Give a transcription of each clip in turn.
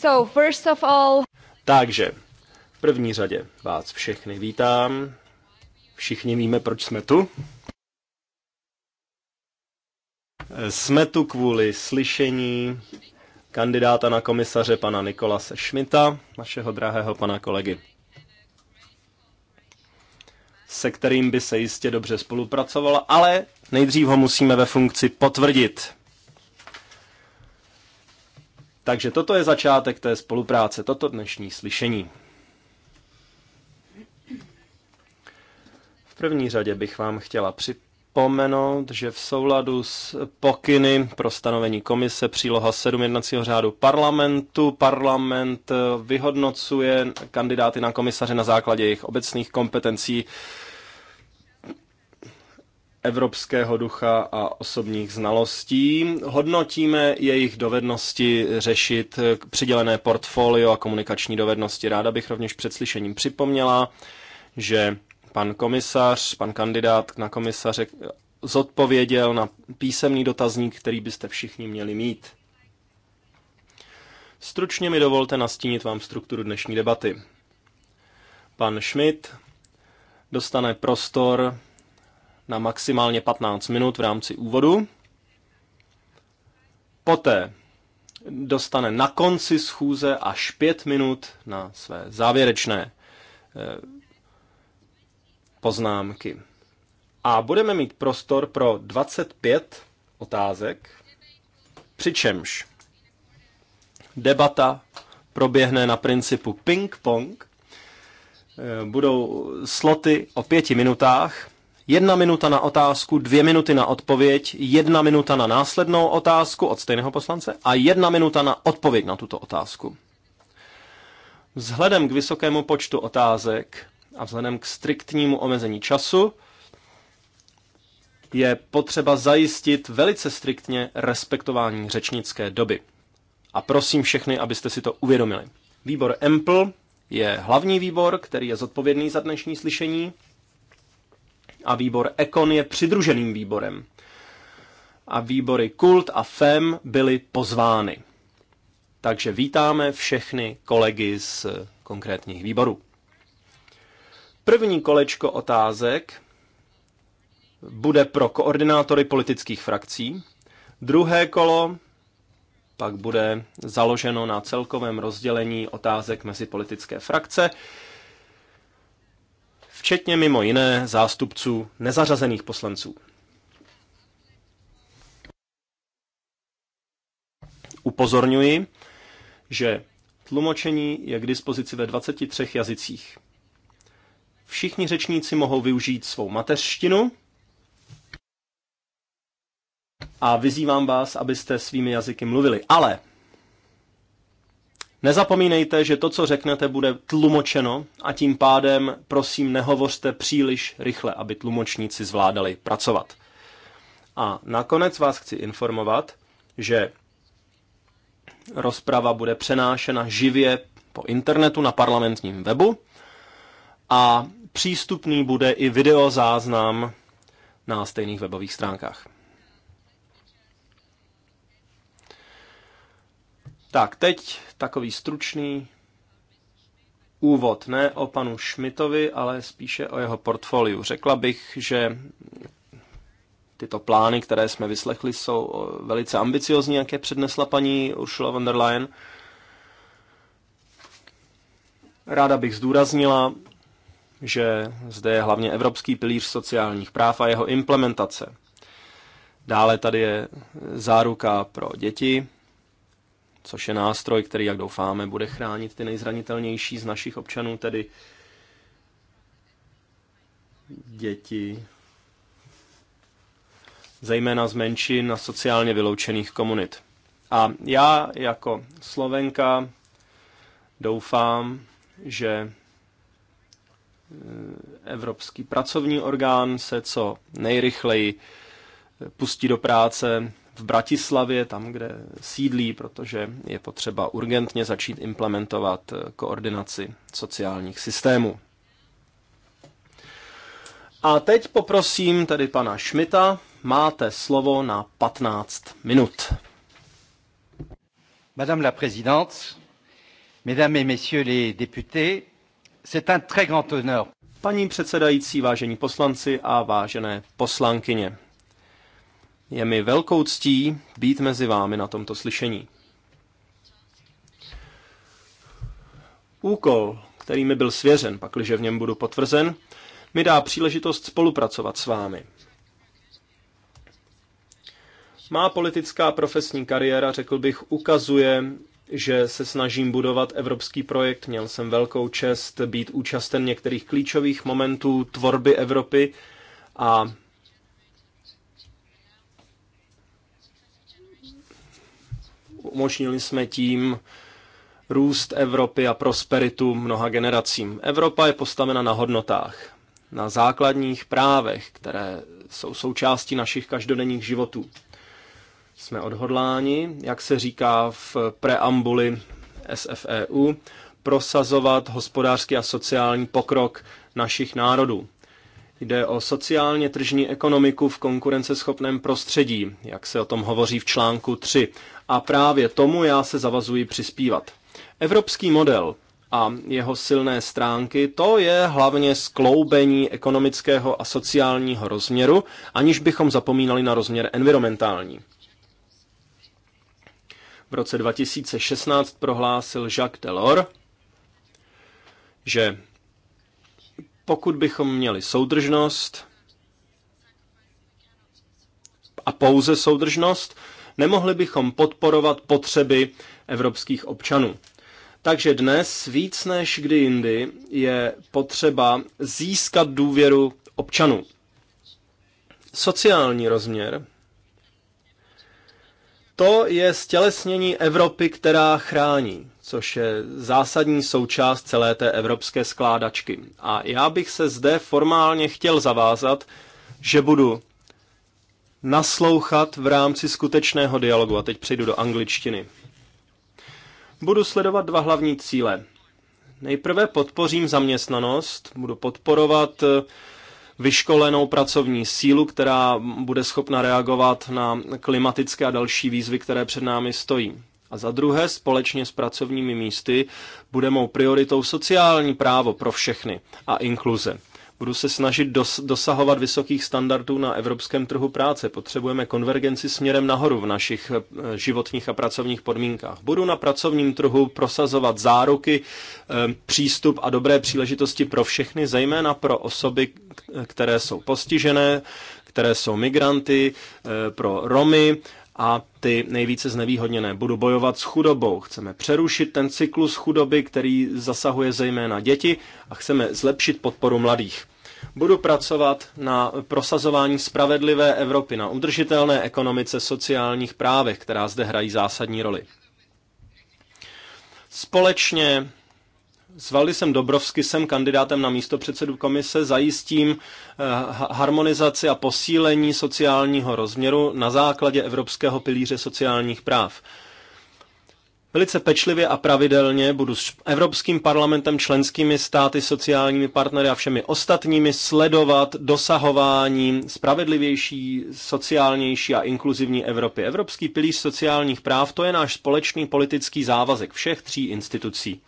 So, first of all... Takže, v první řadě vás všechny vítám. Všichni víme, proč jsme tu. Jsme tu kvůli slyšení kandidáta na komisaře pana Nikolase Šmita, našeho drahého pana kolegy, se kterým by se jistě dobře spolupracovalo, ale nejdřív ho musíme ve funkci potvrdit. Takže toto je začátek té spolupráce, toto dnešní slyšení. V první řadě bych vám chtěla připomenout, že v souladu s pokyny pro stanovení komise příloha 7 jednacího řádu parlamentu, parlament vyhodnocuje kandidáty na komisaře na základě jejich obecných kompetencí evropského ducha a osobních znalostí. Hodnotíme jejich dovednosti řešit přidělené portfolio a komunikační dovednosti. Ráda bych rovněž před slyšením připomněla, že pan komisař, pan kandidát na komisaře zodpověděl na písemný dotazník, který byste všichni měli mít. Stručně mi dovolte nastínit vám strukturu dnešní debaty. Pan Schmidt dostane prostor na maximálně 15 minut v rámci úvodu. Poté dostane na konci schůze až 5 minut na své závěrečné eh, poznámky. A budeme mít prostor pro 25 otázek, přičemž debata proběhne na principu ping-pong. Eh, budou sloty o pěti minutách Jedna minuta na otázku, dvě minuty na odpověď, jedna minuta na následnou otázku od stejného poslance a jedna minuta na odpověď na tuto otázku. Vzhledem k vysokému počtu otázek a vzhledem k striktnímu omezení času je potřeba zajistit velice striktně respektování řečnické doby. A prosím všechny, abyste si to uvědomili. Výbor EMPL je hlavní výbor, který je zodpovědný za dnešní slyšení a výbor Ekon je přidruženým výborem. A výbory Kult a FEM byly pozvány. Takže vítáme všechny kolegy z konkrétních výborů. První kolečko otázek bude pro koordinátory politických frakcí. Druhé kolo pak bude založeno na celkovém rozdělení otázek mezi politické frakce včetně mimo jiné zástupců nezařazených poslanců. Upozorňuji, že tlumočení je k dispozici ve 23 jazycích. Všichni řečníci mohou využít svou mateřštinu a vyzývám vás, abyste svými jazyky mluvili. Ale Nezapomínejte, že to, co řeknete, bude tlumočeno a tím pádem, prosím, nehovořte příliš rychle, aby tlumočníci zvládali pracovat. A nakonec vás chci informovat, že rozprava bude přenášena živě po internetu na parlamentním webu a přístupný bude i videozáznam na stejných webových stránkách. Tak, teď takový stručný úvod, ne o panu Šmitovi, ale spíše o jeho portfoliu. Řekla bych, že tyto plány, které jsme vyslechli, jsou eh, velice ambiciozní, jaké přednesla paní Ursula von der Leyen. Ráda bych zdůraznila, že zde je hlavně Evropský pilíř sociálních práv a jeho implementace. Dále tady je záruka pro děti, což je nástroj, který, jak doufáme, bude chránit ty nejzranitelnější z našich občanů, tedy děti, zejména z menšin a sociálně vyloučených komunit. A já jako Slovenka doufám, že eh, Evropský pracovní orgán se co nejrychleji eh, pustí do práce v Bratislavě, tam, kde sídlí, protože je potřeba urgentně začít implementovat eh, koordinaci sociálních systémů. A teď poprosím tedy pana Šmita, máte slovo na 15 minut. Madame la présidente, mesdames et messieurs les députés, c'est un très grand honneur. Paní předsedající, vážení poslanci a vážené poslankyně. Je mi velkou ctí být mezi vámi na tomto slyšení. Úkol, který mi byl svěřen, pakliže v něm budu potvrzen, mi dá příležitost spolupracovat s vámi. Má politická profesní kariéra, řekl bych, ukazuje, že se snažím budovat evropský projekt. Měl jsem velkou čest být účasten některých klíčových momentů tvorby Evropy a umožnili jsme tím růst Evropy a prosperitu mnoha generacím. Evropa je postavena na hodnotách, na základních právech, které jsou součástí našich každodenních životů. Jsme odhodláni, jak se říká v preambuli SFEU, prosazovat hospodářský a sociální pokrok našich národů. Jde o sociálně tržní ekonomiku v konkurenceschopném prostředí, jak se o tom hovoří v článku 3. A právě tomu já se zavazuji přispívat. Evropský model a jeho silné stránky, to je hlavně skloubení ekonomického a sociálního rozměru, aniž bychom zapomínali na rozměr environmentální. V roce 2016 prohlásil Jacques Delors, že pokud bychom měli soudržnost a pouze soudržnost, nemohli bychom podporovat potřeby evropských občanů. Takže dnes víc než kdy jindy je potřeba získat důvěru občanů. Sociální rozměr to je stělesnění Evropy, která chrání, což je zásadní součást celé té evropské skládačky. A já bych se zde formálně chtěl zavázat, že budu naslouchat v rámci skutečného dialogu. A teď přejdu do angličtiny. Budu sledovat dva hlavní cíle. Nejprve podpořím zaměstnanost, budu podporovat vyškolenou pracovní sílu, která bude schopna reagovat na klimatické a další výzvy, které před námi stojí. A za druhé, společně s pracovními místy bude mou prioritou sociální právo pro všechny a inkluze. Budu se snažit dos- dosahovat vysokých standardů na evropském trhu práce. Potřebujeme konvergenci směrem nahoru v našich eh, životních a pracovních podmínkách. Budu na pracovním trhu prosazovat záruky, eh, přístup a dobré příležitosti pro všechny, zejména pro osoby, které jsou postižené, které jsou migranty, eh, pro Romy, a ty nejvíce znevýhodněné. Budu bojovat s chudobou. Chceme přerušit ten cyklus chudoby, který zasahuje zejména děti a chceme zlepšit podporu mladých. Budu pracovat na prosazování spravedlivé Evropy, na udržitelné ekonomice sociálních právech, která zde hrají zásadní roli. Společně Zvali jsem Dobrovsky jsem kandidátem na místo předsedu komise zajistím eh, harmonizaci a posílení sociálního rozměru na základě Evropského pilíře sociálních práv. Velice pečlivě a pravidelně budu s Evropským parlamentem, členskými státy, sociálními partnery a všemi ostatními sledovat dosahování spravedlivější, sociálnější a inkluzivní Evropy. Evropský pilíř sociálních práv to je náš společný politický závazek všech tří institucí.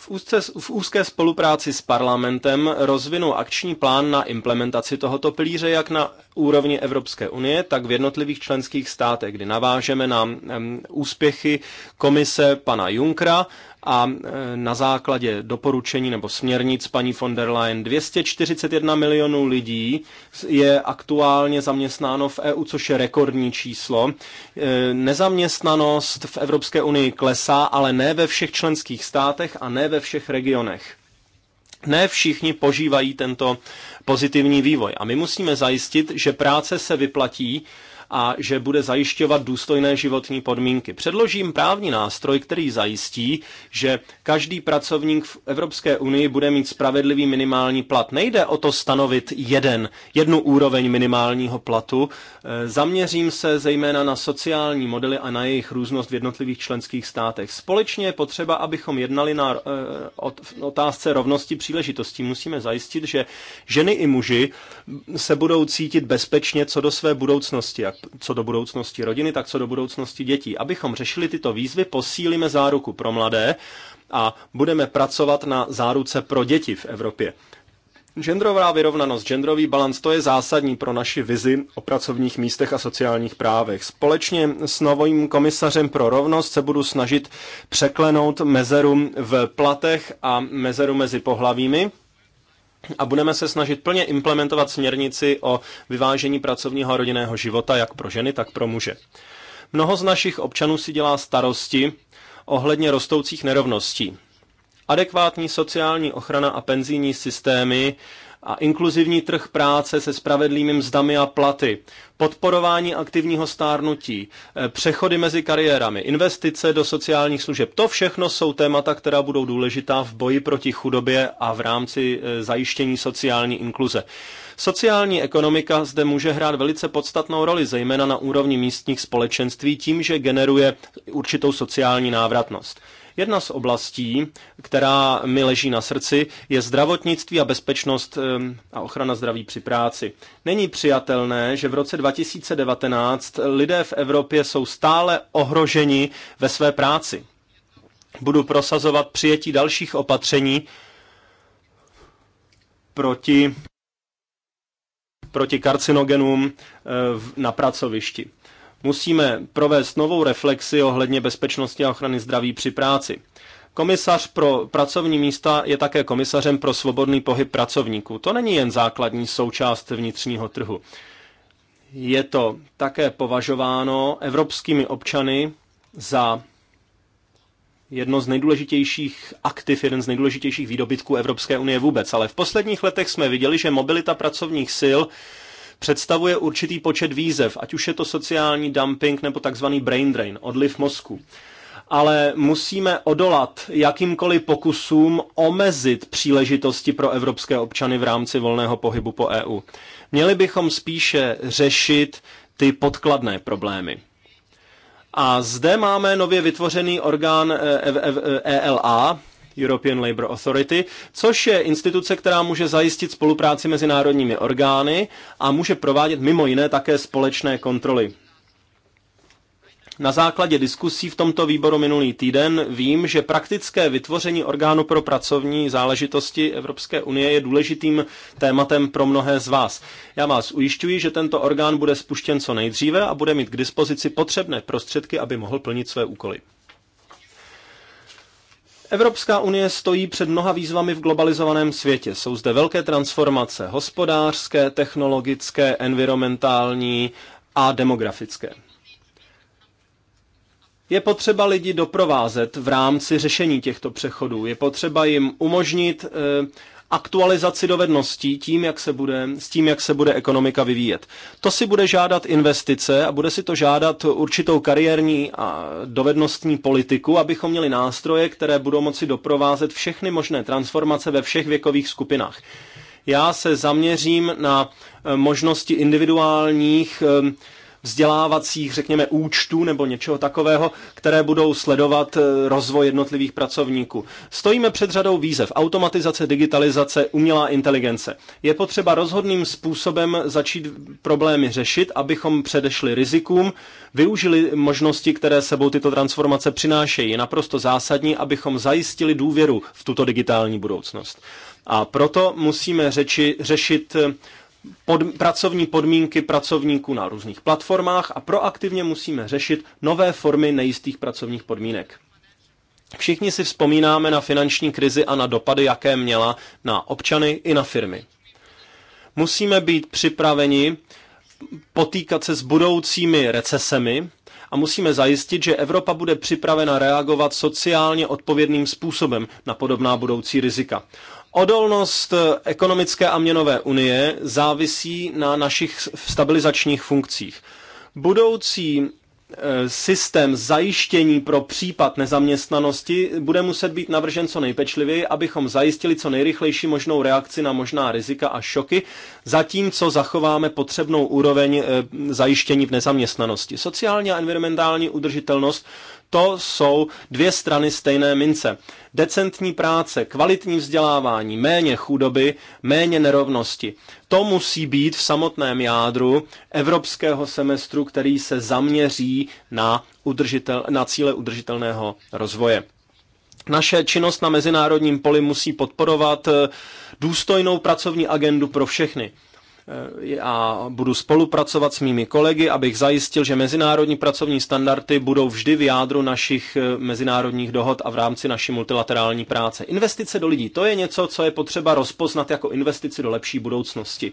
V, úzce, v úzké spolupráci s parlamentem rozvinu akční plán na implementaci tohoto pilíře jak na úrovni Evropské unie, tak v jednotlivých členských státech, kdy navážeme na úspěchy komise pana Junkra a e, na základě doporučení nebo směrnic paní von der Leyen 241 milionů lidí je aktuálně zaměstnáno v EU, což je rekordní číslo. E, nezaměstnanost v Evropské unii klesá, ale ne ve všech členských státech a ne ve všech regionech. Ne všichni požívají tento pozitivní vývoj a my musíme zajistit, že práce se vyplatí a že bude zajišťovat důstojné životní podmínky. Předložím právní nástroj, který zajistí, že každý pracovník v Evropské unii bude mít spravedlivý minimální plat. Nejde o to stanovit jeden, jednu úroveň minimálního platu. E, zaměřím se zejména na sociální modely a na jejich různost v jednotlivých členských státech. Společně je potřeba, abychom jednali na e, otázce rovnosti příležitostí. Musíme zajistit, že ženy i muži se budou cítit bezpečně co do své budoucnosti. A co do budoucnosti rodiny, tak co do budoucnosti dětí. Abychom řešili tyto výzvy, posílíme záruku pro mladé a budeme pracovat na záruce pro děti v Evropě. Genderová vyrovnanost, genderový balans, to je zásadní pro naši vizi o pracovních místech a sociálních právech. Společně s novým komisařem pro rovnost se budu snažit překlenout mezeru v platech a mezeru mezi pohlavími a budeme se snažit plně implementovat směrnici o vyvážení pracovního a rodinného života jak pro ženy, tak pro muže. Mnoho z našich občanů si dělá starosti ohledně rostoucích nerovností. Adekvátní sociální ochrana a penzijní systémy a inkluzivní trh práce se spravedlivými mzdami a platy, podporování aktivního stárnutí, eh, přechody mezi kariérami, investice do sociálních služeb. To všechno jsou témata, která budou důležitá v boji proti chudobě a v rámci eh, zajištění sociální inkluze. Sociální ekonomika zde může hrát velice podstatnou roli, zejména na úrovni místních společenství, tím, že generuje určitou sociální návratnost. Jedna z oblastí, která mi leží na srdci, je zdravotnictví a bezpečnost a ochrana zdraví při práci. Není přijatelné, že v roce 2019 lidé v Evropě jsou stále ohroženi ve své práci. Budu prosazovat přijetí dalších opatření proti proti karcinogenům eh, na pracovišti. Musíme provést novou reflexi ohledně bezpečnosti a ochrany zdraví při práci. Komisař pro pracovní místa je také komisařem pro svobodný pohyb pracovníků. To není jen základní součást vnitřního trhu. Je to také považováno evropskými občany za jedno z nejdůležitějších aktiv, jeden z nejdůležitějších výdobytků Evropské unie vůbec. Ale v posledních letech jsme viděli, že mobilita pracovních sil představuje určitý počet výzev, ať už je to sociální dumping nebo takzvaný brain drain, odliv mozku. Ale musíme odolat jakýmkoliv pokusům omezit příležitosti pro evropské občany v rámci volného pohybu po EU. Měli bychom spíše řešit ty podkladné problémy. A zde máme nově vytvořený orgán ELA, eh, eh, eh, e European Labour Authority, což je instituce, která může zajistit spolupráci mezi národními orgány a může provádět mimo jiné také společné kontroly. Na základě diskusí v tomto výboru minulý týden vím, že praktické vytvoření orgánu pro pracovní záležitosti Evropské unie je důležitým tématem pro mnohé z vás. Já vás ujišťuji, že tento orgán bude spuštěn co nejdříve a bude mít k dispozici potřebné prostředky, aby mohl plnit své úkoly. Evropská unie stojí před mnoha výzvami v globalizovaném světě. Jsou zde velké transformace hospodářské, technologické, environmentální a demografické. Je potřeba lidi doprovázet v rámci řešení těchto přechodů. Je potřeba jim umožnit eh, aktualizaci dovedností tím, jak se bude, s tím, jak se bude ekonomika vyvíjet. To si bude žádat investice a bude si to žádat určitou kariérní a dovednostní politiku, abychom měli nástroje, které budou moci doprovázet všechny možné transformace ve všech věkových skupinách. Já se zaměřím na eh, možnosti individuálních eh, vzdělávacích, řekněme, účtů nebo něčeho takového, které budou sledovat eh, rozvoj jednotlivých pracovníků. Stojíme před řadou výzev. Automatizace, digitalizace, umělá inteligence. Je potřeba rozhodným způsobem začít problémy řešit, abychom předešli rizikům, využili možnosti, které sebou tyto transformace přinášejí. Je naprosto zásadní, abychom zajistili důvěru v tuto digitální budoucnost. A proto musíme řeči, řešit eh, pod, pracovní podmínky pracovníků na různých platformách a proaktivně musíme řešit nové formy nejistých pracovních podmínek. Všichni si vzpomínáme na finanční krizi a na dopady, jaké měla na občany i na firmy. Musíme být připraveni potýkat se s budoucími recesemi a musíme zajistit, že Evropa bude připravena reagovat sociálně odpovědným způsobem na podobná budoucí rizika. Odolnost eh, ekonomické a měnové unie závisí na našich stabilizačních funkcích. Budoucí eh, systém zajištění pro případ nezaměstnanosti bude muset být navržen co nejpečlivěji, abychom zajistili co nejrychlejší možnou reakci na možná rizika a šoky, zatímco zachováme potřebnou úroveň eh, zajištění v nezaměstnanosti. Sociální a environmentální udržitelnost to jsou dvě strany stejné mince. Decentní práce, kvalitní vzdělávání, méně chudoby, méně nerovnosti. To musí být v samotném jádru evropského semestru, který se zaměří na, udržitel, na cíle udržitelného rozvoje. Naše činnost na mezinárodním poli musí podporovat eh, důstojnou pracovní agendu pro všechny. Eh, a budu spolupracovat s mými kolegy, abych zajistil, že mezinárodní pracovní standardy budou vždy v jádru našich eh, mezinárodních dohod a v rámci naší multilaterální práce. Investice do lidí, to je něco, co je potřeba rozpoznat jako investici do lepší budoucnosti.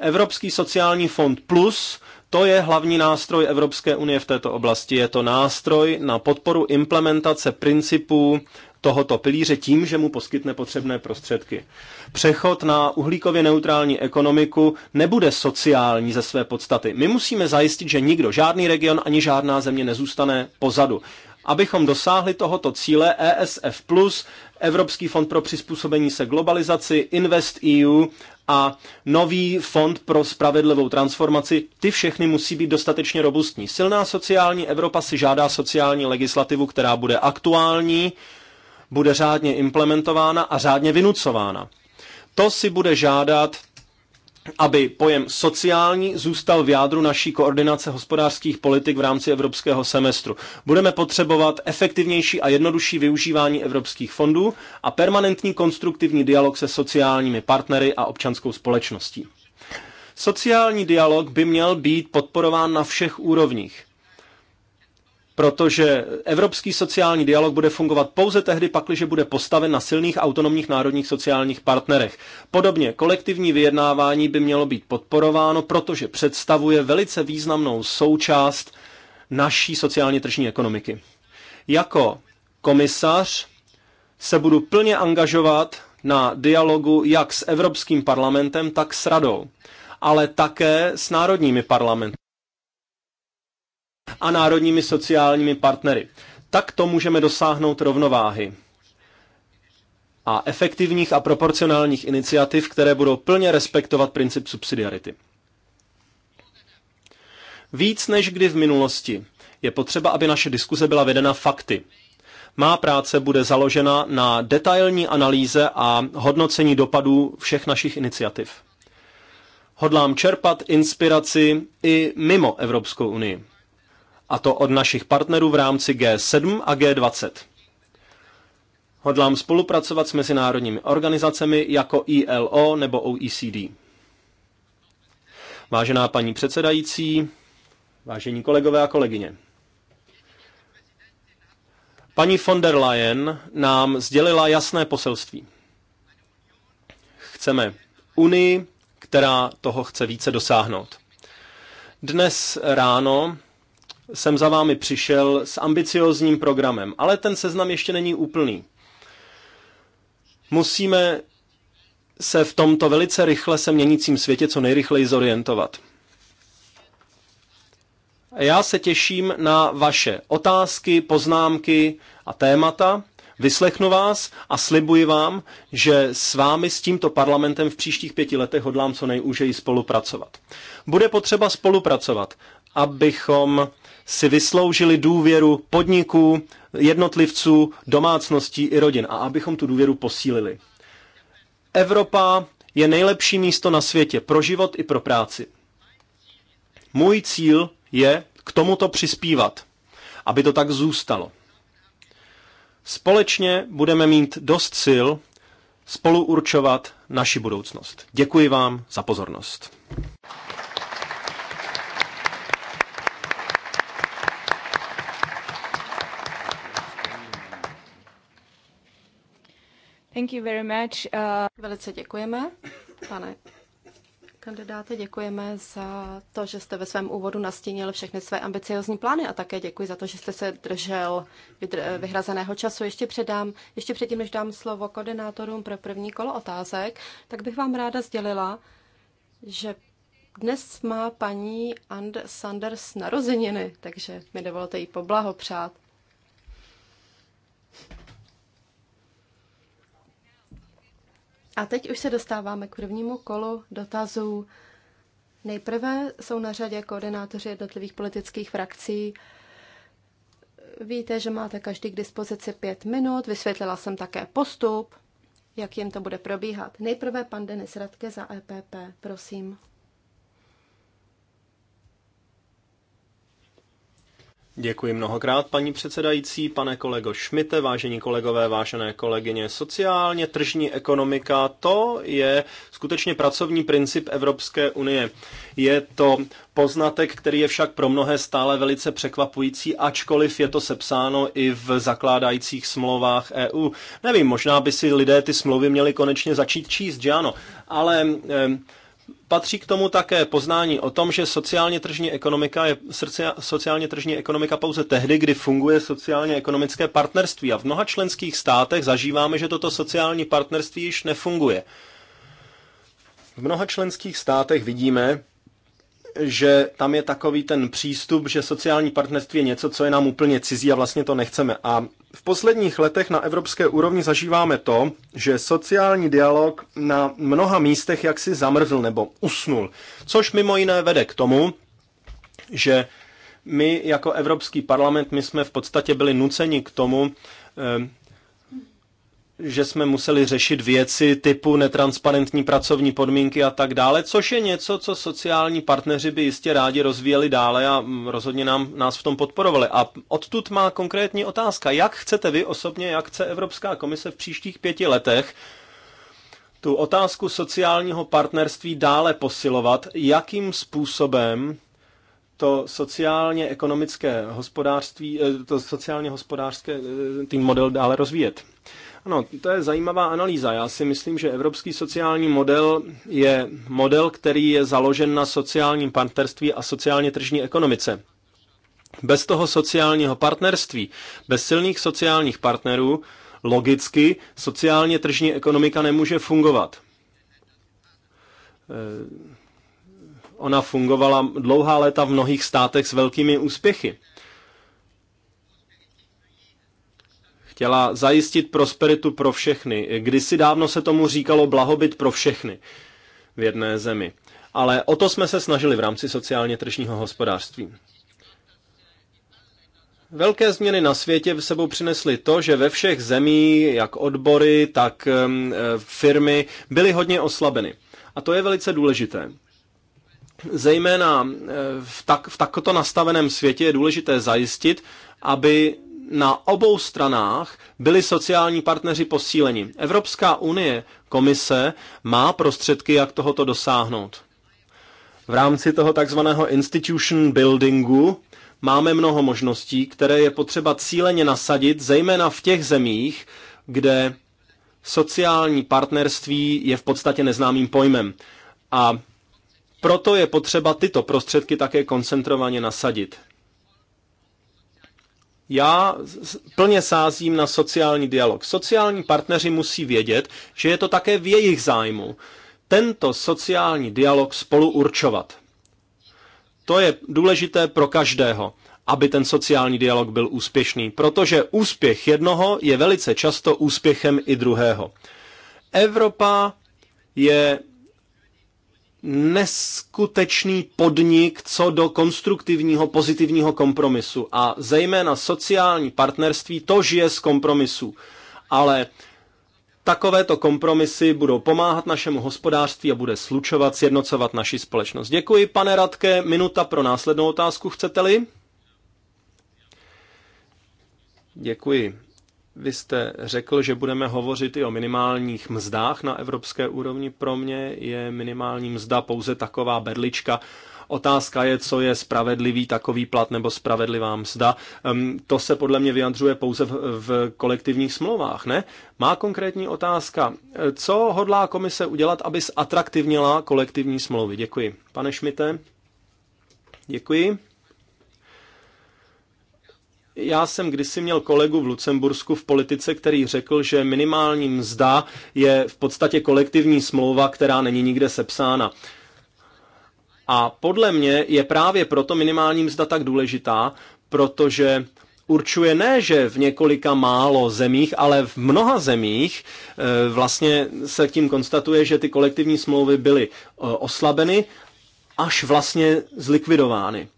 Evropský sociální fond plus to je hlavní nástroj Evropské unie v této oblasti. Je to nástroj na podporu implementace principů tohoto pilíře tím, že mu poskytne potřebné prostředky. Přechod na uhlíkově neutrální ekonomiku nebude sociální ze své podstaty. My musíme zajistit, že nikdo, žádný region ani žádná země nezůstane pozadu. Abychom dosáhli tohoto cíle, ESF+, Evropský fond pro přizpůsobení se globalizaci, Invest EU a nový fond pro spravedlivou transformaci, ty všechny musí být dostatečně robustní. Silná sociální Evropa si žádá sociální legislativu, která bude aktuální, bude řádně implementována a řádně vynucována. To si bude žádat aby pojem sociální zůstal v jádru naší koordinace hospodářských politik v rámci evropského semestru. Budeme potřebovat efektivnější a jednodušší využívání evropských fondů a permanentní konstruktivní dialog se sociálními partnery a občanskou společností. Sociální dialog by měl být podporován na všech úrovních protože evropský sociální dialog bude fungovat pouze tehdy, pakliže bude postaven na silných autonomních národních sociálních partnerech. Podobně kolektivní vyjednávání by mělo být podporováno, protože představuje velice významnou součást naší sociálně tržní ekonomiky. Jako komisař se budu plně angažovat na dialogu jak s Evropským parlamentem, tak s radou, ale také s národními parlamenty a národními sociálními partnery. Tak to můžeme dosáhnout rovnováhy a efektivních a proporcionálních iniciativ, které budou plně respektovat princip subsidiarity. Víc než kdy v minulosti je potřeba, aby naše diskuze byla vedena fakty. Má práce bude založena na detailní analýze a hodnocení dopadů všech našich iniciativ. Hodlám čerpat inspiraci i mimo Evropskou unii a to od našich partnerů v rámci G7 a G20. Hodlám spolupracovat s mezinárodními organizacemi jako ILO nebo OECD. Vážená paní předsedající, vážení kolegové a kolegyně. Paní von der Leyen nám sdělila jasné poselství. Chceme Unii, která toho chce více dosáhnout. Dnes ráno jsem za vámi přišel s ambiciozním programem, ale ten seznam ještě není úplný. Musíme se v tomto velice rychle se měnícím světě co nejrychleji zorientovat. Já se těším na vaše otázky, poznámky a témata. Vyslechnu vás a slibuji vám, že s vámi s tímto parlamentem v příštích pěti letech hodlám co nejúžeji spolupracovat. Bude potřeba spolupracovat, abychom si vysloužili důvěru podniků, jednotlivců, domácností i rodin a abychom tu důvěru posílili. Evropa je nejlepší místo na světě pro život i pro práci. Můj cíl je k tomuto přispívat, aby to tak zůstalo. Společně budeme mít dost sil spolu určovat naši budoucnost. Děkuji vám za pozornost. Thank you very much. Uh... Velice děkujeme, pane kandidáte, děkujeme za to, že jste ve svém úvodu nastínil všechny své ambiciozní plány a také děkuji za to, že jste se držel vyhrazeného času. Ještě předám, ještě předtím, než dám slovo koordinátorům pro první kolo otázek, tak bych vám ráda sdělila, že dnes má paní And Sanders narozeniny, takže mi dovolte jí poblahopřát. A teď už se dostáváme k prvnímu kolu dotazů. Nejprve jsou na řadě koordinátoři jednotlivých politických frakcí. Víte, že máte každý k dispozici pět minut. Vysvětlila jsem také postup, jak jim to bude probíhat. Nejprve pan Denis Radke za EPP, prosím. Děkuji mnohokrát, paní předsedající, pane kolego Šmite, vážení kolegové, vážené kolegyně. Sociálně tržní ekonomika, to je skutečně pracovní princip Evropské unie. Je to poznatek, který je však pro mnohé stále velice překvapující, ačkoliv je to sepsáno i v zakládajících smlouvách EU. Nevím, možná by si lidé ty smlouvy měli konečně začít číst, že ano, ale... Eh, Patří k tomu také poznání o tom, že sociálně tržní ekonomika je sociálně tržní ekonomika pouze tehdy, kdy funguje sociálně ekonomické partnerství. A v mnoha členských státech zažíváme, že toto sociální partnerství již nefunguje. V mnoha členských státech vidíme, že tam je takový ten přístup, že sociální partnerství je něco, co je nám úplně cizí a vlastně to nechceme. A v posledních letech na evropské úrovni zažíváme to, že sociální dialog na mnoha místech jaksi zamrzl nebo usnul, což mimo jiné vede k tomu, že my jako Evropský parlament, my jsme v podstatě byli nuceni k tomu, eh, že jsme museli řešit věci typu netransparentní pracovní podmínky a tak dále, což je něco, co sociální partneři by jistě rádi rozvíjeli dále a mm, rozhodně nám, nás v tom podporovali. A odtud má konkrétní otázka, jak chcete vy osobně, jak chce Evropská komise v příštích pěti letech tu otázku sociálního partnerství dále posilovat, jakým způsobem to sociálně ekonomické hospodářství, eh, to sociálně hospodářské eh, ten model dále rozvíjet. Ano, to je zajímavá analýza. Já si myslím, že evropský sociální model je model, který je založen na sociálním partnerství a sociálně tržní ekonomice. Bez toho sociálního partnerství, bez silných sociálních partnerů, logicky sociálně tržní ekonomika nemůže fungovat. Eh, ona fungovala dlouhá léta v mnohých státech s velkými úspěchy. chtěla zajistit prosperitu pro všechny. Kdysi dávno se tomu říkalo blahobyt pro všechny v jedné zemi. Ale o to jsme se snažili v rámci sociálně tržního hospodářství. Velké změny na světě v sebou přinesly to, že ve všech zemí, jak odbory, tak eh, firmy, byly hodně oslabeny. A to je velice důležité. Zejména eh, v, tak, v takto nastaveném světě je důležité zajistit, aby na obou stranách byli sociální partneři posíleni. Evropská unie, komise, má prostředky, jak tohoto dosáhnout. V rámci toho takzvaného institution buildingu máme mnoho možností, které je potřeba cíleně nasadit, zejména v těch zemích, kde sociální partnerství je v podstatě neznámým pojmem. A proto je potřeba tyto prostředky také koncentrovaně nasadit já plně sázím na sociální dialog. Sociální partneři musí vědět, že je to také v jejich zájmu tento sociální dialog spolu určovat. To je důležité pro každého, aby ten sociální dialog byl úspěšný, protože úspěch jednoho je velice často úspěchem i druhého. Evropa je neskutečný podnik co do konstruktivního pozitivního kompromisu a zejména sociální partnerství to žije z kompromisu. Ale takovéto kompromisy budou pomáhat našemu hospodářství a bude slučovat, sjednocovat naši společnost. Děkuji, pane Radke. Minuta pro následnou otázku, chcete-li? Děkuji. Vy jste řekl, že budeme hovořit i o minimálních mzdách na evropské úrovni. Pro mě je minimální mzda pouze taková berlička. Otázka je, co je spravedlivý takový plat nebo spravedlivá mzda. To se podle mě vyjadřuje pouze v, v kolektivních smlouvách, ne? Má konkrétní otázka. Co hodlá komise udělat, aby zatraktivnila kolektivní smlouvy? Děkuji. Pane Šmite, děkuji. Já jsem kdysi měl kolegu v Lucembursku v politice, který řekl, že minimální mzda je v podstatě kolektivní smlouva, která není nikde sepsána. A podle mě je právě proto minimální mzda tak důležitá, protože určuje ne, že v několika málo zemích, ale v mnoha zemích eh, vlastně se tím konstatuje, že ty kolektivní smlouvy byly eh, oslabeny až vlastně zlikvidovány.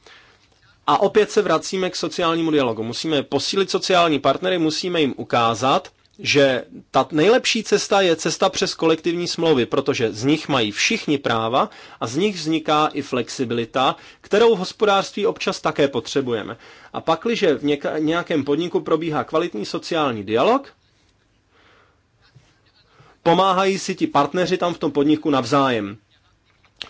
A opět se vracíme k sociálnímu dialogu. Musíme posílit sociální partnery, musíme jim ukázat, že ta nejlepší cesta je cesta přes kolektivní smlouvy, protože z nich mají všichni práva a z nich vzniká i flexibilita, kterou v hospodářství občas také potřebujeme. A pakliže v nějakém podniku probíhá kvalitní sociální dialog, pomáhají si ti partneři tam v tom podniku navzájem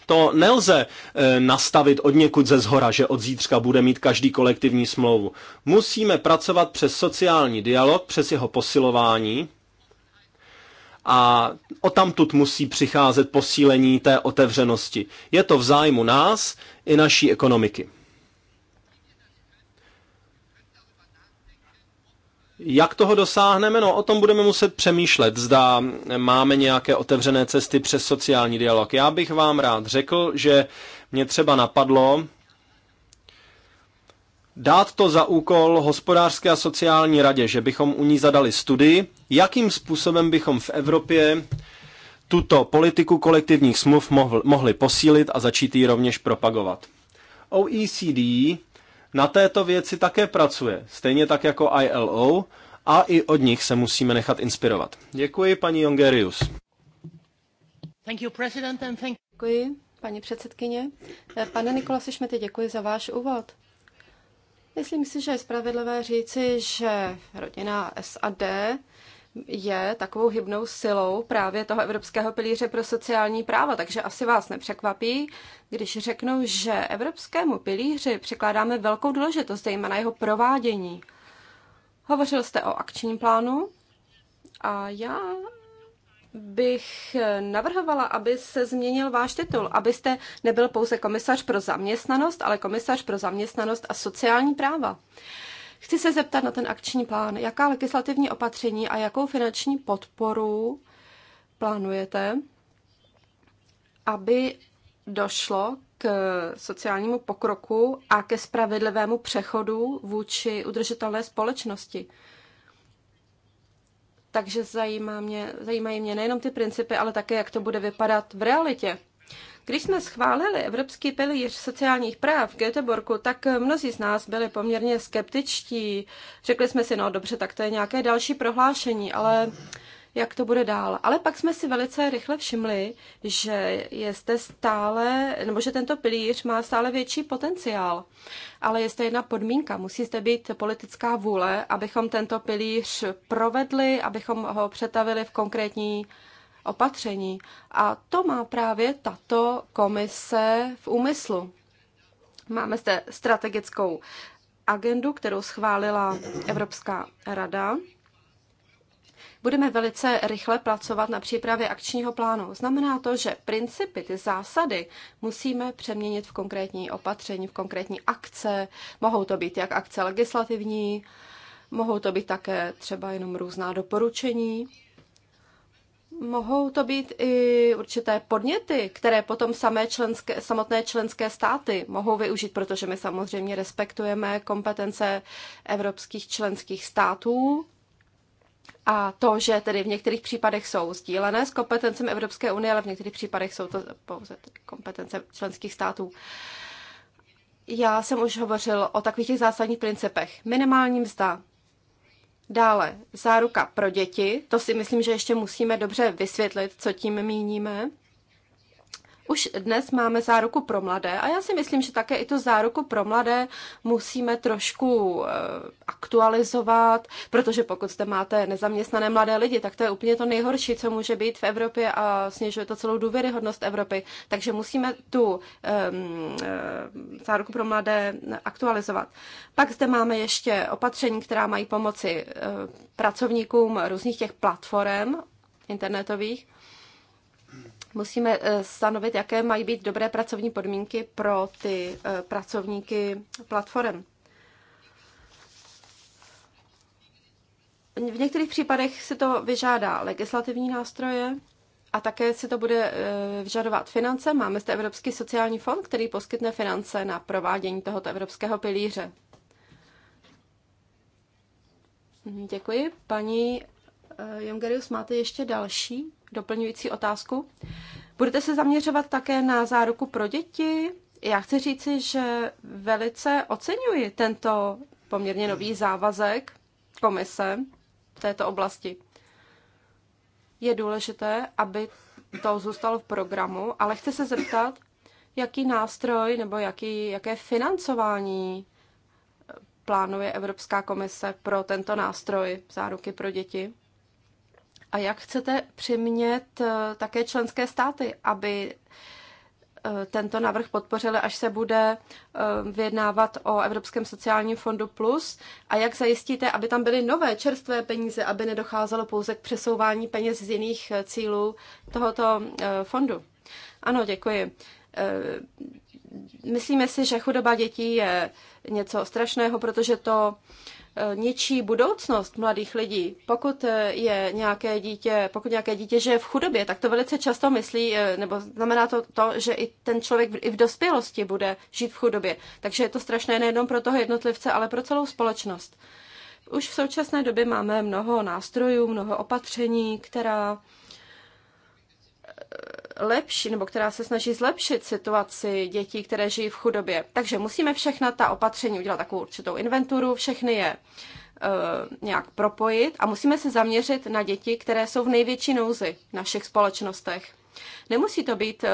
to nelze eh, nastavit od někud ze zhora, že od zítřka bude mít každý kolektivní smlouvu. Musíme pracovat přes sociální dialog, přes jeho posilování a o tamtud musí přicházet posílení té otevřenosti. Je to v zájmu nás i naší ekonomiky. Jak toho dosáhneme? No, o tom budeme muset přemýšlet. Zda máme nějaké otevřené cesty přes sociální dialog. Já bych vám rád řekl, že mě třeba napadlo dát to za úkol hospodářské a sociální radě, že bychom u ní zadali studii, jakým způsobem bychom v Evropě tuto politiku kolektivních smluv mohli posílit a začít ji rovněž propagovat. OECD na této věci také pracuje, stejně tak jako ILO, a i od nich se musíme nechat inspirovat. Děkuji, paní Jongerius. Thank you, president, and thank... Děkuji, paní předsedkyně. Eh, pane Nikolasi Šmety, děkuji za váš úvod. Myslím si, že je spravedlivé říci, že rodina SAD je takovou hybnou silou právě toho Evropského pilíře pro sociální práva. Takže asi vás nepřekvapí, když řeknu, že Evropskému pilíři překládáme velkou důležitost, zejména jeho provádění. Hovořil jste o akčním plánu a já bych navrhovala, aby se změnil váš titul, abyste nebyl pouze komisař pro zaměstnanost, ale komisař pro zaměstnanost a sociální práva. Chci se zeptat na ten akční plán. Jaká legislativní opatření a jakou finanční podporu plánujete, aby došlo k sociálnímu pokroku a ke spravedlivému přechodu vůči udržitelné společnosti? Takže zajímá mě, zajímají mě nejenom ty principy, ale také, jak to bude vypadat v realitě. Když jsme schválili Evropský pilíř sociálních práv v Göteborgu, tak mnozí z nás byli poměrně skeptičtí. Řekli jsme si, no dobře, tak to je nějaké další prohlášení, ale jak to bude dál. Ale pak jsme si velice rychle všimli, že jste stále, nebo že tento pilíř má stále větší potenciál. Ale je zde jedna podmínka. Musí zde být politická vůle, abychom tento pilíř provedli, abychom ho přetavili v konkrétní opatření. A to má právě tato komise v úmyslu. Máme zde strategickou agendu, kterou schválila Evropská rada. Budeme velice rychle pracovat na přípravě akčního plánu. Znamená to, že principy, ty zásady musíme přeměnit v konkrétní opatření, v konkrétní akce. Mohou to být jak akce legislativní, mohou to být také třeba jenom různá doporučení. Mohou to být i určité podněty, které potom samé členské, samotné členské státy mohou využít, protože my samozřejmě respektujeme kompetence evropských členských států a to, že tedy v některých případech jsou sdílené s kompetencem Evropské unie, ale v některých případech jsou to pouze kompetence členských států. Já jsem už hovořil o takových těch zásadních principech. Minimální mzda, Dále záruka pro děti. To si myslím, že ještě musíme dobře vysvětlit, co tím míníme. Už dnes máme záruku pro mladé a já si myslím, že také i tu záruku pro mladé musíme trošku eh, aktualizovat, protože pokud zde máte nezaměstnané mladé lidi, tak to je úplně to nejhorší, co může být v Evropě a snižuje to celou důvěryhodnost Evropy. Takže musíme tu um, záruku pro mladé aktualizovat. Pak zde máme ještě opatření, která mají pomoci eh, pracovníkům různých těch platform internetových musíme eh, stanovit, jaké mají být dobré pracovní podmínky pro ty eh, pracovníky platform. V některých případech si to vyžádá legislativní nástroje a také si to bude eh, vyžadovat finance. Máme zde Evropský sociální fond, který poskytne finance na provádění tohoto evropského pilíře. Děkuji. Paní Jongerius, máte ještě další doplňující otázku. Budete se zaměřovat také na záruku pro děti? Já chci říci, že velice oceňuji tento poměrně nový závazek komise v této oblasti. Je důležité, aby to zůstalo v programu, ale chci se zeptat, jaký nástroj nebo jaký, jaké financování plánuje Evropská komise pro tento nástroj záruky pro děti? A jak chcete přimět eh, také členské státy, aby eh, tento návrh podpořili, až se bude eh, vyjednávat o Evropském sociálním fondu plus a jak zajistíte, aby tam byly nové čerstvé peníze, aby nedocházelo pouze k přesouvání peněz z jiných cílů tohoto fondu. Ano, děkuji. Myslíme si, že chudoba dětí je něco strašného, protože to Eh, ničí budoucnost mladých lidí. Pokud eh, je nějaké dítě, pokud nějaké dítě žije v chudobě, tak to velice často myslí, eh, nebo znamená to to, že i ten člověk i v dospělosti bude žít v chudobě. Takže je to strašné nejenom pro toho jednotlivce, ale pro celou společnost. Už v současné době máme mnoho nástrojů, mnoho opatření, která lepší, nebo která se snaží zlepšit situaci dětí, které žijí v chudobě. Takže musíme všechna ta opatření udělat takovou určitou inventuru, všechny je eh, nějak propojit a musíme se zaměřit na děti, které jsou v největší nouzi v našich společnostech. Nemusí to být eh,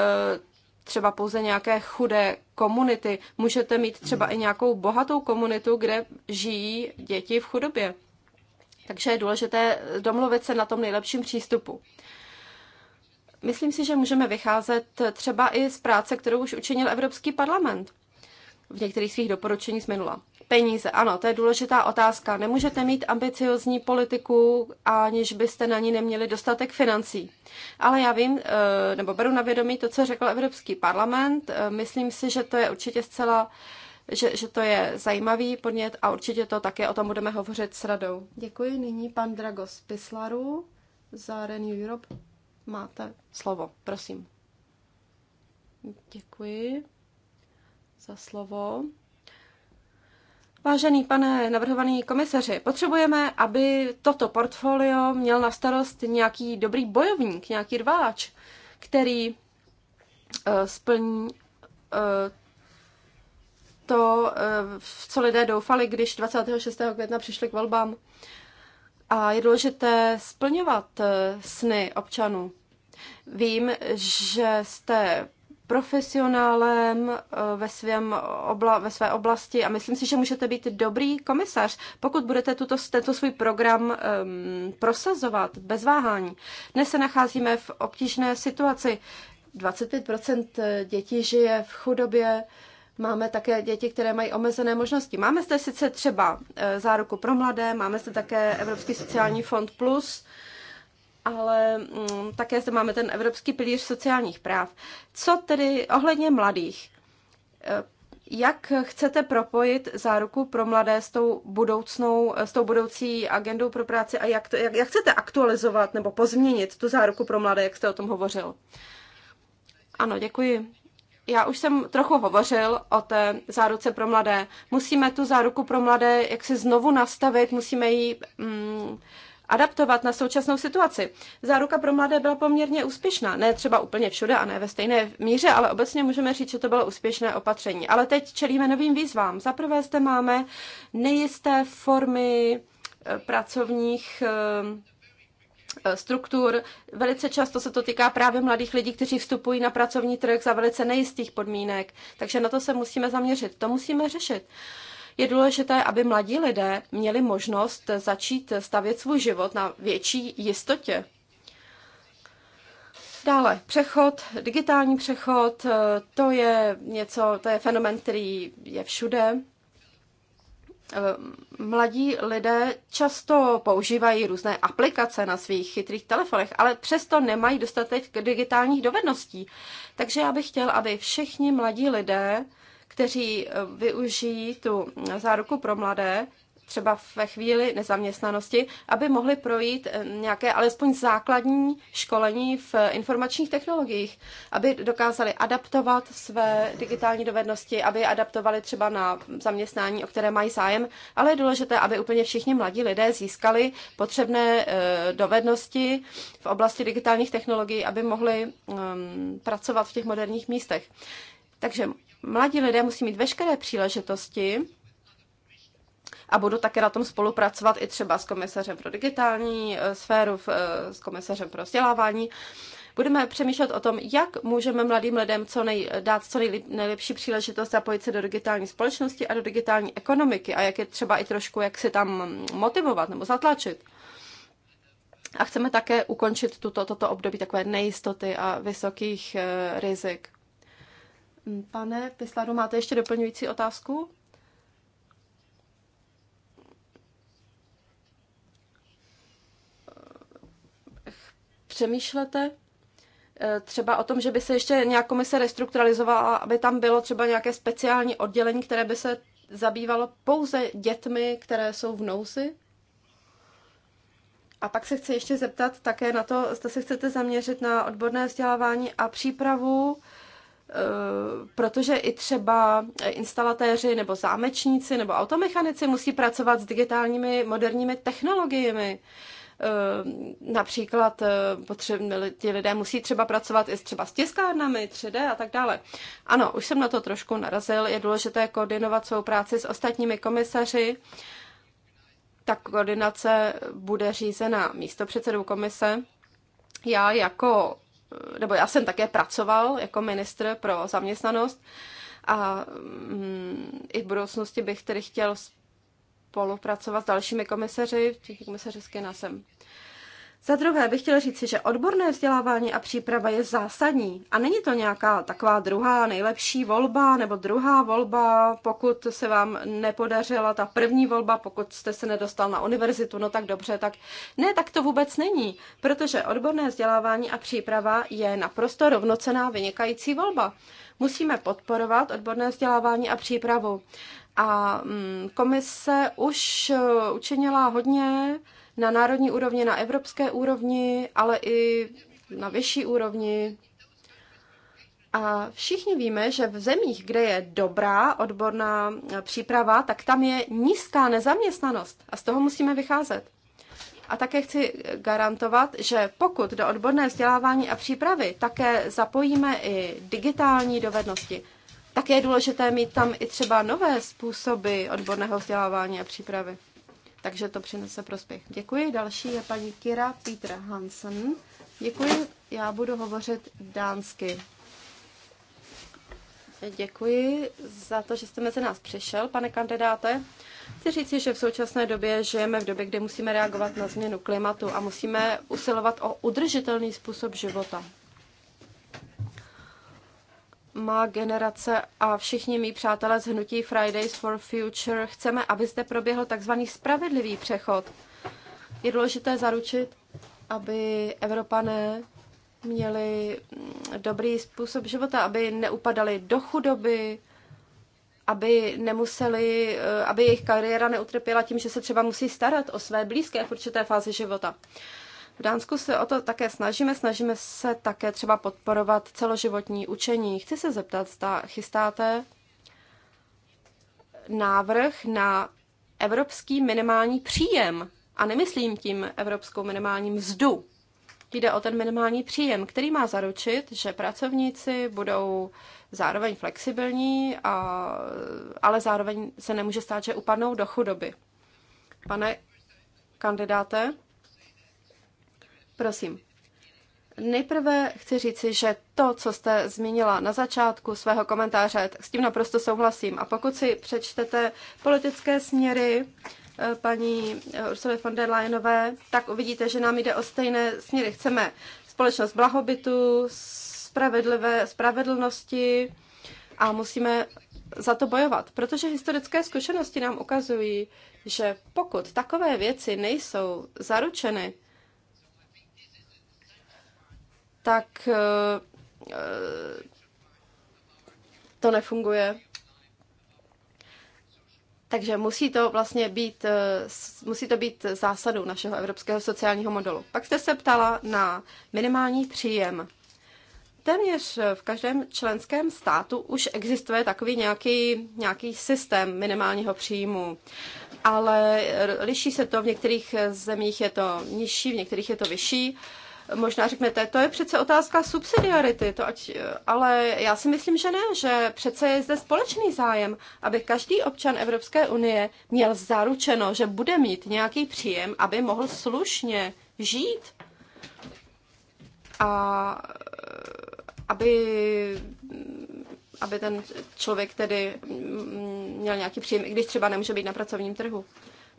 třeba pouze nějaké chudé komunity. Můžete mít třeba i nějakou bohatou komunitu, kde žijí děti v chudobě. Takže je důležité domluvit se na tom nejlepším přístupu. Myslím si, že můžeme vycházet třeba i z práce, kterou už učinil Evropský parlament. V některých svých doporučení z minula. Peníze, ano, to je důležitá otázka. Nemůžete mít ambiciozní politiku, aniž byste na ní neměli dostatek financí. Ale já vím, eh, nebo beru na vědomí to, co řekl Evropský parlament. Eh, myslím si, že to je určitě zcela, že, že to je zajímavý podnět a určitě to také o tom budeme hovořit s radou. Děkuji. Nyní pan Dragos Pislaru za Renew Europe máte slovo. Prosím. Děkuji za slovo. Vážený pane navrhovaný komisaři, potřebujeme, aby toto portfolio měl na starost nějaký dobrý bojovník, nějaký rváč, který eh, splní eh, to, eh, v co lidé doufali, když 26. května přišli k volbám. A je důležité splňovat sny občanů. Vím, že jste profesionálem eh, ve, svém obla, ve své oblasti a myslím si, že můžete být dobrý komisař, pokud budete tuto, tento svůj program um, prosazovat bez váhání. Dnes se nacházíme v obtížné situaci. 25% dětí žije v chudobě, Máme také děti, které mají omezené možnosti. Máme zde sice třeba eh, záruku pro mladé, máme zde také Evropský sociální fond plus, ale mm, také zde máme ten Evropský pilíř sociálních práv. Co tedy ohledně mladých? E, jak chcete propojit záruku pro mladé s tou, budoucnou, s tou budoucí agendou pro práci a jak, to, jak, jak chcete aktualizovat nebo pozměnit tu záruku pro mladé, jak jste o tom hovořil? Ano, děkuji. Já už jsem trochu hovořil o té záruce pro mladé. Musíme tu záruku pro mladé jak se znovu nastavit, musíme ji mm, adaptovat na současnou situaci. Záruka pro mladé byla poměrně úspěšná. Ne třeba úplně všude a ne ve stejné míře, ale obecně můžeme říct, že to bylo úspěšné opatření. Ale teď čelíme novým výzvám. Za prvé zde máme nejisté formy eh, pracovních eh, struktur. Velice často se to týká právě mladých lidí, kteří vstupují na pracovní trh za velice nejistých podmínek, takže na to se musíme zaměřit, to musíme řešit. Je důležité, aby mladí lidé měli možnost začít stavět svůj život na větší jistotě. Dále, přechod, digitální přechod, eh, to je něco, to je fenomen, který je všude. Eh, mladí lidé často používají různé aplikace na svých chytrých telefonech, ale přesto nemají dostatek digitálních dovedností. Takže já bych chtěl, aby všichni mladí lidé kteří eh, využijí tu záruku pro mladé, třeba ve chvíli nezaměstnanosti, aby mohli projít eh, nějaké alespoň základní školení v informačních technologiích, aby dokázali adaptovat své digitální dovednosti, aby adaptovali třeba na zaměstnání, o které mají zájem, ale je důležité, aby úplně všichni mladí lidé získali potřebné eh, dovednosti v oblasti digitálních technologií, aby mohli ehm, pracovat v těch moderních místech. Takže Mladí lidé musí mít veškeré příležitosti a budu také na tom spolupracovat i třeba s komisařem pro digitální eh, sféru, eh, s komisařem pro vzdělávání. Budeme přemýšlet o tom, jak můžeme mladým lidem co nej, dát co nejlep, nejlepší příležitost zapojit se do digitální společnosti a do digitální ekonomiky a jak je třeba i trošku, jak se tam motivovat nebo zatlačit. A chceme také ukončit tuto, toto období takové nejistoty a vysokých eh, rizik. Pane Pislaru, máte ještě doplňující otázku? Přemýšlete eh, třeba o tom, že by se ještě nějak komise restrukturalizovala, aby tam bylo třeba nějaké speciální oddělení, které by se zabývalo pouze dětmi, které jsou v nouzi? A pak se chci ještě zeptat také na to, zda se chcete zaměřit na odborné vzdělávání a přípravu Eh, protože i třeba instalatéři nebo zámečníci nebo automechanici musí pracovat s digitálními moderními technologiemi. Eh, například eh, potře- ti lidé musí třeba pracovat i třeba s tiskárnami, 3D a tak dále. Ano, už jsem na to trošku narazil. Je důležité koordinovat svou práci s ostatními komisaři. Ta koordinace bude řízena místopředsedou komise. Já jako nebo já jsem také pracoval jako ministr pro zaměstnanost a mm, i v budoucnosti bych tedy chtěl spolupracovat s dalšími komisaři, těch komisaři nás jsem za druhé bych chtěla říci, že odborné vzdělávání a příprava je zásadní a není to nějaká taková druhá nejlepší volba nebo druhá volba, pokud se vám nepodařila ta první volba, pokud jste se nedostal na univerzitu, no tak dobře, tak ne, tak to vůbec není, protože odborné vzdělávání a příprava je naprosto rovnocená vynikající volba. Musíme podporovat odborné vzdělávání a přípravu. A mm, komise už eh, učinila hodně na národní úrovni, na evropské úrovni, ale i na vyšší úrovni. A všichni víme, že v zemích, kde je dobrá odborná příprava, tak tam je nízká nezaměstnanost a z toho musíme vycházet. A také chci garantovat, že pokud do odborné vzdělávání a přípravy také zapojíme i digitální dovednosti, tak je důležité mít tam i třeba nové způsoby odborného vzdělávání a přípravy takže to přinese prospěch. Děkuji. Další je paní Kira Petra Hansen. Děkuji. Já budu hovořit dánsky. Děkuji za to, že jste mezi nás přišel, pane kandidáte. Chci říct, že v současné době žijeme v době, kdy musíme reagovat na změnu klimatu a musíme usilovat o udržitelný způsob života má generace a všichni mý přátelé z hnutí Fridays for Future chceme, aby zde proběhl takzvaný spravedlivý přechod. Je důležité zaručit, aby Evropané měli mm, dobrý způsob života, aby neupadali do chudoby, aby nemuseli, eh, aby jejich kariéra neutrpěla tím, že se třeba musí starat o své blízké v určité fázi života. V Dánsku se o to také snažíme, snažíme se také třeba podporovat celoživotní učení. Chci se zeptat, zda chystáte návrh na evropský minimální příjem. A nemyslím tím evropskou minimální mzdu. Jde o ten minimální příjem, který má zaručit, že pracovníci budou zároveň flexibilní, a, ale zároveň se nemůže stát, že upadnou do chudoby. Pane kandidáte, Prosím. Nejprve chci říci, že to, co jste zmínila na začátku svého komentáře, s tím naprosto souhlasím. A pokud si přečtete politické směry eh, paní eh, Ursula von der Leyenové, tak uvidíte, že nám jde o stejné směry. Chceme společnost blahobytu, spravedlivé, spravedlnosti a musíme za to bojovat, protože historické zkušenosti nám ukazují, že pokud takové věci nejsou zaručeny, tak eh, eh, to nefunguje. Takže musí to vlastně být, eh, musí to být zásadou našeho evropského sociálního modelu. Pak jste se ptala na minimální příjem. Téměř v každém členském státu už existuje takový nějaký, nějaký systém minimálního příjmu, ale liší se to, v některých zemích je to nižší, v některých je to vyšší. Uh, Možná řeknete, to je přece otázka subsidiarity, to ať, ale já si myslím, že ne, že přece je zde společný zájem, aby každý občan Evropské unie měl zaručeno, že bude mít nějaký příjem, aby mohl slušně žít a aby, aby ten člověk tedy mm, měl nějaký příjem, i když třeba nemůže být na pracovním trhu.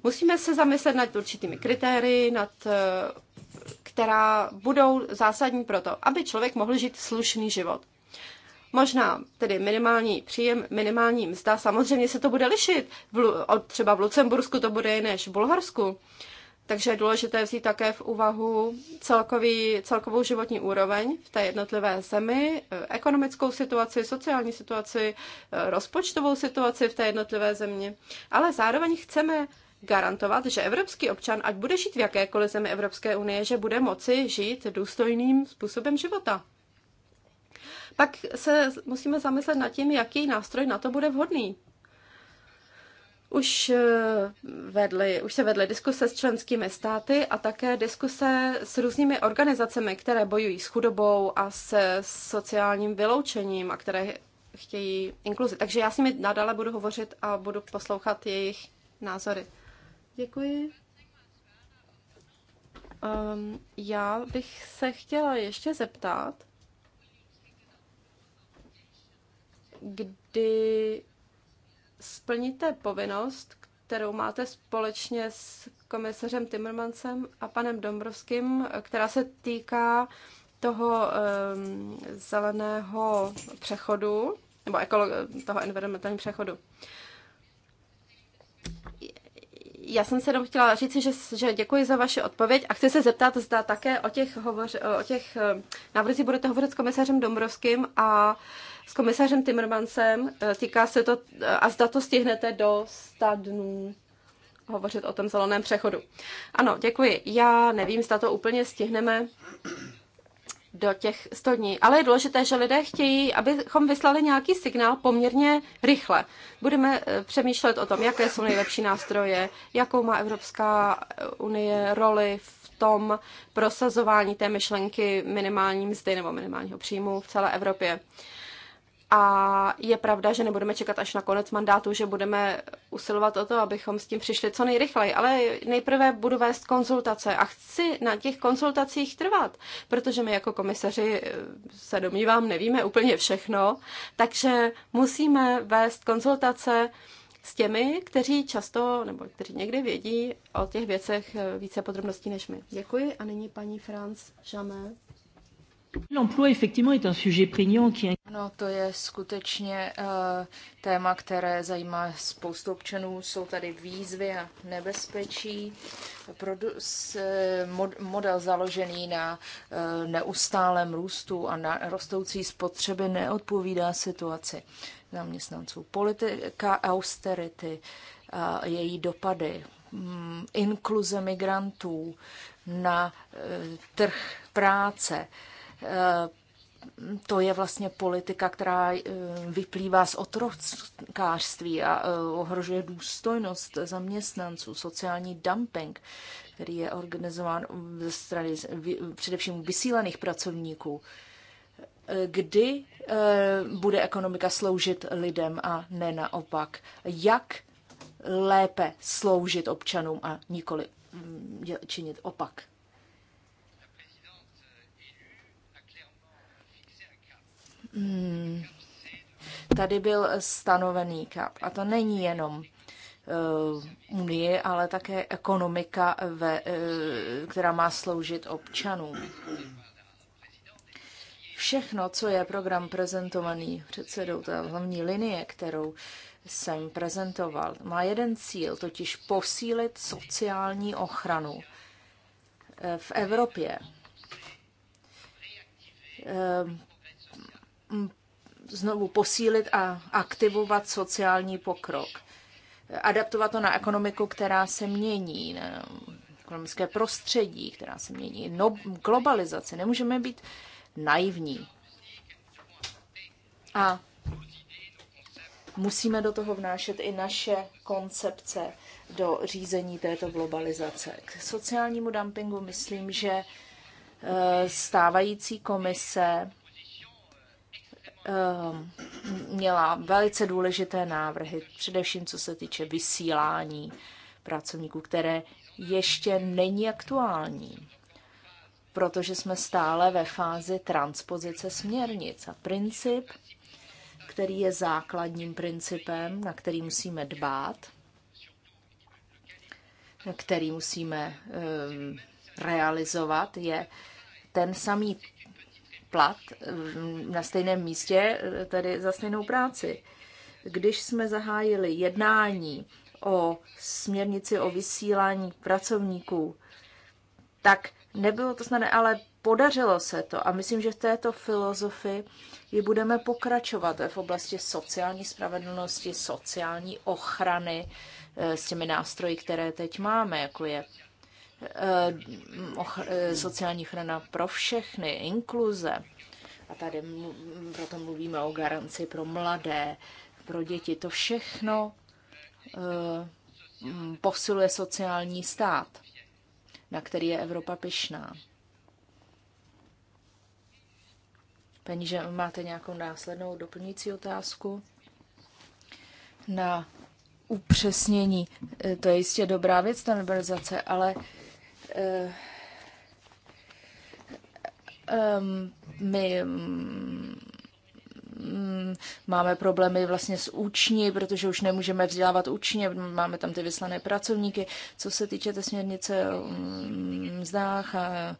Musíme se zamyslet nad určitými kritérii, nad která budou zásadní pro to, aby člověk mohl žít slušný život. Možná tedy minimální příjem, minimální mzda, samozřejmě se to bude lišit. V, od třeba v Lucembursku to bude jiné než v Bulharsku. Takže je důležité vzít také v úvahu celkový, celkovou životní úroveň v té jednotlivé zemi, eh, ekonomickou situaci, sociální situaci, eh, rozpočtovou situaci v té jednotlivé zemi. Ale zároveň chceme garantovat, že evropský občan, ať bude žít v jakékoliv zemi Evropské unie, že bude moci žít důstojným způsobem života. Pak se musíme zamyslet nad tím, jaký nástroj na to bude vhodný. Už, eh, vedli, už se vedly diskuse s členskými státy a také diskuse s různými organizacemi, které bojují s chudobou a se sociálním vyloučením a které chtějí inkluzi. Takže já s nimi nadále budu hovořit a budu poslouchat jejich názory. Děkuji. Um, já bych se chtěla ještě zeptat, kdy splníte povinnost, kterou máte společně s komisařem Timmermansem a panem Dombrovským, která se týká toho um, zeleného přechodu, nebo ekolo- toho environmentálního přechodu já jsem se jenom chtěla říct, že, že děkuji za vaši odpověď a chci se zeptat, zda také o těch, hovoř, o těch eh, návrzích budete hovořit s komisařem Dombrovským a s komisařem Timmermansem. Eh, týká se to, eh, a zda to stihnete do 100 dnů hovořit o tom zeleném přechodu. Ano, děkuji. Já nevím, zda to úplně stihneme do těch 100 dní. Ale je důležité, že lidé chtějí, abychom vyslali nějaký signál poměrně rychle. Budeme eh, přemýšlet o tom, jaké jsou nejlepší nástroje, jakou má Evropská unie roli v tom prosazování té myšlenky minimální mzdy nebo minimálního příjmu v celé Evropě. A je pravda, že nebudeme čekat až na konec mandátu, že budeme usilovat o to, abychom s tím přišli co nejrychleji. Ale nejprve budu vést konzultace a chci na těch konzultacích trvat, protože my jako komisaři eh, se domnívám, nevíme úplně všechno, takže musíme vést konzultace s těmi, kteří často nebo kteří někdy vědí o těch věcech eh, více podrobností než my. Děkuji a nyní paní Franz Jamé. Ano, to je skutečně uh, téma, které zajímá spoustu občanů. Jsou tady výzvy a nebezpečí. Produs, eh, mod, model založený na uh, neustálém růstu a na rostoucí spotřeby neodpovídá situaci zaměstnanců. Politika austerity, uh, její dopady, um, inkluze migrantů na uh, trh práce, uh, Eh, to je vlastně politika, která eh, vyplývá z otrokářství a eh, ohrožuje důstojnost zaměstnanců, sociální dumping, který je organizován ze strany především vysílených pracovníků. Kdy bude ekonomika sloužit lidem a ne naopak? Jak lépe sloužit občanům a nikoli mm, činit opak? Hmm. Tady byl stanovený kap. A to není jenom uh, Unie, ale také ekonomika, ve, uh, která má sloužit občanům. Všechno, co je program prezentovaný předsedou, ta hlavní linie, kterou jsem prezentoval, má jeden cíl, totiž posílit sociální ochranu eh, v Evropě znovu posílit a aktivovat sociální pokrok. Adaptovat to na ekonomiku, která se mění, na ekonomické prostředí, která se mění, no, globalizaci. Nemůžeme být naivní. A musíme do toho vnášet i naše koncepce do řízení této globalizace. K sociálnímu dumpingu myslím, že eh, stávající komise Ehm, měla velice důležité návrhy, především co se týče vysílání pracovníků, které ještě není aktuální, protože jsme stále ve fázi transpozice směrnic a princip, který je základním principem, na který musíme dbát, na který musíme um, realizovat, je ten samý plat mm, na stejném místě, eh, tedy za stejnou práci. Když jsme zahájili jednání o směrnici o vysílání pracovníků, tak nebylo to snadné, ale podařilo se to a myslím, že v této filozofii ji budeme pokračovat eh, v oblasti sociální spravedlnosti, sociální ochrany eh, s těmi nástroji, které teď máme, jako je Eh, eh, sociální ochrana pro všechny, inkluze. A tady proto mluvíme o garanci pro mladé, pro děti. To všechno eh, posiluje sociální stát, na který je Evropa pyšná. Peníže, máte nějakou následnou doplňující otázku? Na upřesnění. To je jistě dobrá věc, ta liberalizace, ale uh, Eh, eh, my mm, máme problémy vlastně s účni, protože už nemůžeme vzdělávat účně, máme tam ty vyslané pracovníky. Co se týče té směrnice o mm, mzdách a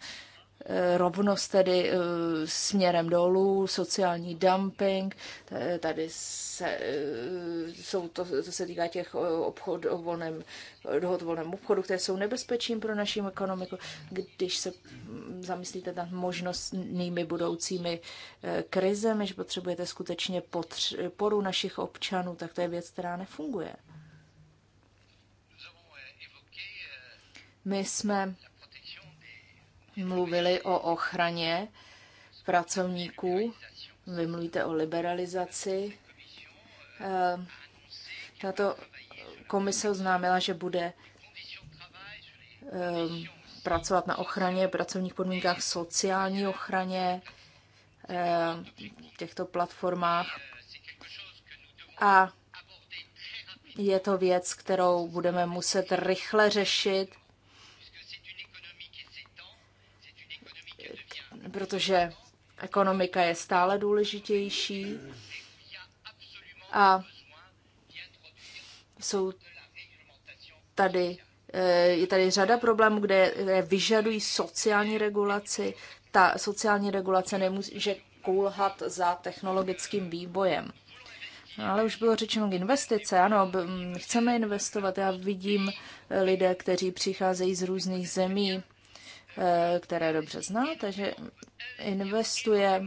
Eh, rovnost tedy eh, směrem dolů, sociální dumping, tady se, eh, jsou to, to se týká těch obchod, o volném, dohod o volném obchodu, které jsou nebezpečím pro naši ekonomiku, když se mm, zamyslíte nad možnostnými budoucími krizemi, že potřebujete skutečně podporu našich občanů, tak to je věc, která nefunguje. My jsme mluvili o ochraně pracovníků, vy mluvíte o liberalizaci. Eh, tato komise oznámila, že bude ehm, pracovat na ochraně, pracovních podmínkách, sociální ochraně v eh, těchto platformách. A je to věc, kterou budeme muset rychle řešit protože ekonomika je stále důležitější a jsou tady, eh, je tady řada problémů, kde eh, vyžadují sociální regulaci. Ta sociální regulace nemůže kulhat za technologickým výbojem. No, ale už bylo řečeno k investice, ano, chceme investovat. Já vidím eh, lidé, kteří přicházejí z různých zemí, Eh, které dobře zná, takže investuje,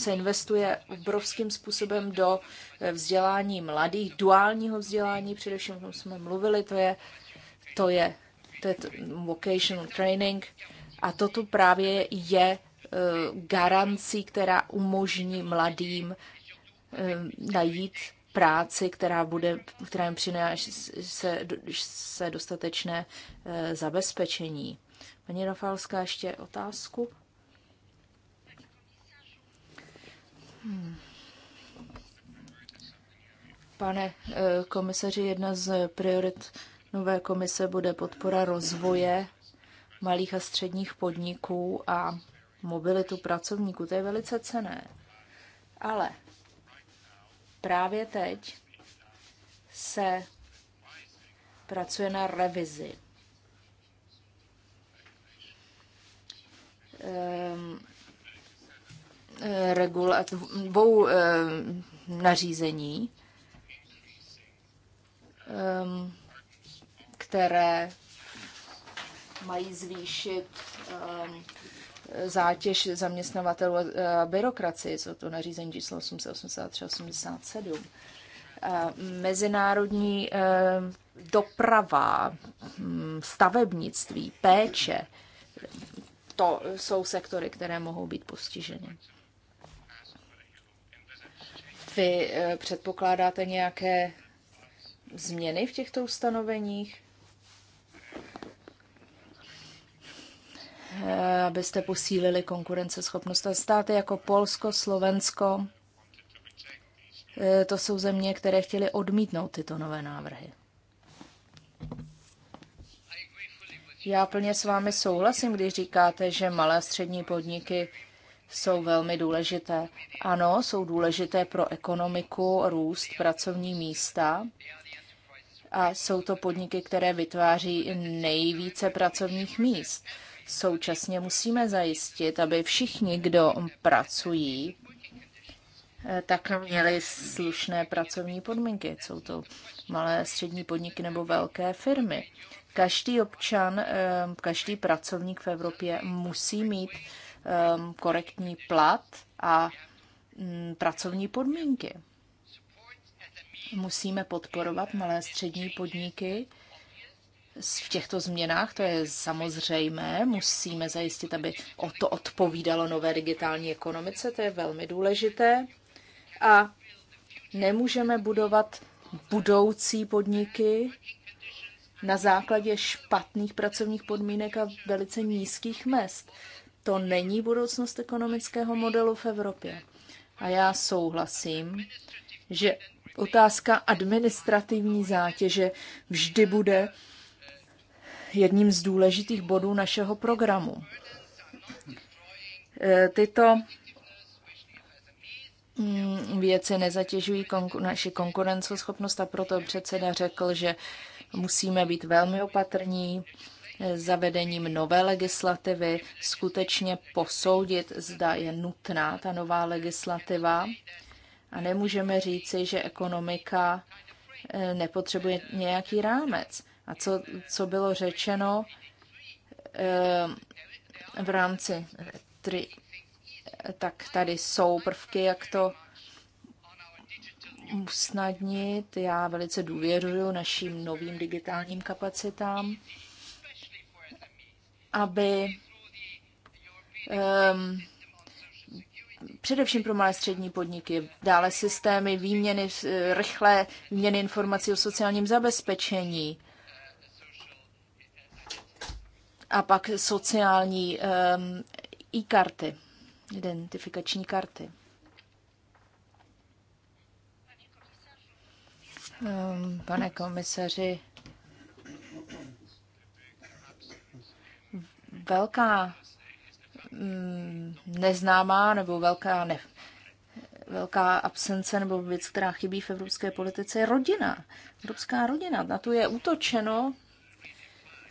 se investuje obrovským způsobem do eh, vzdělání mladých, duálního vzdělání, především o tom jsme mluvili, to je, to je, to je vocational training a toto právě je eh, garancí, která umožní mladým najít práci, která, bude, která jim přináší se, se dostatečné zabezpečení. Paní Rafalská, ještě otázku? Hmm. Pane eh, komisaři, jedna z priorit nové komise bude podpora rozvoje malých a středních podniků a mobilitu pracovníků. To je velice cené. Ale právě teď se pracuje na revizi Ehm, eh, regula, dvou ehm, nařízení, ehm, které mají zvýšit zátěž zaměstnavatelů a byrokracii, co to nařízení číslo 883 87. Mezinárodní doprava, hm, stavebnictví, péče, to jsou sektory, které mohou být postiženy. Vy eh, předpokládáte nějaké změny v těchto ustanoveních? Eh, abyste posílili konkurenceschopnost. A státy jako Polsko, Slovensko, eh, to jsou země, které chtěly odmítnout tyto nové návrhy. Já plně s vámi souhlasím, když říkáte, že malé a střední podniky jsou velmi důležité. Ano, jsou důležité pro ekonomiku, růst, pracovní místa. A jsou to podniky, které vytváří nejvíce pracovních míst. Současně musíme zajistit, aby všichni, kdo pracují, eh, tak měli slušné pracovní podmínky. Jsou to malé, střední podniky nebo velké firmy. Každý občan, každý pracovník v Evropě musí mít korektní plat a mm, pracovní podmínky. Musíme podporovat malé střední podniky v těchto změnách, to je samozřejmé. Musíme zajistit, aby o to odpovídalo nové digitální ekonomice, to je velmi důležité. A nemůžeme budovat budoucí podniky na základě špatných pracovních podmínek a velice nízkých mest. To není budoucnost ekonomického modelu v Evropě. A já souhlasím, že otázka administrativní zátěže vždy bude jedním z důležitých bodů našeho programu. E, tyto mm, věci nezatěžují konku- naši konkurenceschopnost a proto předseda řekl, že Musíme být velmi opatrní zavedením nové legislativy, skutečně posoudit, zda je nutná ta nová legislativa. A nemůžeme říci, že ekonomika eh, nepotřebuje nějaký rámec. A co, co bylo řečeno eh, v rámci, eh, tri, tak tady jsou prvky, jak to usnadnit. Já velice důvěřuji našim novým digitálním kapacitám, aby um, především pro malé střední podniky, dále systémy výměny, eh, rychlé výměny informací o sociálním zabezpečení a pak sociální um, i karty identifikační karty. Ehm, pane komisaři, velká mm, neznámá nebo velká, ne, velká absence nebo věc, která chybí v evropské politice, je rodina. Evropská rodina. Na tu je útočeno,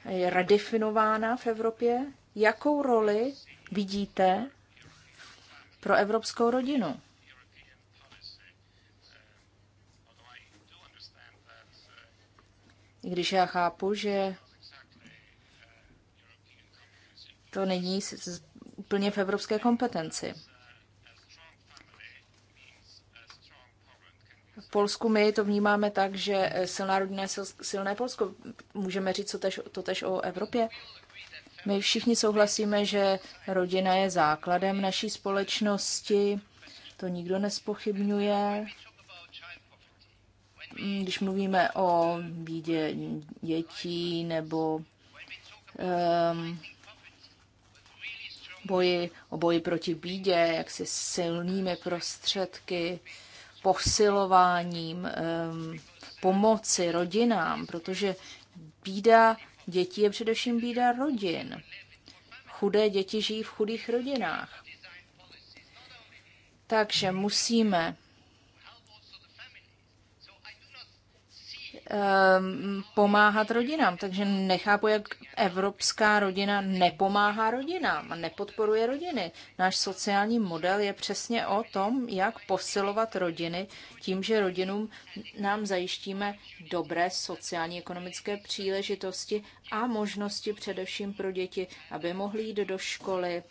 je redefinována v Evropě. Jakou roli vidíte pro evropskou rodinu? I když já chápu, že to není úplně v evropské kompetenci. V Polsku my to vnímáme tak, že silná rodina je silné Polsko. Můžeme říct to tež, to tež o Evropě. My všichni souhlasíme, že rodina je základem naší společnosti. To nikdo nespochybňuje. Mm, když mluvíme o bídě dětí nebo um, boji, o boji proti bídě, jak si silnými prostředky, posilováním, um, pomoci rodinám, protože bída dětí je především bída rodin. Chudé děti žijí v chudých rodinách. Takže musíme Ehm, pomáhat rodinám. Takže nechápu, jak evropská rodina nepomáhá rodinám a nepodporuje rodiny. Náš sociální model je přesně o tom, jak posilovat rodiny tím, že rodinům nám zajištíme dobré sociální ekonomické příležitosti a možnosti především pro děti, aby mohly jít do školy,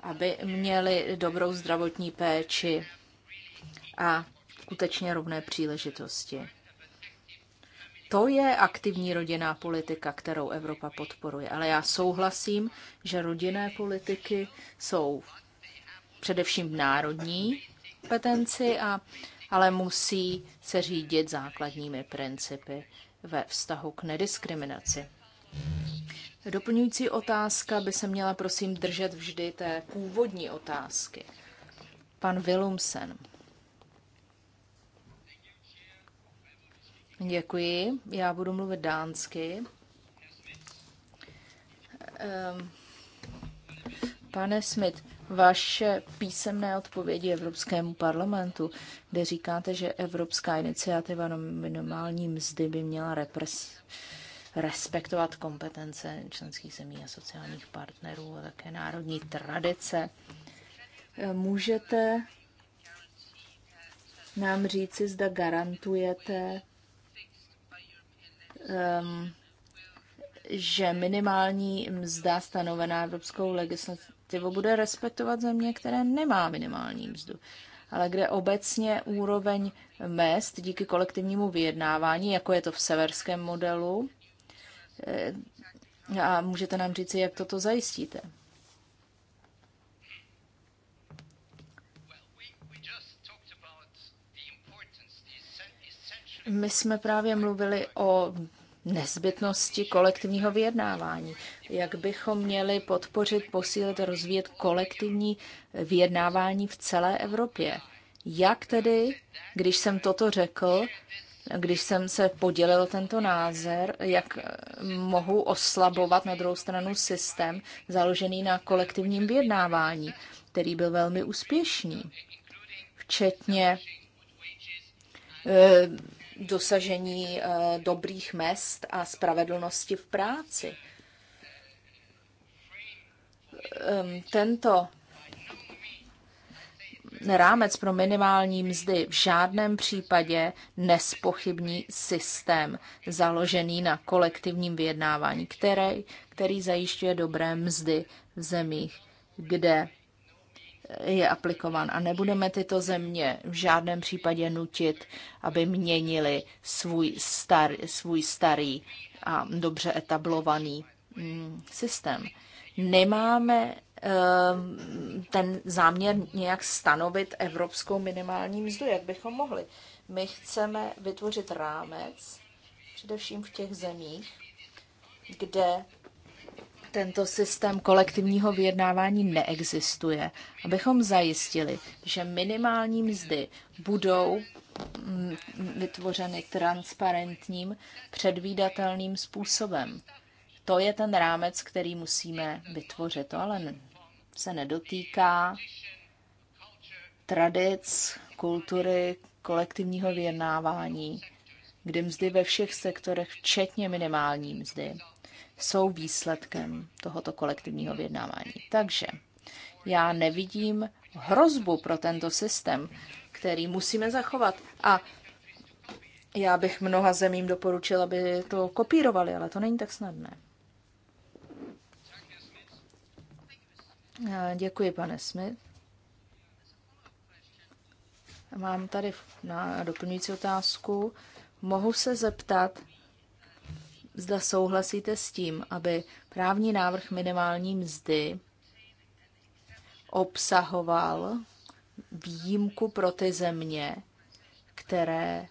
aby měli dobrou zdravotní péči a skutečně rovné příležitosti. To je aktivní rodinná politika, kterou Evropa podporuje. Ale já souhlasím, že rodinné politiky jsou především v národní kompetenci, a, ale musí se řídit základními principy ve vztahu k nediskriminaci. Doplňující otázka by se měla prosím držet vždy té původní otázky. Pan Willumsen. Děkuji. Já budu mluvit dánsky. Ehm, pane Smith, vaše písemné odpovědi Evropskému parlamentu, kde říkáte, že Evropská iniciativa no- minimální mzdy by měla repres, respektovat kompetence členských zemí a sociálních partnerů a také národní tradice. Ehm, můžete nám říci, zda garantujete um, že minimální mzda stanovená evropskou legislativou bude respektovat země, které nemá minimální mzdu. Ale kde obecně úroveň mest díky kolektivnímu vyjednávání, jako je to v severském modelu, eh, a můžete nám říci, jak toto zajistíte? My jsme právě mluvili o nezbytnosti kolektivního vyjednávání. Jak bychom měli podpořit, posílit rozvíjet kolektivní vyjednávání v celé Evropě. Jak tedy, když jsem toto řekl, když jsem se podělil tento názor, jak mohu oslabovat na druhou stranu systém založený na kolektivním vyjednávání, který byl velmi úspěšný, včetně eh, dosažení eh, dobrých mest a spravedlnosti v práci. Ehm, tento rámec pro minimální mzdy v žádném případě nespochybní systém založený na kolektivním vyjednávání, který, který zajišťuje dobré mzdy v zemích, kde je aplikován a nebudeme tyto země v žádném případě nutit, aby měnili svůj, star, svůj starý a dobře etablovaný mm, systém. Nemáme ehm, ten záměr nějak stanovit evropskou minimální mzdu, jak bychom mohli. My chceme vytvořit rámec, především v těch zemích, kde tento systém kolektivního vyjednávání neexistuje, abychom zajistili, že minimální mzdy budou mm, vytvořeny transparentním, předvídatelným způsobem. To je ten rámec, který musíme vytvořit. To ale se nedotýká tradic, kultury, kolektivního vyjednávání, kdy mzdy ve všech sektorech, včetně minimální mzdy, jsou výsledkem tohoto kolektivního vyjednávání. Takže já nevidím hrozbu pro tento systém, který musíme zachovat. A já bych mnoha zemím doporučila, aby to kopírovali, ale to není tak snadné. Eh, děkuji, pane Smith. Mám tady na doplňující otázku. Mohu se zeptat, zda souhlasíte s tím, aby právní návrh minimální mzdy obsahoval výjimku pro ty země, které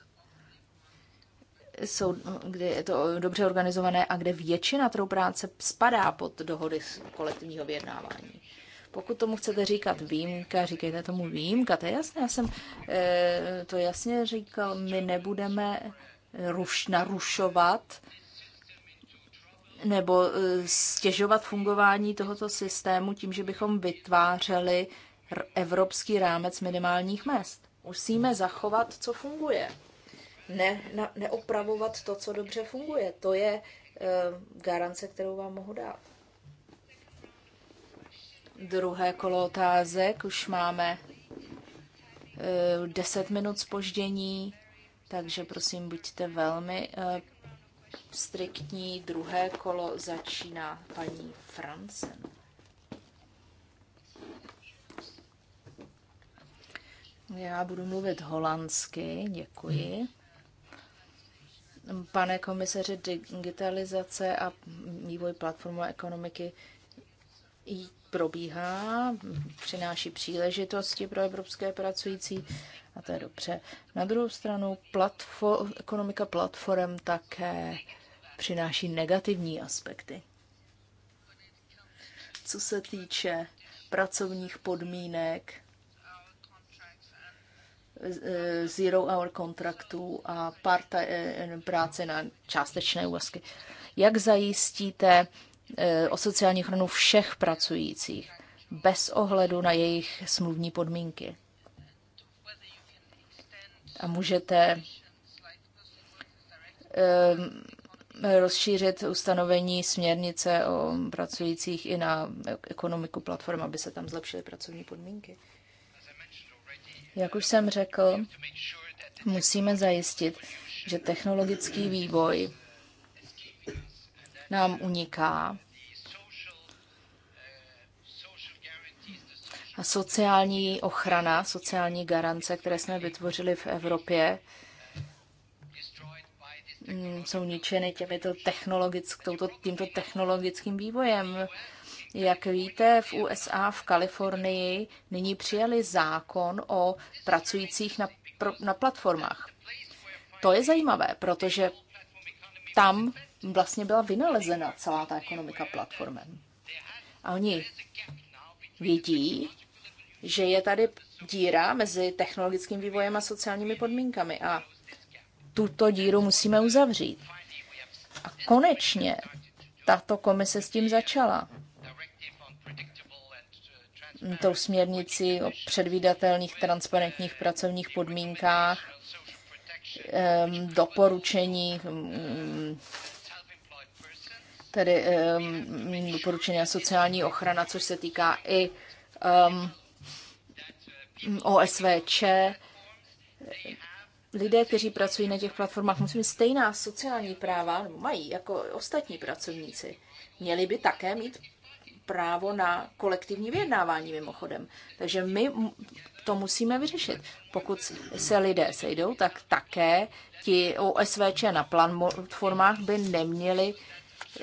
jsou, kde je to dobře organizované a kde většina trhu práce spadá pod dohody z kolektivního vyjednávání. Pokud tomu chcete říkat výjimka, říkejte tomu výjimka, to je jasné, já jsem eh, to jasně říkal, my nebudeme ruš, narušovat nebo eh, stěžovat fungování tohoto systému tím, že bychom vytvářeli evropský rámec minimálních mest. Musíme zachovat, co funguje. Ne, na, neopravovat to, co dobře funguje. To je e, garance, kterou vám mohu dát. Druhé kolo otázek. Už máme e, eh, 10 minut spoždění, takže prosím, buďte velmi e, striktní. Druhé kolo začíná paní Francen. Já budu mluvit holandsky, děkuji. Pane komisaři, digitalizace a vývoj platformové ekonomiky probíhá, přináší příležitosti pro evropské pracující, a to je dobře. Na druhou stranu platfo- ekonomika platform také přináší negativní aspekty. Co se týče pracovních podmínek, eh, zero hour kontraktů a parta, eh, práce na částečné úvazky. Jak zajistíte eh, o sociální ochranu všech pracujících bez ohledu na jejich smluvní podmínky? a můžete eh, rozšířit ustanovení směrnice o pracujících i na ekonomiku platform, aby se tam zlepšily pracovní podmínky. Jak už jsem řekl, musíme zajistit, že technologický vývoj nám uniká sociální ochrana, sociální garance, které jsme vytvořili v Evropě, mm, jsou ničeny těmito technologick, touto, tímto technologickým vývojem. Jak víte, v USA, v Kalifornii nyní přijali zákon o pracujících na, na platformách. To je zajímavé, protože tam vlastně byla vynalezena celá ta ekonomika platformem. A oni vědí, že je tady díra mezi technologickým vývojem a sociálními podmínkami a tuto díru musíme uzavřít. A konečně tato komise s tím začala. Tou směrnici o předvídatelných transparentních pracovních podmínkách, doporučení tedy um, doporučení sociální ochrana, což se týká i um, OSVČ. Lidé, kteří pracují na těch platformách, musí mít stejná sociální práva, nebo mají, jako ostatní pracovníci. Měli by také mít právo na kolektivní vyjednávání mimochodem. Takže my to musíme vyřešit. Pokud se lidé sejdou, tak také ti OSVČ na platformách by neměli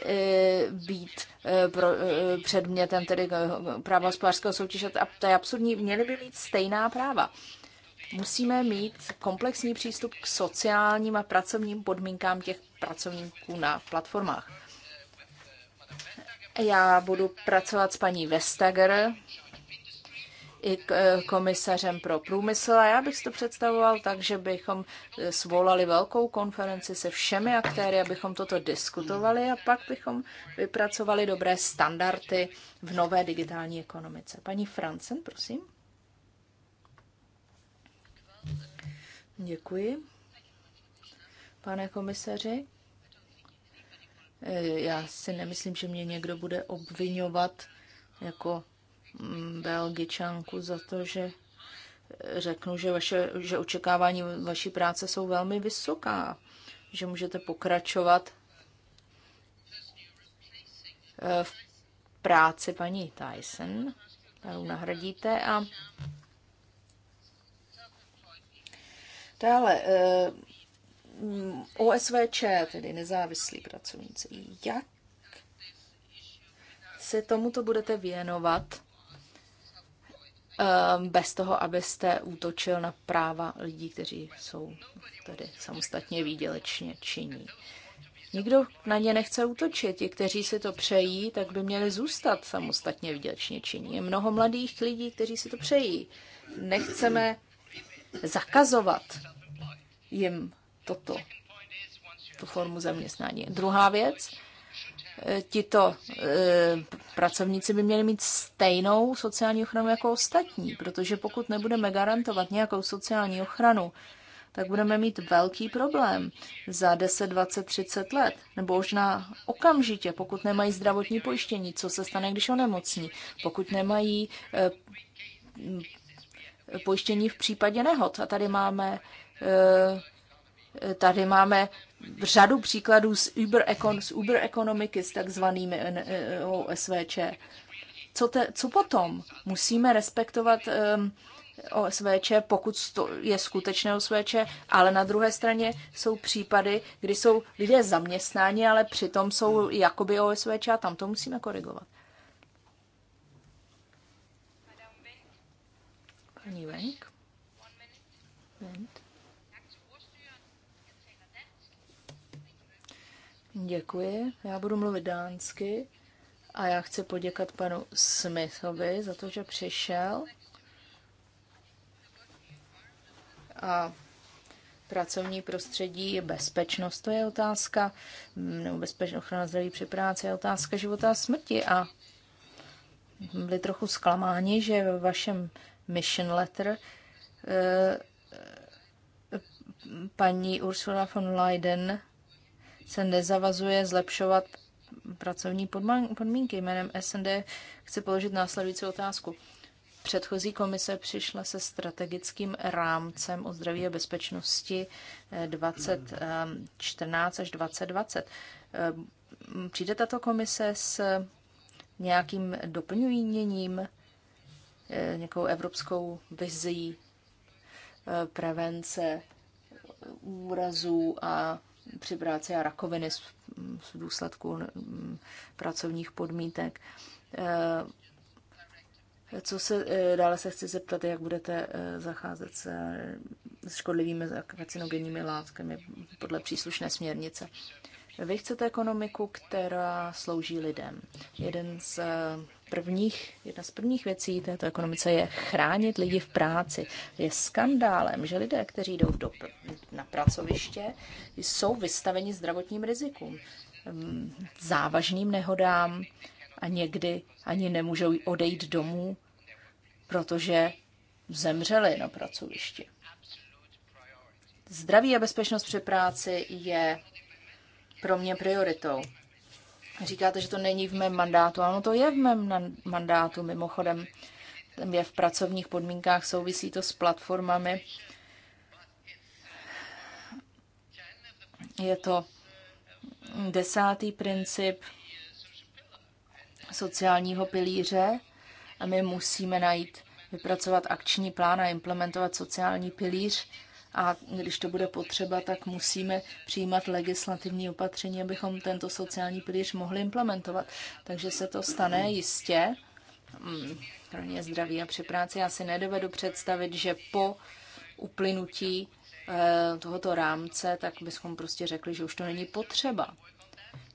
Eh, být eh, pro, eh, předmětem tedy práva hospodářského soutěže. A to je absurdní, měly by mít stejná práva. Musíme mít komplexní přístup k sociálním a pracovním podmínkám těch pracovníků na platformách. Já budu pracovat s paní Vestager, i e, komisařem pro průmysl. A já bych si to představoval tak, že bychom e, svolali velkou konferenci se všemi aktéry, abychom toto diskutovali a pak bychom vypracovali dobré standardy v nové digitální ekonomice. Paní Francen, prosím. Děkuji. Pane komisaři, e, já si nemyslím, že mě někdo bude obvinovat jako Belgičanku za to, že řeknu, že, vaše, že očekávání vaší práce jsou velmi vysoká, že můžete pokračovat eh, v práci paní Tyson, kterou nahradíte a dále eh, OSVČ, tedy nezávislí pracovníci. Jak se tomuto budete věnovat? Ehm, bez toho, abyste útočil na práva lidí, kteří jsou tady samostatně výdělečně činní. Nikdo na ně nechce útočit. Ti, kteří si to přejí, tak by měli zůstat samostatně výdělečně činní. Je mnoho mladých lidí, kteří si to přejí. Nechceme zakazovat jim toto, tu formu zaměstnání. Druhá věc, tito eh, pracovníci by měli mít stejnou sociální ochranu jako ostatní, protože pokud nebudeme garantovat nějakou sociální ochranu, tak budeme mít velký problém za 10, 20, 30 let, nebo možná okamžitě, pokud nemají zdravotní pojištění, co se stane, když onemocní, pokud nemají eh, pojištění v případě nehod. A tady máme eh, tady máme řadu příkladů z Uber, ekon, z Uber ekonomiky s takzvanými e- e- OSVČ. Co, te, co potom? Musíme respektovat um, OSVČ, pokud to je skutečné OSVČ, ale na druhé straně jsou případy, kdy jsou lidé zaměstnáni, ale přitom jsou jakoby OSVČ a tam to musíme korigovat. Paní Venk. Děkuji. Já budu mluvit dánsky a já chci poděkat panu Smithovi za to, že přišel a pracovní prostředí, bezpečnost, to je otázka, nebo bezpečnost ochrana zdraví při práci je otázka života a smrti a byli trochu zklamáni, že ve vašem mission letter eh, paní Ursula von Leyen se nezavazuje zlepšovat pracovní podmínky. Jménem SND chci položit následující otázku. Předchozí komise přišla se strategickým rámcem o zdraví a bezpečnosti 2014 eh, eh, až 2020. Eh, přijde tato komise s nějakým doplňujíněním, nějakou evropskou vizí prevence úrazů a při práci a rakoviny z, z důsledku pracovních podmítek. Eh, co se eh, dále se chci zeptat, jak budete eh, zacházet se s škodlivými karcinogenními látkami podle příslušné směrnice. Vy chcete ekonomiku, která slouží lidem. Jeden z prvních, jedna z prvních věcí této ekonomice je chránit lidi v práci. Je skandálem, že lidé, kteří jdou do, na pracoviště, jsou vystaveni zdravotním rizikům, mm, závažným nehodám a někdy ani nemůžou odejít domů, protože zemřeli na pracovišti. Zdraví a bezpečnost při práci je pro mě prioritou. Říkáte, že to není v mém mandátu. Ano, to je v mém mandátu, mimochodem. Je v pracovních podmínkách, souvisí to s platformami. Je to desátý princip sociálního pilíře a my musíme najít, vypracovat akční plán a implementovat sociální pilíř a když to bude potřeba, tak musíme přijímat legislativní opatření, abychom tento sociální pilíř mohli implementovat. Takže se to stane jistě. Kromě mm, zdraví a při práci já si nedovedu představit, že po uplynutí eh, tohoto rámce, tak bychom prostě řekli, že už to není potřeba.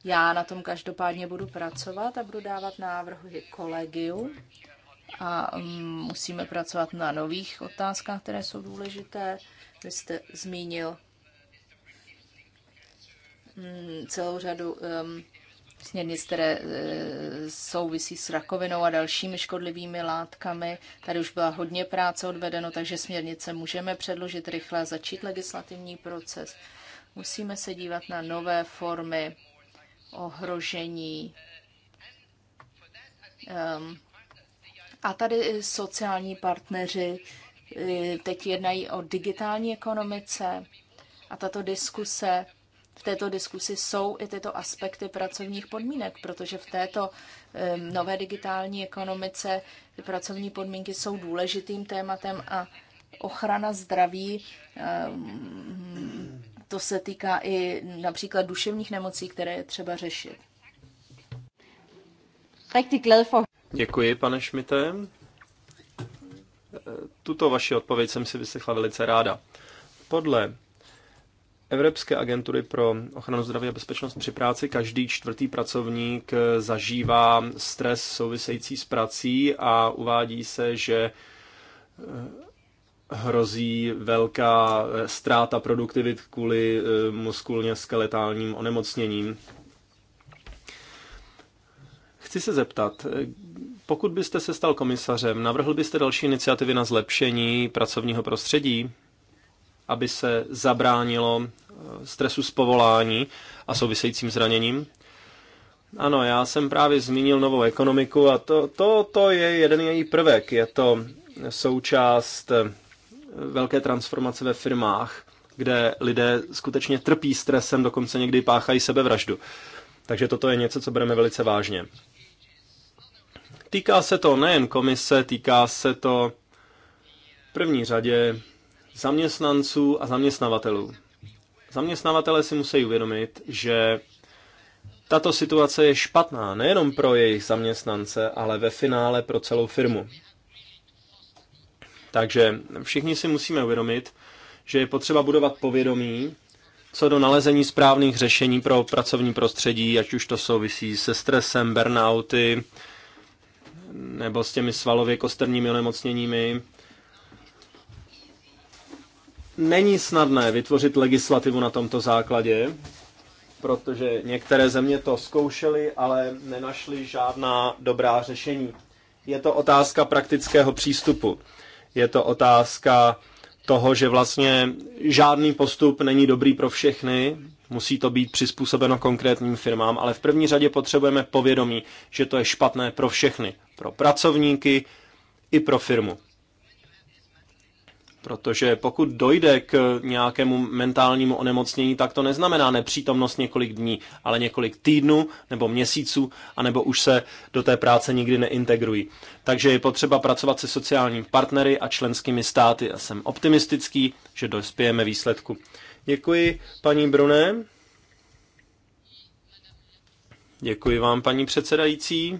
Já na tom každopádně budu pracovat a budu dávat návrhy kolegiu a mm, musíme pracovat na nových otázkách, které jsou důležité. Vy jste zmínil mm, celou řadu mm, směrnic, které e, souvisí s rakovinou a dalšími škodlivými látkami. Tady už byla hodně práce odvedeno, takže směrnice můžeme předložit rychle, začít legislativní proces. Musíme se dívat na nové formy ohrožení um, a tady sociální partneři teď jednají o digitální ekonomice a tato diskuse, v této diskusi jsou i tyto aspekty pracovních podmínek, protože v této nové digitální ekonomice pracovní podmínky jsou důležitým tématem a ochrana zdraví, to se týká i například duševních nemocí, které je třeba řešit. Rigtig glad for Děkuji, pane Šmite. Tuto vaši odpověď jsem si vyslechla velice ráda. Podle Evropské agentury pro ochranu zdraví a bezpečnost při práci každý čtvrtý pracovník zažívá stres související s prací a uvádí se, že hrozí velká ztráta produktivit kvůli eh, muskulně skeletálním onemocněním. Chci se zeptat, pokud byste se stal komisařem, navrhl byste další iniciativy na zlepšení pracovního prostředí, aby se zabránilo eh, stresu z povolání a souvisejícím zraněním? Ano, já jsem právě zmínil novou ekonomiku a to, to, to je jeden její prvek. Je to součást eh, velké transformace ve firmách, kde lidé skutečně trpí stresem, dokonce někdy páchají sebevraždu. Takže toto je něco, co bereme velice vážně. Týká se to nejen komise, týká se to v první řadě zaměstnanců a zaměstnavatelů. Zaměstnavatele si musí uvědomit, že tato situace je špatná nejenom pro jejich zaměstnance, ale ve finále pro celou firmu. Takže všichni si musíme uvědomit, že je potřeba budovat povědomí co do nalezení správných řešení pro pracovní prostředí, ať už to souvisí se stresem, burnouty, nebo s těmi svalově kosterními onemocněními. Není snadné vytvořit legislativu na tomto základě, protože některé země to zkoušely, ale nenašly žádná dobrá řešení. Je to otázka praktického přístupu. Je to otázka toho, že vlastně žádný postup není dobrý pro všechny, musí to být přizpůsobeno konkrétním firmám, ale v první řadě potřebujeme povědomí, že to je špatné pro všechny, pro pracovníky i pro firmu. Protože pokud dojde k nějakému mentálnímu onemocnění, tak to neznamená nepřítomnost několik dní, ale několik týdnů nebo měsíců, anebo už se do té práce nikdy neintegrují. Takže je potřeba pracovat se sociálními partnery a členskými státy a jsem optimistický, že dospějeme výsledku. Děkuji, paní Bruné. Děkuji vám, paní předsedající.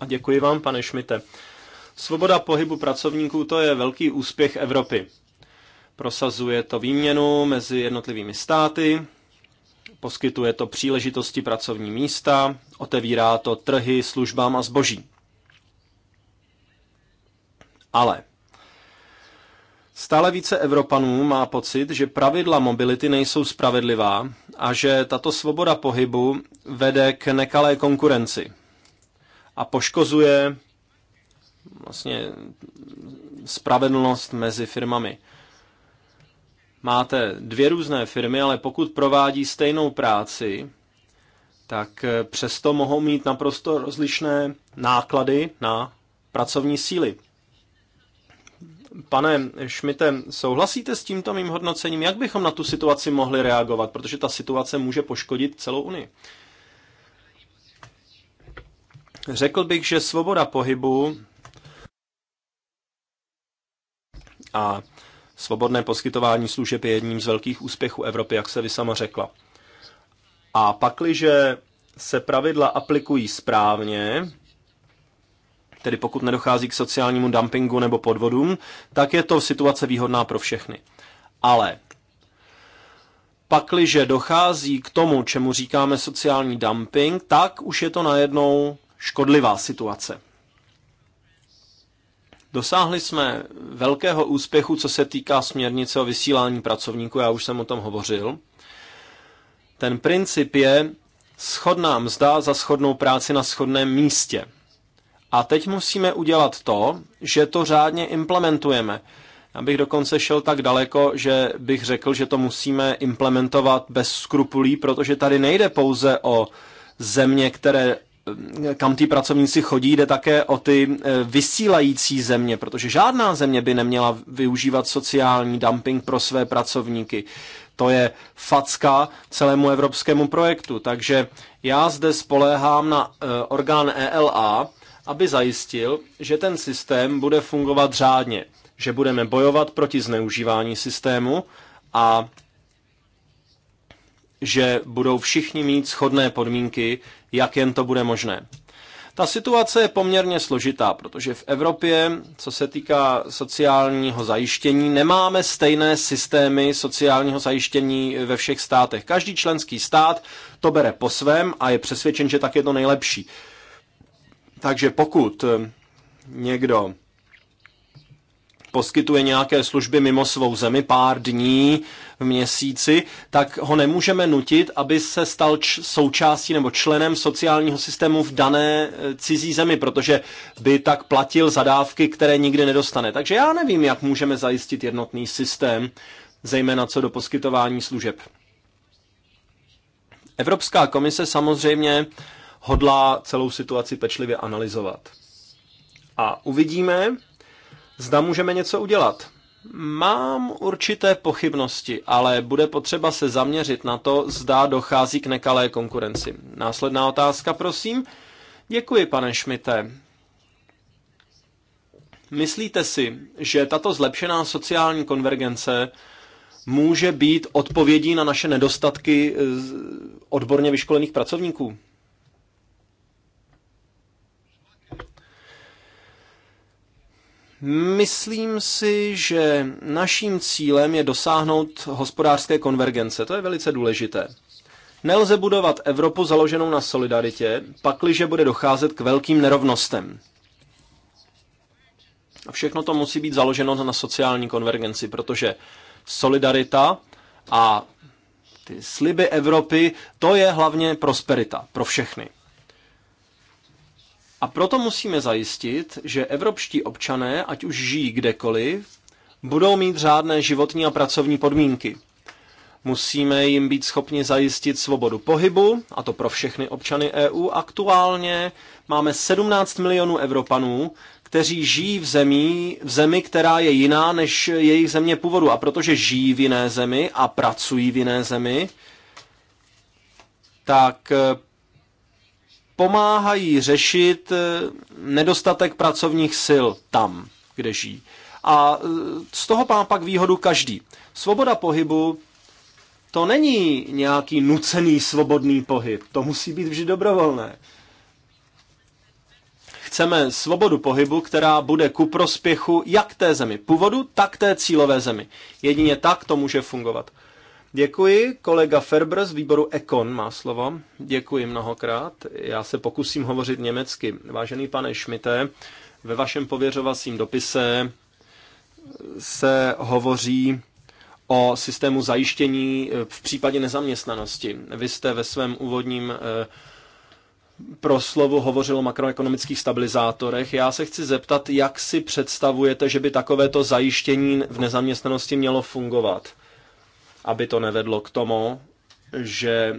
A děkuji vám, pane Šmite. Svoboda pohybu pracovníků to je velký úspěch Evropy. Prosazuje to výměnu mezi jednotlivými státy, poskytuje to příležitosti pracovní místa, otevírá to trhy službám a zboží. Ale Stále více Evropanů má pocit, že pravidla mobility nejsou spravedlivá a že tato svoboda pohybu vede k nekalé konkurenci a poškozuje vlastně spravedlnost mezi firmami. Máte dvě různé firmy, ale pokud provádí stejnou práci, tak přesto mohou mít naprosto rozlišné náklady na pracovní síly. Pane Šmite, souhlasíte s tímto mým hodnocením? Jak bychom na tu situaci mohli reagovat? Protože ta situace může poškodit celou Unii. Řekl bych, že svoboda pohybu a svobodné poskytování služeb je jedním z velkých úspěchů Evropy, jak se vy sama řekla. A pakliže se pravidla aplikují správně, tedy pokud nedochází k sociálnímu dumpingu nebo podvodům, tak je to situace výhodná pro všechny. Ale pakliže dochází k tomu, čemu říkáme sociální dumping, tak už je to najednou škodlivá situace. Dosáhli jsme velkého úspěchu, co se týká směrnice o vysílání pracovníků, já už jsem o tom hovořil. Ten princip je schodná mzda za schodnou práci na schodném místě. A teď musíme udělat to, že to řádně implementujeme. Já bych dokonce šel tak daleko, že bych řekl, že to musíme implementovat bez skrupulí, protože tady nejde pouze o země, které kam ty pracovníci chodí, jde také o ty eh, vysílající země, protože žádná země by neměla využívat sociální dumping pro své pracovníky. To je facka celému evropskému projektu. Takže já zde spoléhám na eh, orgán ELA, aby zajistil, že ten systém bude fungovat řádně, že budeme bojovat proti zneužívání systému a že budou všichni mít shodné podmínky, jak jen to bude možné. Ta situace je poměrně složitá, protože v Evropě, co se týká sociálního zajištění, nemáme stejné systémy sociálního zajištění ve všech státech. Každý členský stát to bere po svém a je přesvědčen, že tak je to nejlepší. Takže pokud někdo poskytuje nějaké služby mimo svou zemi pár dní v měsíci, tak ho nemůžeme nutit, aby se stal součástí nebo členem sociálního systému v dané eh, cizí zemi, protože by tak platil zadávky, které nikdy nedostane. Takže já nevím, jak můžeme zajistit jednotný systém, zejména co do poskytování služeb. Evropská komise samozřejmě hodlá celou situaci pečlivě analyzovat. A uvidíme, zda můžeme něco udělat. Mám určité pochybnosti, ale bude potřeba se zaměřit na to, zda dochází k nekalé konkurenci. Následná otázka, prosím. Děkuji, pane Šmite. Myslíte si, že tato zlepšená sociální konvergence může být odpovědí na naše nedostatky odborně vyškolených pracovníků? Myslím si, že naším cílem je dosáhnout hospodářské konvergence. To je velice důležité. Nelze budovat Evropu založenou na solidaritě, pakliže bude docházet k velkým nerovnostem. A všechno to musí být založeno na sociální konvergenci, protože solidarita a ty sliby Evropy, to je hlavně prosperita pro všechny. A proto musíme zajistit, že evropští občané, ať už žijí kdekoliv, budou mít řádné životní a pracovní podmínky. Musíme jim být schopni zajistit svobodu pohybu, a to pro všechny občany EU. Aktuálně máme 17 milionů Evropanů, kteří žijí v zemi, v zemi, která je jiná než jejich země původu. A protože žijí v jiné zemi a pracují v jiné zemi, tak eh, pomáhají řešit eh, nedostatek pracovních sil tam, kde žijí. A eh, z toho má pak výhodu každý. Svoboda pohybu to není nějaký nucený svobodný pohyb. To musí být vždy dobrovolné. Chceme svobodu pohybu, která bude ku prospěchu jak té zemi původu, tak té cílové zemi. Jedině tak to může fungovat. Děkuji. Kolega Ferber z výboru Ekon má slovo. Děkuji mnohokrát. Já se pokusím hovořit německy. Vážený pane Šmite, ve vašem pověřovacím dopise se hovoří o systému zajištění eh, v případě nezaměstnanosti. Vy jste ve svém úvodním eh, proslovu hovořil o makroekonomických stabilizátorech. Já se chci zeptat, jak si představujete, že by takovéto zajištění v nezaměstnanosti mělo fungovat? aby to nevedlo k tomu, že e,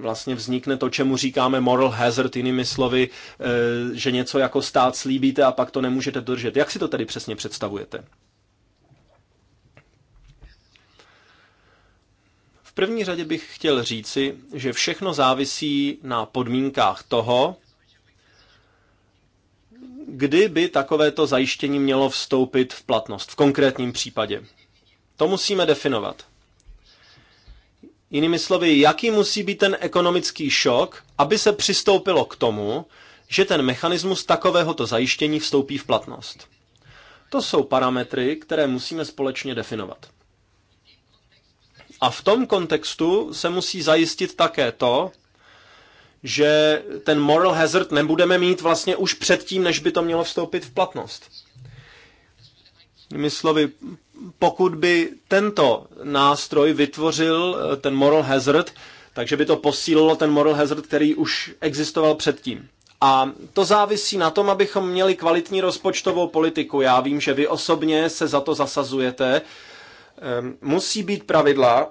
vlastně vznikne to, čemu říkáme moral hazard, jinými slovy, e, že něco jako stát slíbíte a pak to nemůžete držet. Jak si to tedy přesně představujete? V první řadě bych chtěl říci, že všechno závisí na podmínkách toho, kdy by takovéto zajištění mělo vstoupit v platnost v konkrétním případě. To musíme definovat. Jinými slovy, jaký musí být ten ekonomický šok, aby se přistoupilo k tomu, že ten mechanismus takovéhoto zajištění vstoupí v platnost. To jsou parametry, které musíme společně definovat. A v tom kontextu se musí zajistit také to, že ten moral hazard nebudeme mít vlastně už předtím, než by to mělo vstoupit v platnost. Jinými slovy, pokud by tento nástroj vytvořil eh, ten moral hazard, takže by to posílilo ten moral hazard, který už existoval předtím. A to závisí na tom, abychom měli kvalitní rozpočtovou politiku. Já vím, že vy osobně se za to zasazujete. Ehm, musí být pravidla,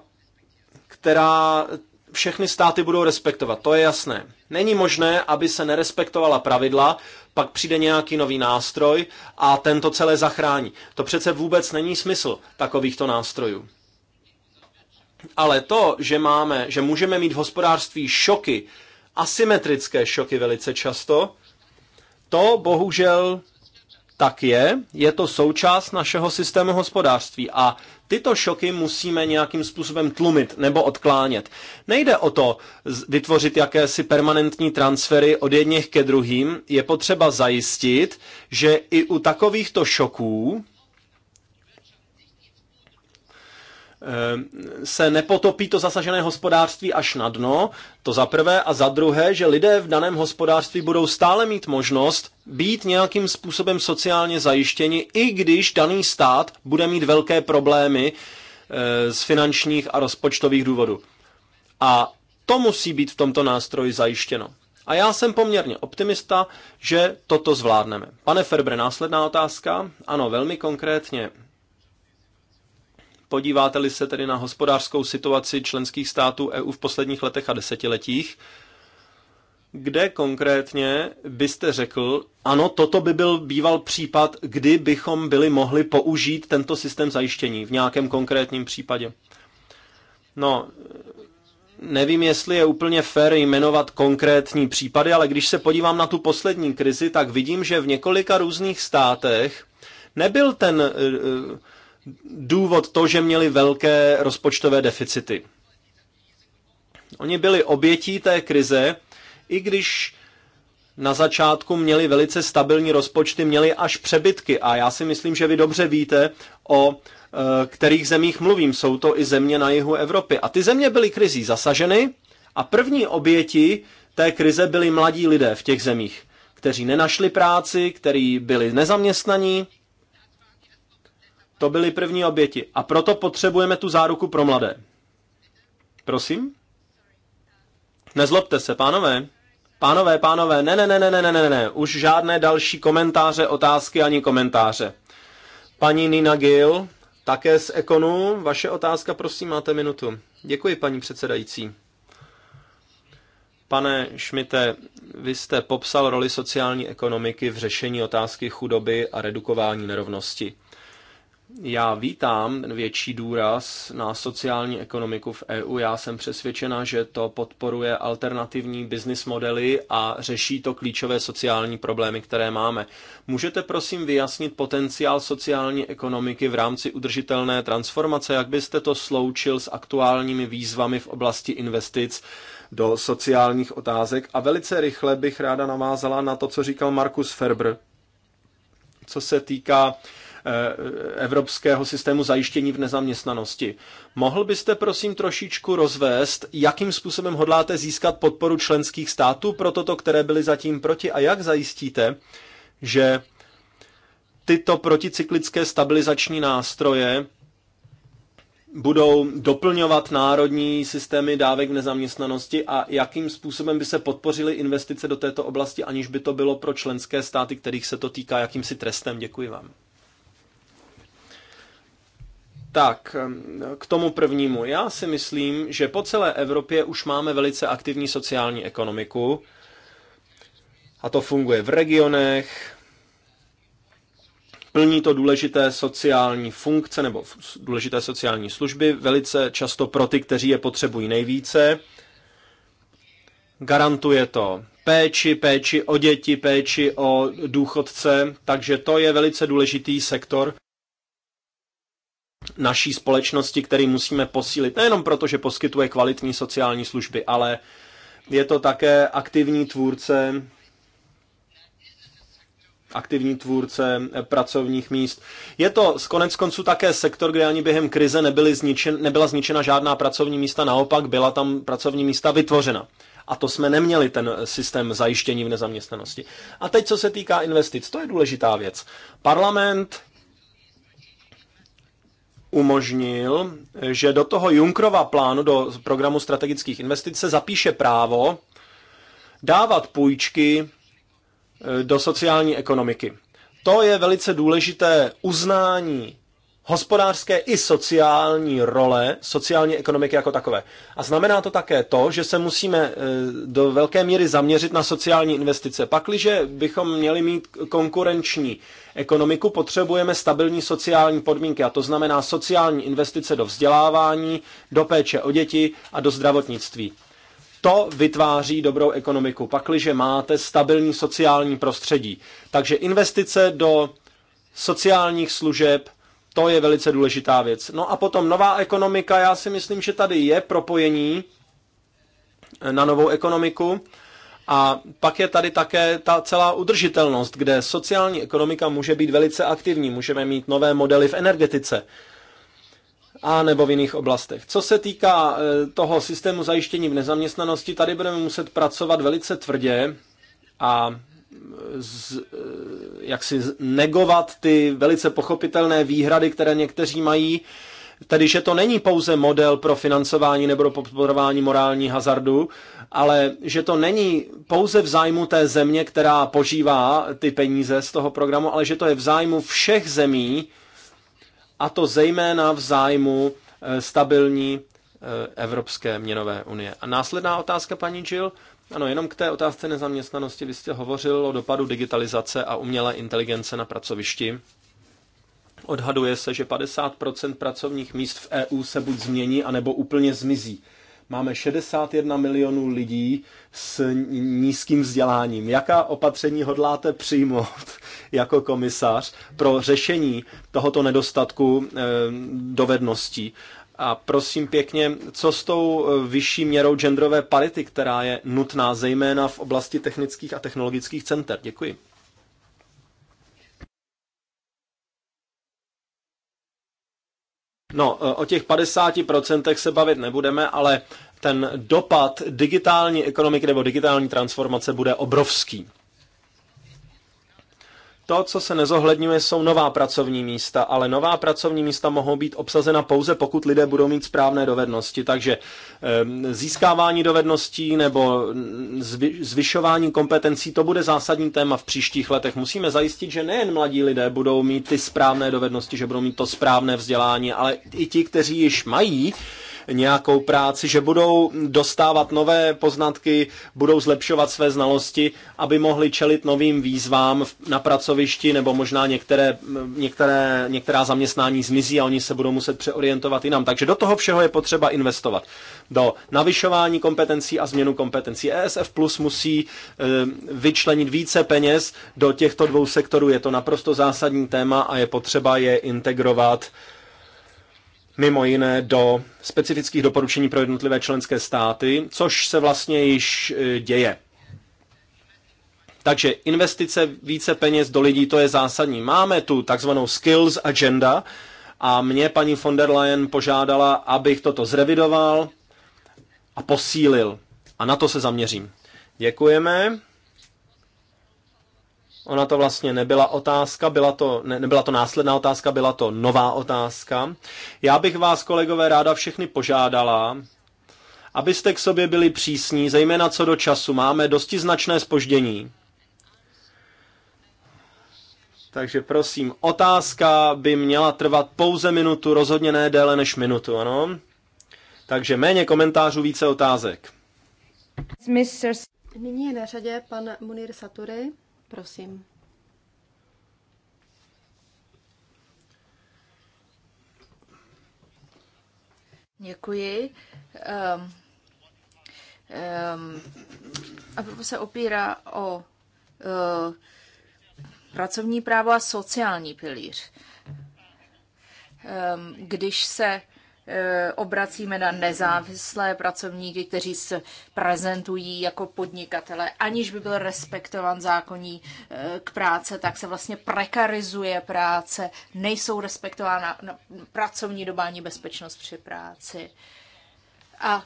která všechny státy budou respektovat, to je jasné. Není možné, aby se nerespektovala pravidla, pak přijde nějaký nový nástroj a tento celé zachrání. To přece vůbec není smysl takovýchto nástrojů. Ale to, že máme, že můžeme mít v hospodářství šoky, asymetrické šoky velice často, to bohužel tak je, je to součást našeho systému hospodářství a Tyto šoky musíme nějakým způsobem tlumit nebo odklánět. Nejde o to vytvořit jakési permanentní transfery od jedněch ke druhým. Je potřeba zajistit, že i u takovýchto šoků Eh, se nepotopí to zasažené hospodářství až na dno, to za prvé, a za druhé, že lidé v daném hospodářství budou stále mít možnost být nějakým způsobem sociálně zajištěni, i když daný stát bude mít velké problémy eh, z finančních a rozpočtových důvodů. A to musí být v tomto nástroji zajištěno. A já jsem poměrně optimista, že toto zvládneme. Pane Ferbre, následná otázka. Ano, velmi konkrétně. Podíváte-li se tedy na hospodářskou situaci členských států EU v posledních letech a desetiletích, kde konkrétně byste řekl, ano, toto by byl býval případ, kdy bychom byli mohli použít tento systém zajištění v nějakém konkrétním případě? No, nevím, jestli je úplně fér jmenovat konkrétní případy, ale když se podívám na tu poslední krizi, tak vidím, že v několika různých státech nebyl ten eh, eh, důvod to, že měli velké rozpočtové deficity. Oni byli obětí té krize, i když na začátku měli velice stabilní rozpočty, měli až přebytky. A já si myslím, že vy dobře víte, o e, kterých zemích mluvím. Jsou to i země na jihu Evropy. A ty země byly krizí zasaženy a první oběti té krize byli mladí lidé v těch zemích, kteří nenašli práci, kteří byli nezaměstnaní to byly první oběti. A proto potřebujeme tu záruku pro mladé. Prosím? Nezlobte se, pánové. Pánové, pánové, ne, ne, ne, ne, ne, ne, ne, ne, už žádné další komentáře, otázky ani komentáře. Paní Nina Gill, také z Ekonu, vaše otázka, prosím, máte minutu. Děkuji, paní předsedající. Pane Šmite, vy jste popsal roli sociální ekonomiky v řešení otázky chudoby a redukování nerovnosti. Já vítám větší důraz na sociální ekonomiku v EU. Já jsem přesvědčena, že to podporuje alternativní business modely a řeší to klíčové sociální problémy, které máme. Můžete prosím vyjasnit potenciál sociální ekonomiky v rámci udržitelné transformace? Jak byste to sloučil s aktuálními výzvami v oblasti investic do sociálních otázek? A velice rychle bych ráda navázala na to, co říkal Markus Ferber, co se týká Eh, evropského systému zajištění v nezaměstnanosti. Mohl byste prosím trošičku rozvést, jakým způsobem hodláte získat podporu členských států pro toto, které byly zatím proti a jak zajistíte, že tyto proticyklické stabilizační nástroje budou doplňovat národní systémy dávek v nezaměstnanosti a jakým způsobem by se podpořily investice do této oblasti, aniž by to bylo pro členské státy, kterých se to týká, jakýmsi trestem. Děkuji vám. Tak, k tomu prvnímu. Já si myslím, že po celé Evropě už máme velice aktivní sociální ekonomiku. A to funguje v regionech, plní to důležité sociální funkce nebo důležité sociální služby, velice často pro ty, kteří je potřebují nejvíce. Garantuje to péči, péči o děti, péči o důchodce, takže to je velice důležitý sektor naší společnosti, který musíme posílit. Nejenom proto, že poskytuje kvalitní sociální služby, ale je to také aktivní tvůrce aktivní tvůrce eh, pracovních míst. Je to z konec konců také sektor, kde ani během krize nebyly zničen, nebyla zničena žádná pracovní místa, naopak byla tam pracovní místa vytvořena. A to jsme neměli, ten eh, systém zajištění v nezaměstnanosti. A teď, co se týká investic, to je důležitá věc. Parlament umožnil, že do toho Junkrova plánu, do programu strategických investic se zapíše právo dávat půjčky e, do sociální ekonomiky. To je velice důležité uznání hospodářské i sociální role sociální ekonomiky jako takové. A znamená to také to, že se musíme eh, do velké míry zaměřit na sociální investice. Pakliže bychom měli mít konkurenční ekonomiku, potřebujeme stabilní sociální podmínky, a to znamená sociální investice do vzdělávání, do péče o děti a do zdravotnictví. To vytváří dobrou ekonomiku, pakliže máte stabilní sociální prostředí. Takže investice do sociálních služeb, to je velice důležitá věc. No a potom nová ekonomika, já si myslím, že tady je propojení eh, na novou ekonomiku. A pak je tady také ta celá udržitelnost, kde sociální ekonomika může být velice aktivní. Můžeme mít nové modely v energetice a nebo v jiných oblastech. Co se týká eh, toho systému zajištění v nezaměstnanosti, tady budeme muset pracovat velice tvrdě a z, jak si negovat ty velice pochopitelné výhrady, které někteří mají, tedy že to není pouze model pro financování nebo pro podporování morální hazardu, ale že to není pouze v zájmu té země, která požívá ty peníze z toho programu, ale že to je v zájmu všech zemí, a to zejména v zájmu eh, stabilní eh, Evropské měnové unie. A následná otázka, paní Jill. Ano, jenom k té otázce nezaměstnanosti. Vy jste hovořil o dopadu digitalizace a umělé inteligence na pracovišti. Odhaduje se, že 50% pracovních míst v EU se buď změní, anebo úplně zmizí. Máme 61 milionů lidí s nízkým vzděláním. Jaká opatření hodláte přijmout jako komisař pro řešení tohoto nedostatku eh, dovedností? A prosím pěkně, co s tou e, vyšší měrou genderové parity, která je nutná zejména v oblasti technických a technologických center? Děkuji. No, e, o těch 50% se bavit nebudeme, ale ten dopad digitální ekonomiky nebo digitální transformace bude obrovský. To, co se nezohledňuje, jsou nová pracovní místa, ale nová pracovní místa mohou být obsazena pouze, pokud lidé budou mít správné dovednosti. Takže ehm, získávání dovedností nebo mm, zvyšování kompetencí, to bude zásadní téma v příštích letech. Musíme zajistit, že nejen mladí lidé budou mít ty správné dovednosti, že budou mít to správné vzdělání, ale i ti, kteří již mají nějakou práci, že budou dostávat nové poznatky, budou zlepšovat své znalosti, aby mohli čelit novým výzvám na pracovišti nebo možná některé, některé, některá zaměstnání zmizí a oni se budou muset přeorientovat jinam. Takže do toho všeho je potřeba investovat. Do navyšování kompetencí a změnu kompetencí. ESF Plus musí e, vyčlenit více peněz do těchto dvou sektorů. Je to naprosto zásadní téma a je potřeba je integrovat mimo jiné do specifických doporučení pro jednotlivé členské státy, což se vlastně již e, děje. Takže investice více peněz do lidí, to je zásadní. Máme tu takzvanou skills agenda a mě paní von der Leyen požádala, abych toto zrevidoval a posílil. A na to se zaměřím. Děkujeme. Ona to vlastně nebyla otázka, byla to, ne, nebyla to následná otázka, byla to nová otázka. Já bych vás, kolegové, ráda všechny požádala, abyste k sobě byli přísní, zejména co do času. Máme dosti značné spoždění. Takže prosím, otázka by měla trvat pouze minutu, rozhodně ne déle než minutu, ano? Takže méně komentářů, více otázek. Nyní je na řadě pan Munir Satury. Prosím. Děkuji. Um, um, ehm, Evropa ehm, se opírá o uh, pracovní právo a sociální pilíř. Um, když se Eh, obracíme na nezávislé pracovníky, kteří se prezentují jako podnikatele, aniž by byl respektovan zákonní eh, k práce, tak se vlastně prekarizuje práce, nejsou respektována no, pracovní doba ani bezpečnost při práci. A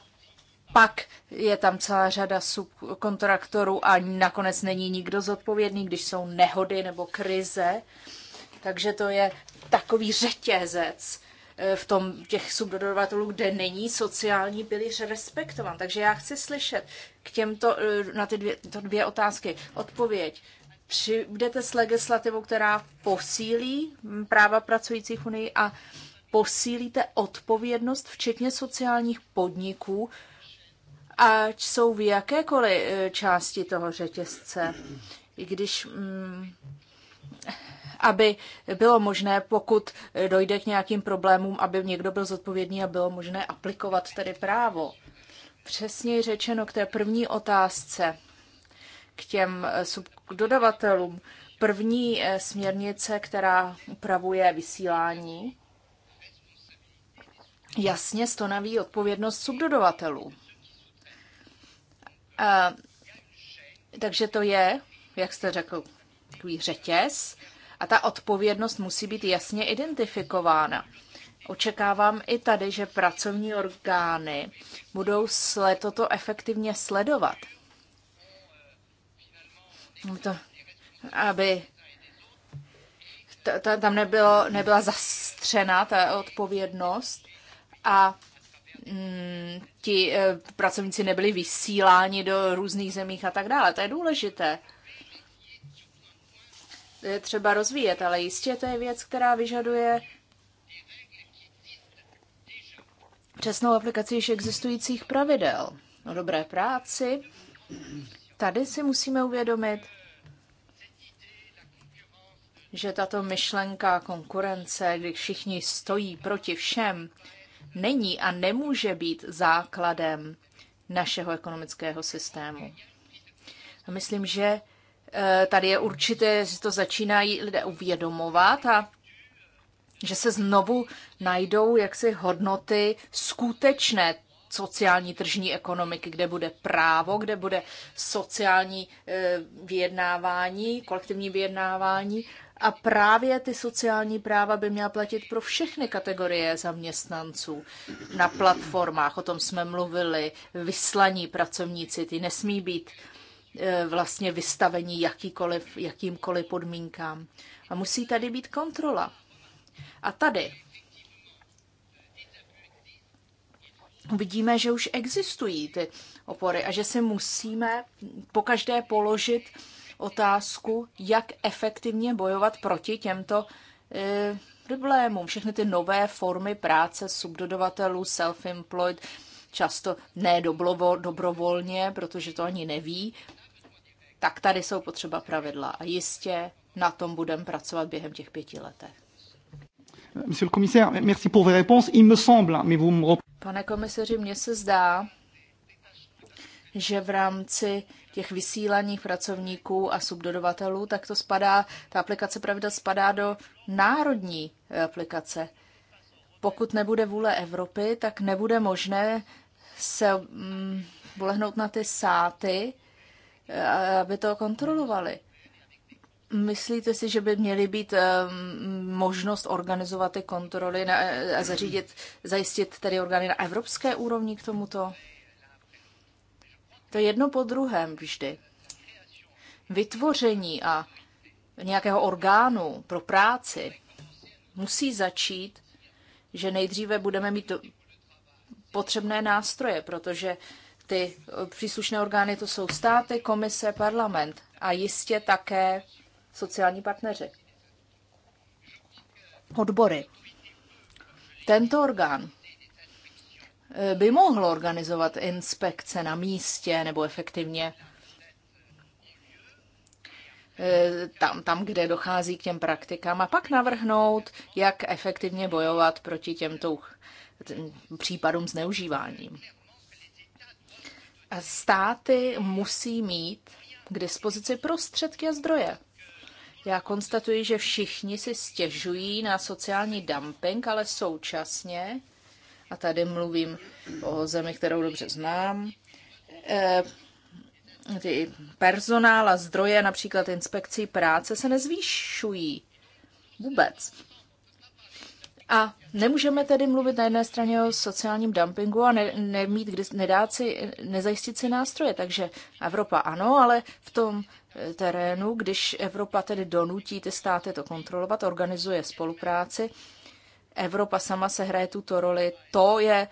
pak je tam celá řada subkontraktorů a nakonec není nikdo zodpovědný, když jsou nehody nebo krize. Takže to je takový řetězec Eh, v tom, těch subdodavatelů, kde není sociální pilíř respektován. Takže já chci slyšet k těmto, eh, na ty dvě, to dvě otázky odpověď. Přijdete s legislativou, která posílí hm, práva pracujících Unii a posílíte odpovědnost, včetně sociálních podniků, ať jsou v jakékoliv eh, části toho řetězce. I když mm, aby bylo možné, pokud dojde k nějakým problémům, aby někdo byl zodpovědný a bylo možné aplikovat tedy právo. Přesněji řečeno k té první otázce, k těm eh, dodavatelům. První eh, směrnice, která upravuje vysílání, jasně stanoví odpovědnost subdodavatelů. Eh, takže to je, jak jste řekl, takový řetěz. A ta odpovědnost musí být jasně identifikována. Očekávám i tady, že pracovní orgány budou sled, toto efektivně sledovat. To, aby tam nebylo, nebyla zastřena ta odpovědnost a mm, ti eh, pracovníci nebyli vysíláni do různých zemích a tak dále. To je důležité je třeba rozvíjet, ale jistě to je věc, která vyžaduje přesnou aplikaci již existujících pravidel o dobré práci. Tady si musíme uvědomit, že tato myšlenka konkurence, kdy všichni stojí proti všem, není a nemůže být základem našeho ekonomického systému. A myslím, že Eh, tady je určité, že to začínají lidé uvědomovat a že se znovu najdou jaksi hodnoty skutečné sociální tržní ekonomiky, kde bude právo, kde bude sociální eh, vyjednávání, kolektivní vyjednávání. A právě ty sociální práva by měla platit pro všechny kategorie zaměstnanců na platformách. O tom jsme mluvili. Vyslaní pracovníci, ty nesmí být uh, E, vlastně vystavení jakýkoliv, jakýmkoliv podmínkám. A musí tady být kontrola. A tady vidíme, že už existují ty opory a že si musíme po každé položit otázku, jak efektivně bojovat proti těmto e, problémům. Všechny ty nové formy práce subdodavatelů, self-employed, často ne dobrovo, dobrovolně, protože to ani neví, tak tady jsou potřeba pravidla a jistě na tom budeme pracovat během těch pěti letech. Monsieur le commissaire, merci pour vos réponses. Il me semble, mais vous me... Pane komisaři, mně se zdá, že v rámci těch vysílaných pracovníků a subdodovatelů, tak to spadá, ta aplikace pravidel spadá do národní eh, aplikace. Pokud nebude vůle Evropy, tak nebude možné se mm, na ty sáty, Eh, aby to kontrolovali. Myslíte si, že by měly být eh, možnost organizovat ty kontroly na, eh, a zařídit, zajistit tedy orgány na evropské úrovni k tomuto? To je jedno po druhém vždy. Vytvoření a nějakého orgánu pro práci musí začít, že nejdříve budeme mít potřebné nástroje, protože ty příslušné orgány to jsou státy, komise, parlament a jistě také sociální partneři, odbory. Tento orgán eh, by mohl organizovat inspekce na místě nebo efektivně eh, tam, tam, kde dochází k těm praktikám a pak navrhnout, jak efektivně bojovat proti těmto eh, případům zneužíváním státy musí mít k dispozici prostředky a zdroje. Já konstatuji, že všichni si stěžují na sociální dumping, ale současně, a tady mluvím o zemi, kterou dobře znám, eh, ty personál a zdroje, například inspekcí práce, se nezvýšují vůbec. A nemůžeme tedy mluvit na jedné straně o sociálním dumpingu a ne, nemít, kdy, nedát si, nezajistit si nástroje. Takže Evropa ano, ale v tom eh, terénu, když Evropa tedy donutí ty státy to kontrolovat, organizuje spolupráci, Evropa sama se hraje tuto roli, to je,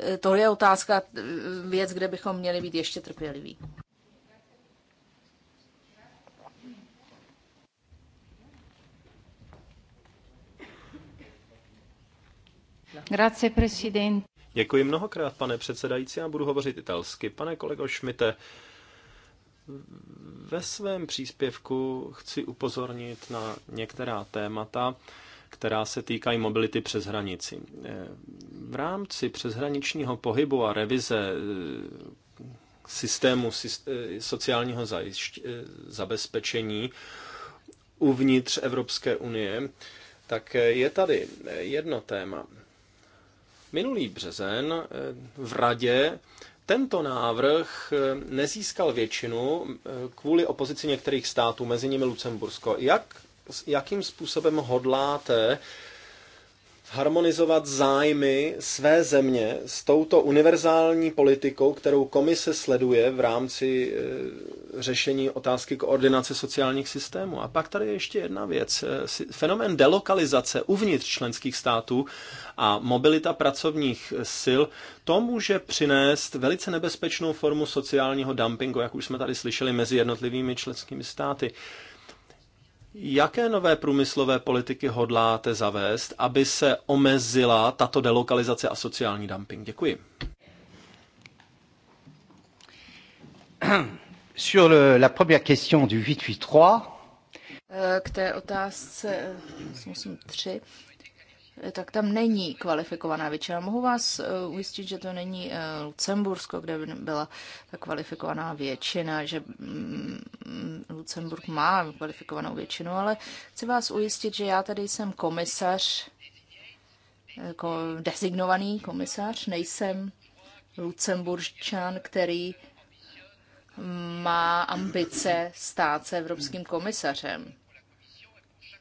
eh, to je otázka, eh, věc, kde bychom měli být ještě trpěliví. Děkuji mnohokrát, pane předsedající, já budu hovořit italsky. Pane kolego Šmite, ve svém příspěvku chci upozornit na některá témata, která se týkají mobility přes hranici. V rámci přeshraničního pohybu a revize eh, systému eh, sociálního eh, zabezpečení uvnitř Evropské unie, tak je tady jedno téma. Minulý březen eh, v radě tento návrh eh, nezískal většinu eh, kvůli opozici některých států, mezi nimi Lucembursko. Jak, jakým způsobem hodláte harmonizovat zájmy své země s touto univerzální politikou, kterou komise sleduje v rámci e, řešení otázky koordinace sociálních systémů. A pak tady je ještě jedna věc. E, fenomén delokalizace uvnitř členských států a mobilita pracovních sil, to může přinést velice nebezpečnou formu sociálního dumpingu, jak už jsme tady slyšeli, mezi jednotlivými členskými státy. Jaké nové průmyslové politiky hodláte zavést, aby se omezila tato delokalizace a sociální dumping? Děkuji. Sur le, la première question du 883. K té otázce 883. Eh, tak tam není kvalifikovaná většina. Mohu vás eh, ujistit, že to není eh, Lucembursko, kde by byla ta kvalifikovaná většina, že mm, Lucemburg má kvalifikovanou většinu, ale chci vás ujistit, že já tady jsem komisař, jako designovaný komisař, nejsem Lucemburčan, který mm, má ambice stát se evropským komisařem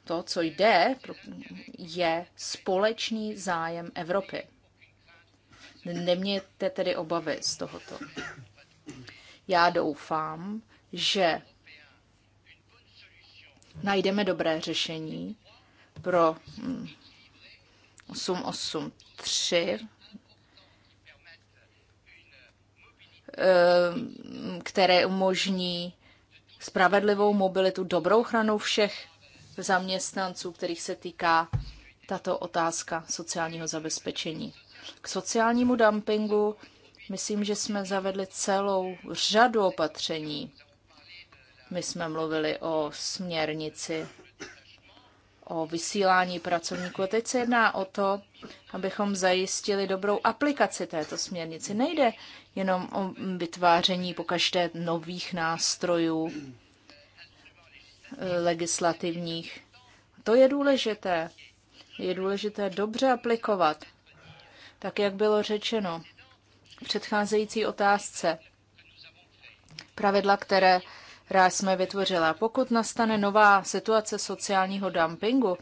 to, co jde, je společný zájem Evropy. Nemějte tedy obavy z tohoto. Já doufám, že najdeme dobré řešení pro 883, hm, hm, které umožní spravedlivou mobilitu, dobrou chranu všech zaměstnanců, kterých se týká tato otázka sociálního zabezpečení. K sociálnímu dumpingu myslím, že jsme zavedli celou řadu opatření. My jsme mluvili o směrnici, o vysílání pracovníků. teď se jedná o to, abychom zajistili dobrou aplikaci této směrnici. Nejde jenom o vytváření pokaždé nových nástrojů, Eh, legislativních. To je důležité. Je důležité dobře aplikovat, tak jak bylo řečeno v předcházející otázce. Pravidla, které rád jsme vytvořila. Pokud nastane nová situace sociálního dumpingu,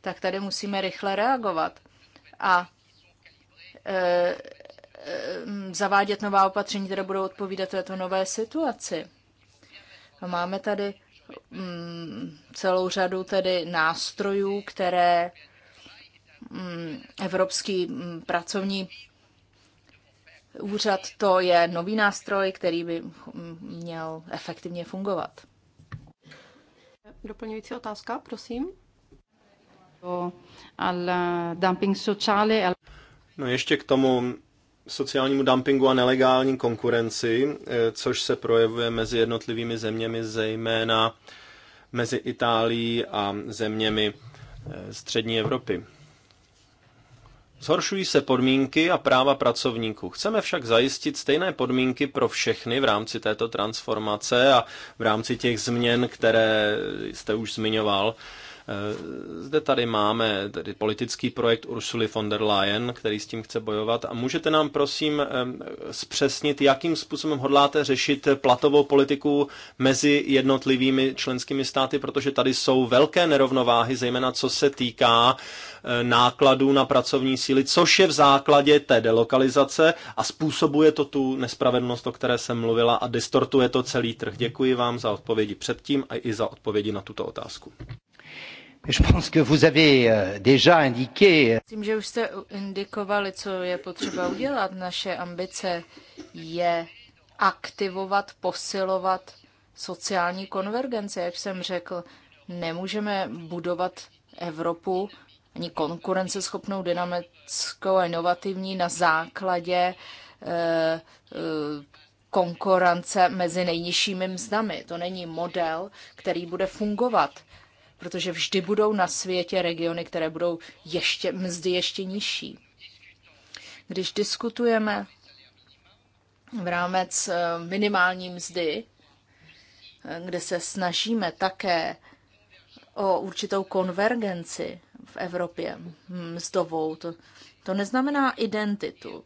tak tady musíme rychle reagovat a e, e, zavádět nová opatření, které budou odpovídat této nové situaci. A máme tady Mm, celou řadu tedy nástrojů, které mm, Evropský mm, pracovní úřad, to je nový nástroj, který by měl efektivně fungovat. Doplňující otázka, prosím. Eh, no ještě k tomu sociálnímu dumpingu a nelegální konkurenci, eh, což se projevuje mezi jednotlivými zeměmi, zejména mezi Itálií a zeměmi eh, střední Evropy. Zhoršují se podmínky a práva pracovníků. Chceme však zajistit stejné podmínky pro všechny v rámci této transformace a v rámci těch změn, které jste už zmiňoval Eh, zde tady máme tedy politický projekt Ursuly von der Leyen, který s tím chce bojovat. A můžete nám prosím eh, zpřesnit, jakým způsobem hodláte řešit platovou politiku mezi jednotlivými členskými státy, protože tady jsou velké nerovnováhy, zejména co se týká eh, nákladů na pracovní síly, což je v základě té delokalizace a způsobuje to tu nespravedlnost, o které jsem mluvila a distortuje to celý trh. Děkuji vám za odpovědi předtím a i za odpovědi na tuto otázku. Euh, euh, Myslím, že už jste indikovali, co je potřeba udělat. Naše ambice je aktivovat, posilovat sociální konvergenci. Jak jsem řekl, nemůžeme budovat Evropu ani konkurenceschopnou, dynamickou a inovativní na základě eh, eh, konkurence mezi nejnižšími mzdami. To není model, který bude fungovat protože vždy budou na světě regiony, které budou ještě, mzdy ještě nižší. Když diskutujeme v rámec eh, minimální mzdy, eh, kde se snažíme také o určitou konvergenci v Evropě mzdovou, to, to neznamená identitu.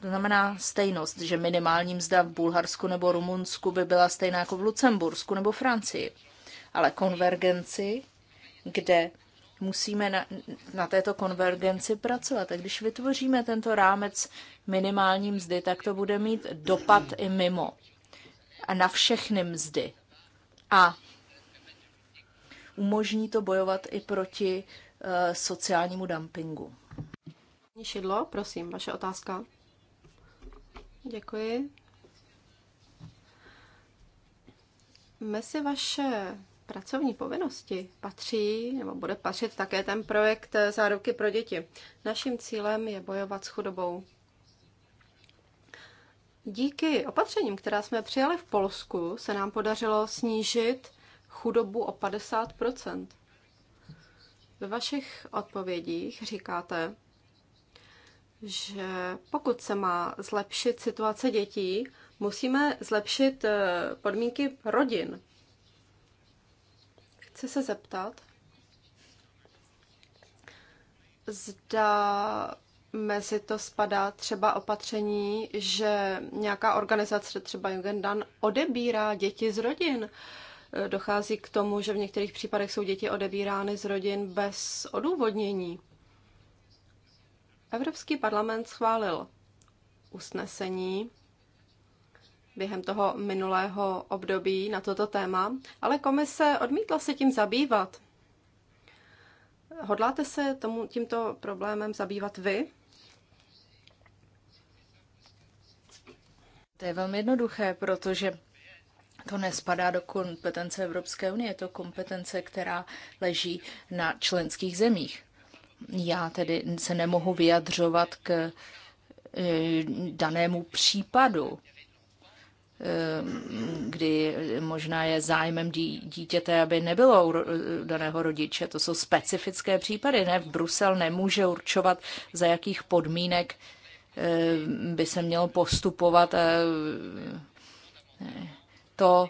To znamená stejnost, že minimální mzda v Bulharsku nebo Rumunsku by byla stejná jako v Lucembursku nebo Francii ale konvergenci, kde musíme na, na této konvergenci pracovat. A když vytvoříme tento rámec minimální mzdy, tak to bude mít dopad i mimo a na všechny mzdy. A umožní to bojovat i proti uh, sociálnímu dumpingu. Šidlo, prosím, vaše otázka. Děkuji. Mezi vaše pracovní povinnosti patří nebo bude patřit také ten projekt Záruky pro děti. Naším cílem je bojovat s chudobou. Díky opatřením, která jsme přijali v Polsku, se nám podařilo snížit chudobu o 50 Ve vašich odpovědích říkáte, že pokud se má zlepšit situace dětí, musíme zlepšit eh, podmínky rodin. Chci se zeptat, zda mezi to spadá třeba opatření, že nějaká organizace, třeba Jugendan, odebírá děti z rodin. Dochází k tomu, že v některých případech jsou děti odebírány z rodin bez odůvodnění. Evropský parlament schválil usnesení, během toho minulého období na toto téma, ale komise odmítla se tím zabývat. Hodláte se tomu, tímto problémem zabývat vy? To je velmi jednoduché, protože to nespadá do kompetence Evropské unie, je to kompetence, která leží na členských zemích. Já tedy se nemohu vyjadřovat k eh, danému případu. Eh, kdy možná je zájmem dítěte, aby nebylo daného rodiče. To jsou specifické případy, ne? V Brusel nemůže určovat, za jakých podmínek eh, by se mělo postupovat. Eh, to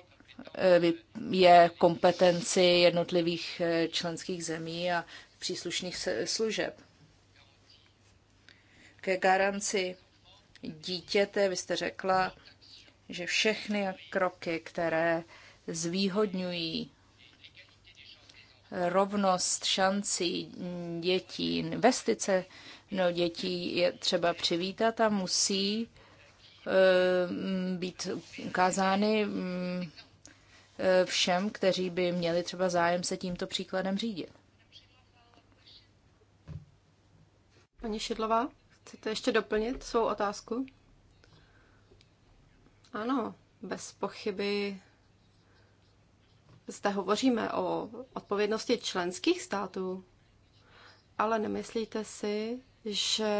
je kompetenci jednotlivých členských zemí a příslušných služeb. Ke garanci dítěte, vy jste řekla, že všechny kroky, které zvýhodňují rovnost šancí dětí, investice no, dětí je třeba přivítat a musí eh, být ukázány eh, všem, kteří by měli třeba zájem se tímto příkladem řídit. Paní Šedlová, chcete ještě doplnit svou otázku? Ano, bez pochyby zde hovoříme o odpovědnosti členských států, ale nemyslíte si, že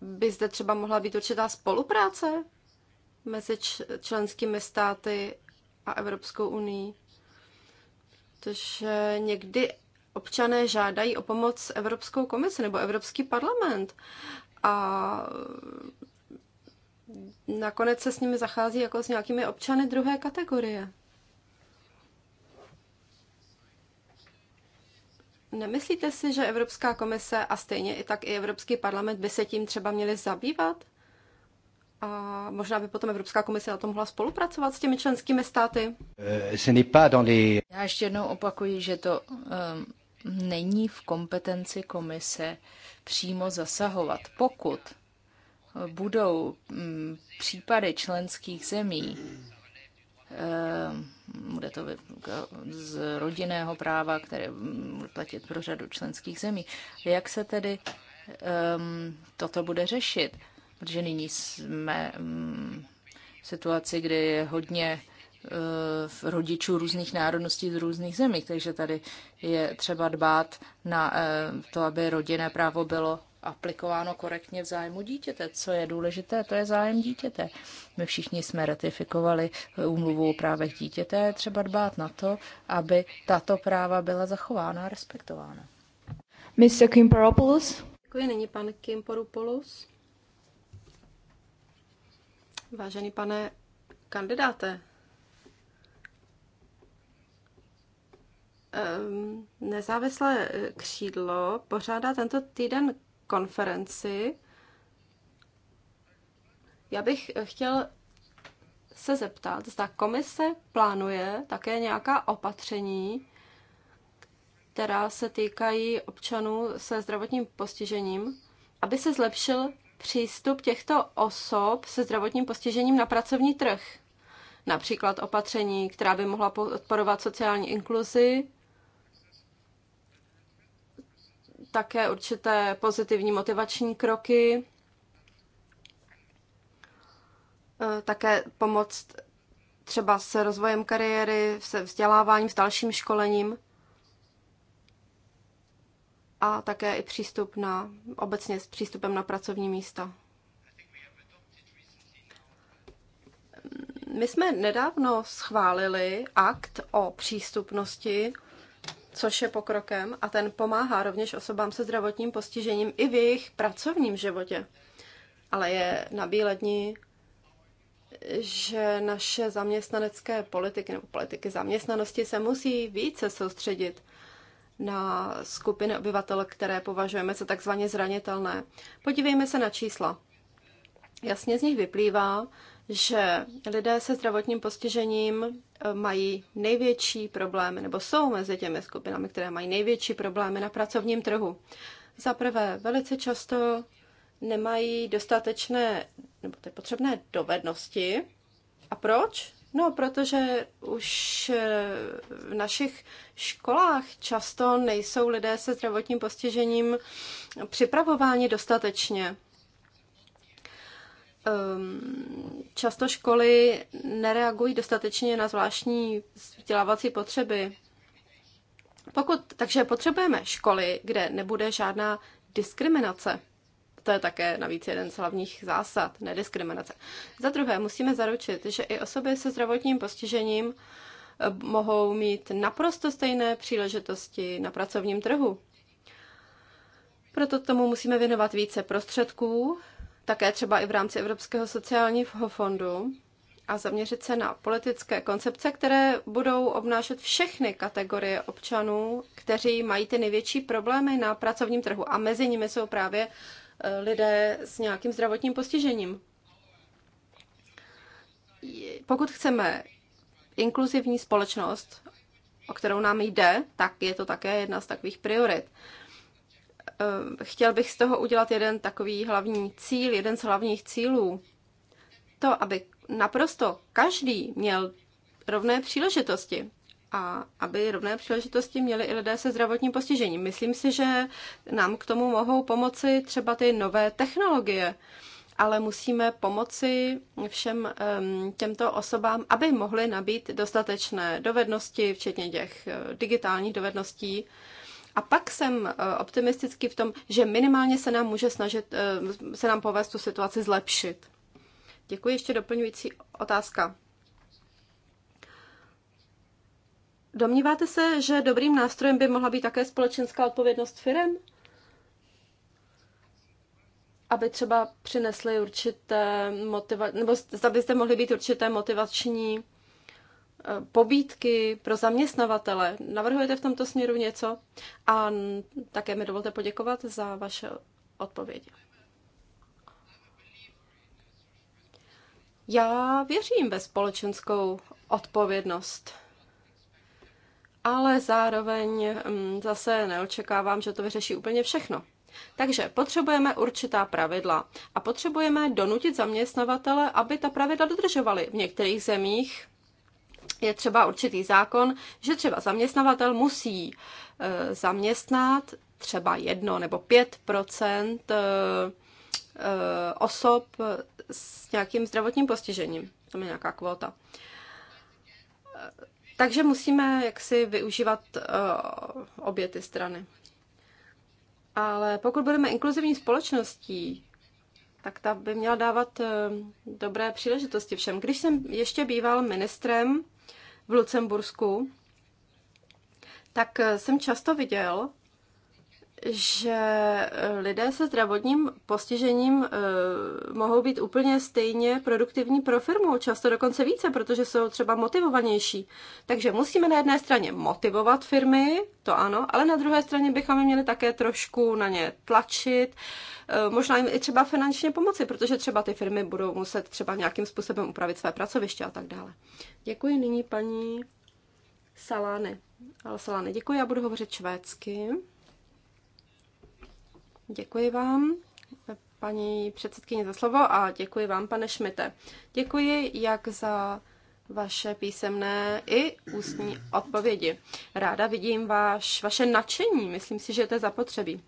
by zde třeba mohla být určitá spolupráce mezi členskými státy a Evropskou unii? Protože někdy občané žádají o pomoc Evropskou komisi nebo Evropský parlament a nakonec se s nimi zachází jako s nějakými občany druhé kategorie. Nemyslíte si, že Evropská komise a stejně i tak i Evropský parlament by se tím třeba měli zabývat? A možná by potom Evropská komise na tom mohla spolupracovat s těmi členskými státy? Eh, Já ještě jednou opakuji, že to um, není v kompetenci komise přímo zasahovat. Pokud budou mm, případy členských zemí, eh, bude to z rodinného práva, které mm, bude platit pro řadu členských zemí. Jak se tedy toto bude řešit? Protože nyní jsme mm, v situaci, kdy je hodně eh, rodičů různých národností z různých zemí, takže tady je třeba dbát na eh, to, aby rodinné právo bylo aplikováno korektně v zájmu dítěte. Co je důležité, to je zájem dítěte. My všichni jsme ratifikovali úmluvu o právech dítěte, je třeba dbát na to, aby tato práva byla zachována a respektována. Mr. Kimperopoulos. Děkuji, není pan Kimperopoulos. Vážený pane kandidáte, ehm, Nezávislé křídlo pořádá tento týden konferenci. Já bych eh, chtěl se zeptat, zda komise plánuje také nějaká opatření, která se týkají občanů se zdravotním postižením, aby se zlepšil přístup těchto osob se zdravotním postižením na pracovní trh. Například opatření, která by mohla podporovat sociální inkluzi, také určité pozitivní motivační kroky, e, také pomoc třeba s rozvojem kariéry, se vzděláváním, s dalším školením a také i přístup na, obecně s přístupem na pracovní místa. My jsme nedávno schválili akt o přístupnosti což je pokrokem, a ten pomáhá rovněž osobám se zdravotním postižením i v jejich pracovním životě. Ale je nabílední, že naše zaměstnanecké politiky nebo politiky zaměstnanosti se musí více soustředit na skupiny obyvatel, které považujeme za takzvaně zranitelné. Podívejme se na čísla. Jasně z nich vyplývá, že lidé se zdravotním postižením eh, mají největší problémy, nebo jsou mezi těmi skupinami, které mají největší problémy na pracovním trhu. Za prvé, velice často nemají dostatečné nebo ty potřebné dovednosti. A proč? No, protože už eh, v našich školách často nejsou lidé se zdravotním postižením připravováni dostatečně Ehm, často školy nereagují dostatečně na zvláštní vzdělávací potřeby. Pokud, takže potřebujeme školy, kde nebude žádná diskriminace. To je také navíc jeden z hlavních zásad, nediskriminace. Za druhé, musíme zaručit, že i osoby se zdravotním postižením eh, mohou mít naprosto stejné příležitosti na pracovním trhu. Proto tomu musíme věnovat více prostředků, také třeba i v rámci Evropského sociálního fondu a zaměřit se na politické koncepce, které budou obnášet všechny kategorie občanů, kteří mají ty největší problémy na pracovním trhu. A mezi nimi jsou právě eh, lidé s nějakým zdravotním postižením. Pokud chceme inkluzivní společnost, o kterou nám jde, tak je to také jedna z takových priorit. Eh, chtěl bych z toho udělat jeden takový hlavní cíl, jeden z hlavních cílů. To, aby naprosto každý měl rovné příležitosti a aby rovné příležitosti měli i lidé se zdravotním postižením. Myslím si, že nám k tomu mohou pomoci třeba ty nové technologie, ale musíme pomoci všem těmto osobám, aby mohly nabít dostatečné dovednosti, včetně těch eh, digitálních dovedností, a pak jsem eh, optimistický v tom, že minimálně se nám může snažit, eh, se nám povést tu situaci zlepšit. Děkuji, ještě doplňující otázka. Domníváte se, že dobrým nástrojem by mohla být také společenská odpovědnost firem? Aby třeba přinesly určité motivace, nebo zda byste mohli být určité motivační pobídky pro zaměstnavatele. Navrhujete v tomto směru něco? A také mi dovolte poděkovat za vaše odpovědi. Já věřím ve společenskou odpovědnost, ale zároveň mm, zase neočekávám, že to vyřeší úplně všechno. Takže potřebujeme určitá pravidla a potřebujeme donutit zaměstnavatele, aby ta pravidla dodržovali. V některých zemích je třeba určitý zákon, že třeba zaměstnavatel musí e, zaměstnat třeba jedno nebo pět procent e, e, osob s nějakým zdravotním postižením. To je nějaká kvota. Takže musíme jaksi využívat obě ty strany. Ale pokud budeme inkluzivní společností, tak ta by měla dávat dobré příležitosti všem. Když jsem ještě býval ministrem v Lucembursku, tak jsem často viděl, že e, lidé se zdravotním postižením e, mohou být úplně stejně produktivní pro firmu, často dokonce více, protože jsou třeba motivovanější. Takže musíme na jedné straně motivovat firmy, to ano, ale na druhé straně bychom měli také trošku na ně tlačit, e, možná jim i třeba finančně pomoci, protože třeba ty firmy budou muset třeba nějakým způsobem upravit své pracoviště a tak dále. Děkuji nyní paní Salány. Ale Salány, děkuji, já budu hovořit švédsky. Děkuji vám, paní předsedkyně, za slovo a děkuji vám, pane Šmite. Děkuji jak za vaše písemné i ústní odpovědi. Ráda vidím váš, vaše nadšení, myslím si, že to je zapotřebí.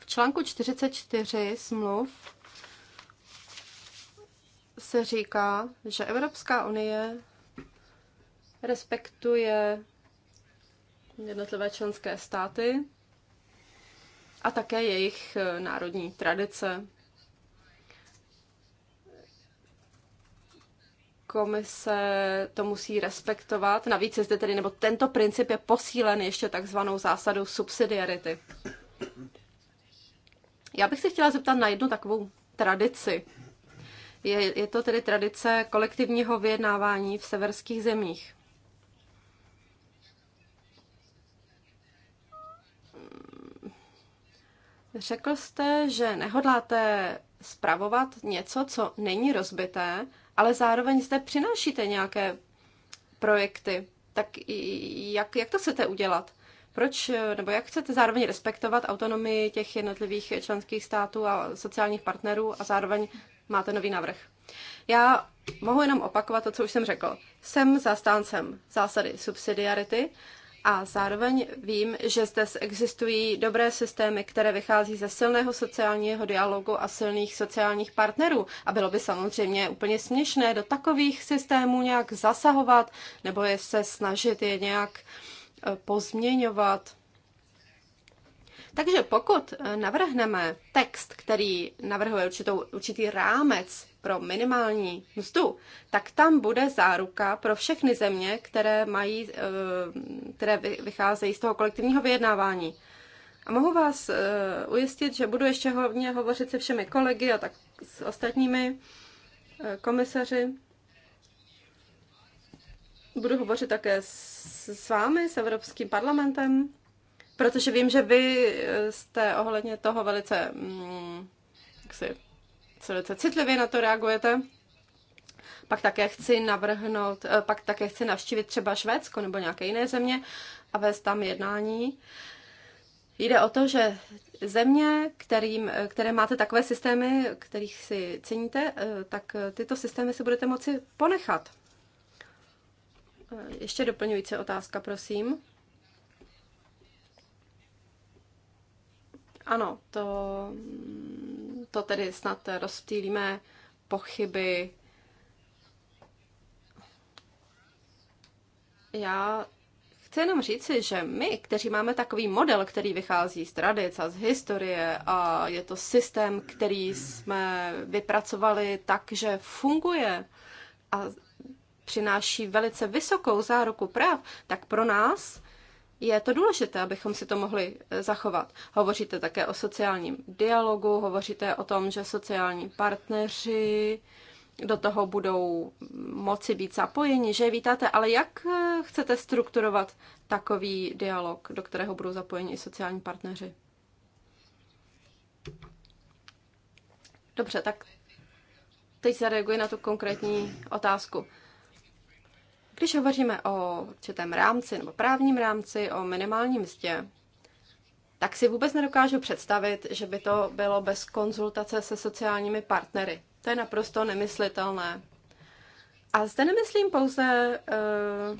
V článku 44 smluv se říká, že Evropská unie respektuje jednotlivé členské státy a také jejich e, národní tradice. Komise to musí respektovat. Navíc je zde tedy, nebo tento princip je posílen ještě takzvanou zásadou subsidiarity. Já bych se chtěla zeptat na jednu takovou tradici. Je, je to tedy tradice kolektivního vyjednávání v severských zemích. Řekl jste, že nehodláte spravovat něco, co není rozbité, ale zároveň zde přinášíte nějaké projekty. Tak jak, jak to chcete udělat? Proč, nebo jak chcete zároveň respektovat autonomii těch jednotlivých členských států a sociálních partnerů a zároveň máte nový návrh? Já mohu jenom opakovat to, co už jsem řekl. Jsem zastáncem zásady subsidiarity a zároveň vím, že zde existují dobré systémy, které vychází ze silného sociálního dialogu a silných sociálních partnerů. A bylo by samozřejmě úplně směšné do takových systémů nějak zasahovat nebo je se snažit je nějak e, pozměňovat. Takže pokud e, navrhneme text, který navrhuje určitou, určitý rámec pro minimální mzdu, tak tam bude záruka pro všechny země, které, mají, eh, které vycházejí z toho kolektivního vyjednávání. A mohu vás eh, ujistit, že budu ještě hodně hovořit se všemi kolegy a tak s ostatními eh, komisaři. Budu hovořit také s, vámi, s Evropským parlamentem, protože vím, že vy jste ohledně toho velice mm, jaksi, velice citlivě na to reagujete. Pak také chci navrhnout, eh, pak také chci navštívit třeba Švédsko nebo nějaké jiné země a vést tam jednání. Jde o to, že země, kterým, eh, které máte takové systémy, kterých si ceníte, eh, tak tyto systémy si budete moci ponechat. Ještě doplňující otázka, prosím. Ano, to to tedy snad rozptýlíme pochyby. Já chci jenom říci, že my, kteří máme takový model, který vychází z tradic a z historie a je to systém, který jsme vypracovali tak, že funguje a přináší velice vysokou záruku práv, tak pro nás je to důležité, abychom si to mohli eh, zachovat. Hovoříte také o sociálním dialogu, hovoříte o tom, že sociální partneři do toho budou mm, moci být zapojeni, že vítáte, ale jak eh, chcete strukturovat takový dialog, do kterého budou zapojeni i sociální partneři? Dobře, tak teď zareaguji na tu konkrétní otázku. Když hovoříme o určitém rámci nebo právním rámci, o minimálním mzdě, tak si vůbec nedokážu představit, že by to bylo bez konzultace se sociálními partnery. To je naprosto nemyslitelné. A zde nemyslím pouze uh,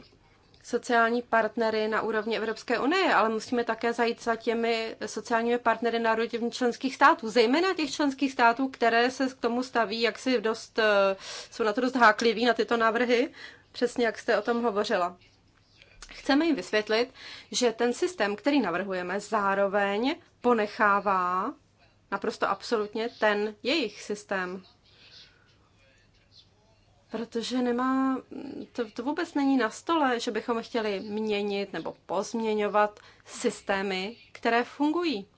sociální partnery na úrovni Evropské unie, ale musíme také zajít za těmi sociálními partnery na úrovni členských států, zejména těch členských států, které se k tomu staví, jak si dost, uh, jsou na to dost hákliví na tyto návrhy, přesně jak jste o tom hovořila. Chceme jim vysvětlit, že ten systém, který navrhujeme, zároveň ponechává naprosto absolutně ten jejich systém. Protože nemá, to, to vůbec není na stole, že bychom chtěli měnit nebo pozměňovat systémy, které fungují.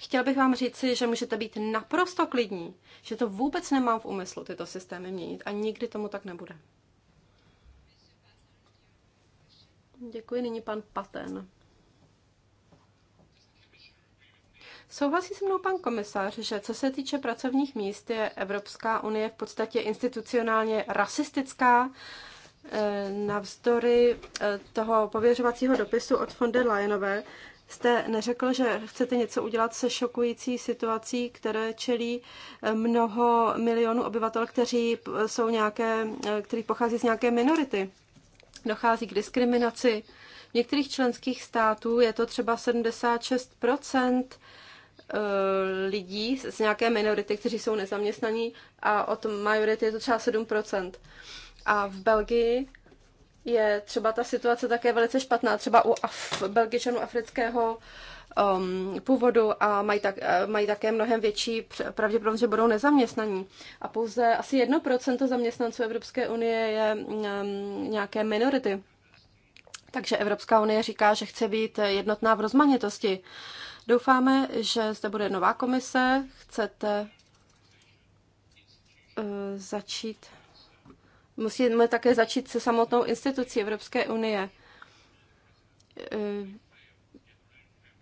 Chtěl bych vám říci, že můžete být naprosto klidní, že to vůbec nemám v úmyslu tyto systémy měnit a nikdy tomu tak nebude. Děkuji, nyní pan Paten. Souhlasí se mnou pan komisař, že co se týče pracovních míst, je Evropská unie v podstatě institucionálně rasistická. Eh, navzdory eh, toho pověřovacího dopisu od von der Leyenové jste neřekl, že chcete něco udělat se šokující situací, které čelí eh, mnoho milionů obyvatel, kteří eh, jsou nějaké, eh, kteří pochází z nějaké minority. Dochází k diskriminaci. V některých členských států je to třeba 76 lidí z nějaké minority, kteří jsou nezaměstnaní a od majority je to třeba 7 A v Belgii je třeba ta situace také velice špatná, třeba u Af- Belgičanů afrického um, původu a mají, tak, eh, mají také mnohem větší pravděpodobnost, že budou nezaměstnaní. A pouze asi 1% zaměstnanců Evropské unie je um, nějaké minority. Takže Evropská unie říká, že chce být jednotná v rozmanitosti. Doufáme, že zde bude nová komise. Chcete uh, začít Musíme také začít se samotnou institucí Evropské unie. Eh,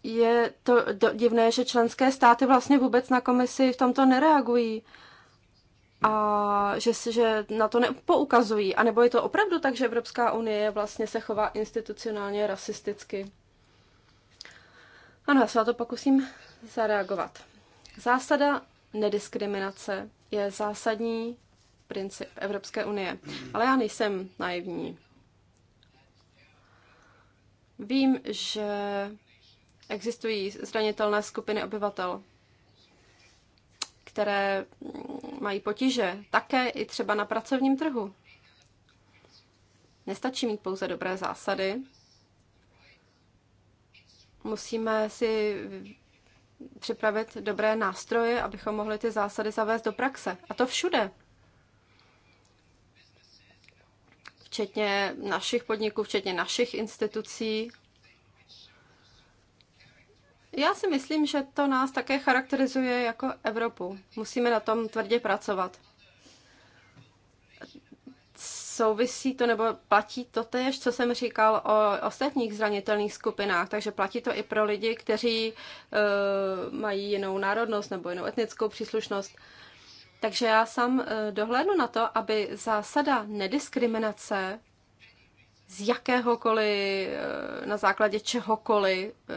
je to divné, že členské státy vlastně vůbec na komisi v tomto nereagují a že, že na to nepoukazují. A nebo je to opravdu tak, že Evropská unie vlastně se chová institucionálně rasisticky? Ano, já se na to pokusím zareagovat. Zásada nediskriminace je zásadní princip Evropské unie. Ale já nejsem naivní. Vím, že existují zranitelné skupiny obyvatel, které mají potíže také i třeba na pracovním trhu. Nestačí mít pouze dobré zásady. Musíme si připravit dobré nástroje, abychom mohli ty zásady zavést do praxe. A to všude, včetně našich podniků, včetně našich institucí. Já si myslím, že to nás také charakterizuje jako Evropu. Musíme na tom tvrdě pracovat. Souvisí to nebo platí to tež, co jsem říkal o ostatních zranitelných skupinách, takže platí to i pro lidi, kteří uh, mají jinou národnost nebo jinou etnickou příslušnost. Uh, takže já sám eh, dohlédnu na to, aby zásada nediskriminace z jakéhokoliv, eh, na základě čehokoliv, eh,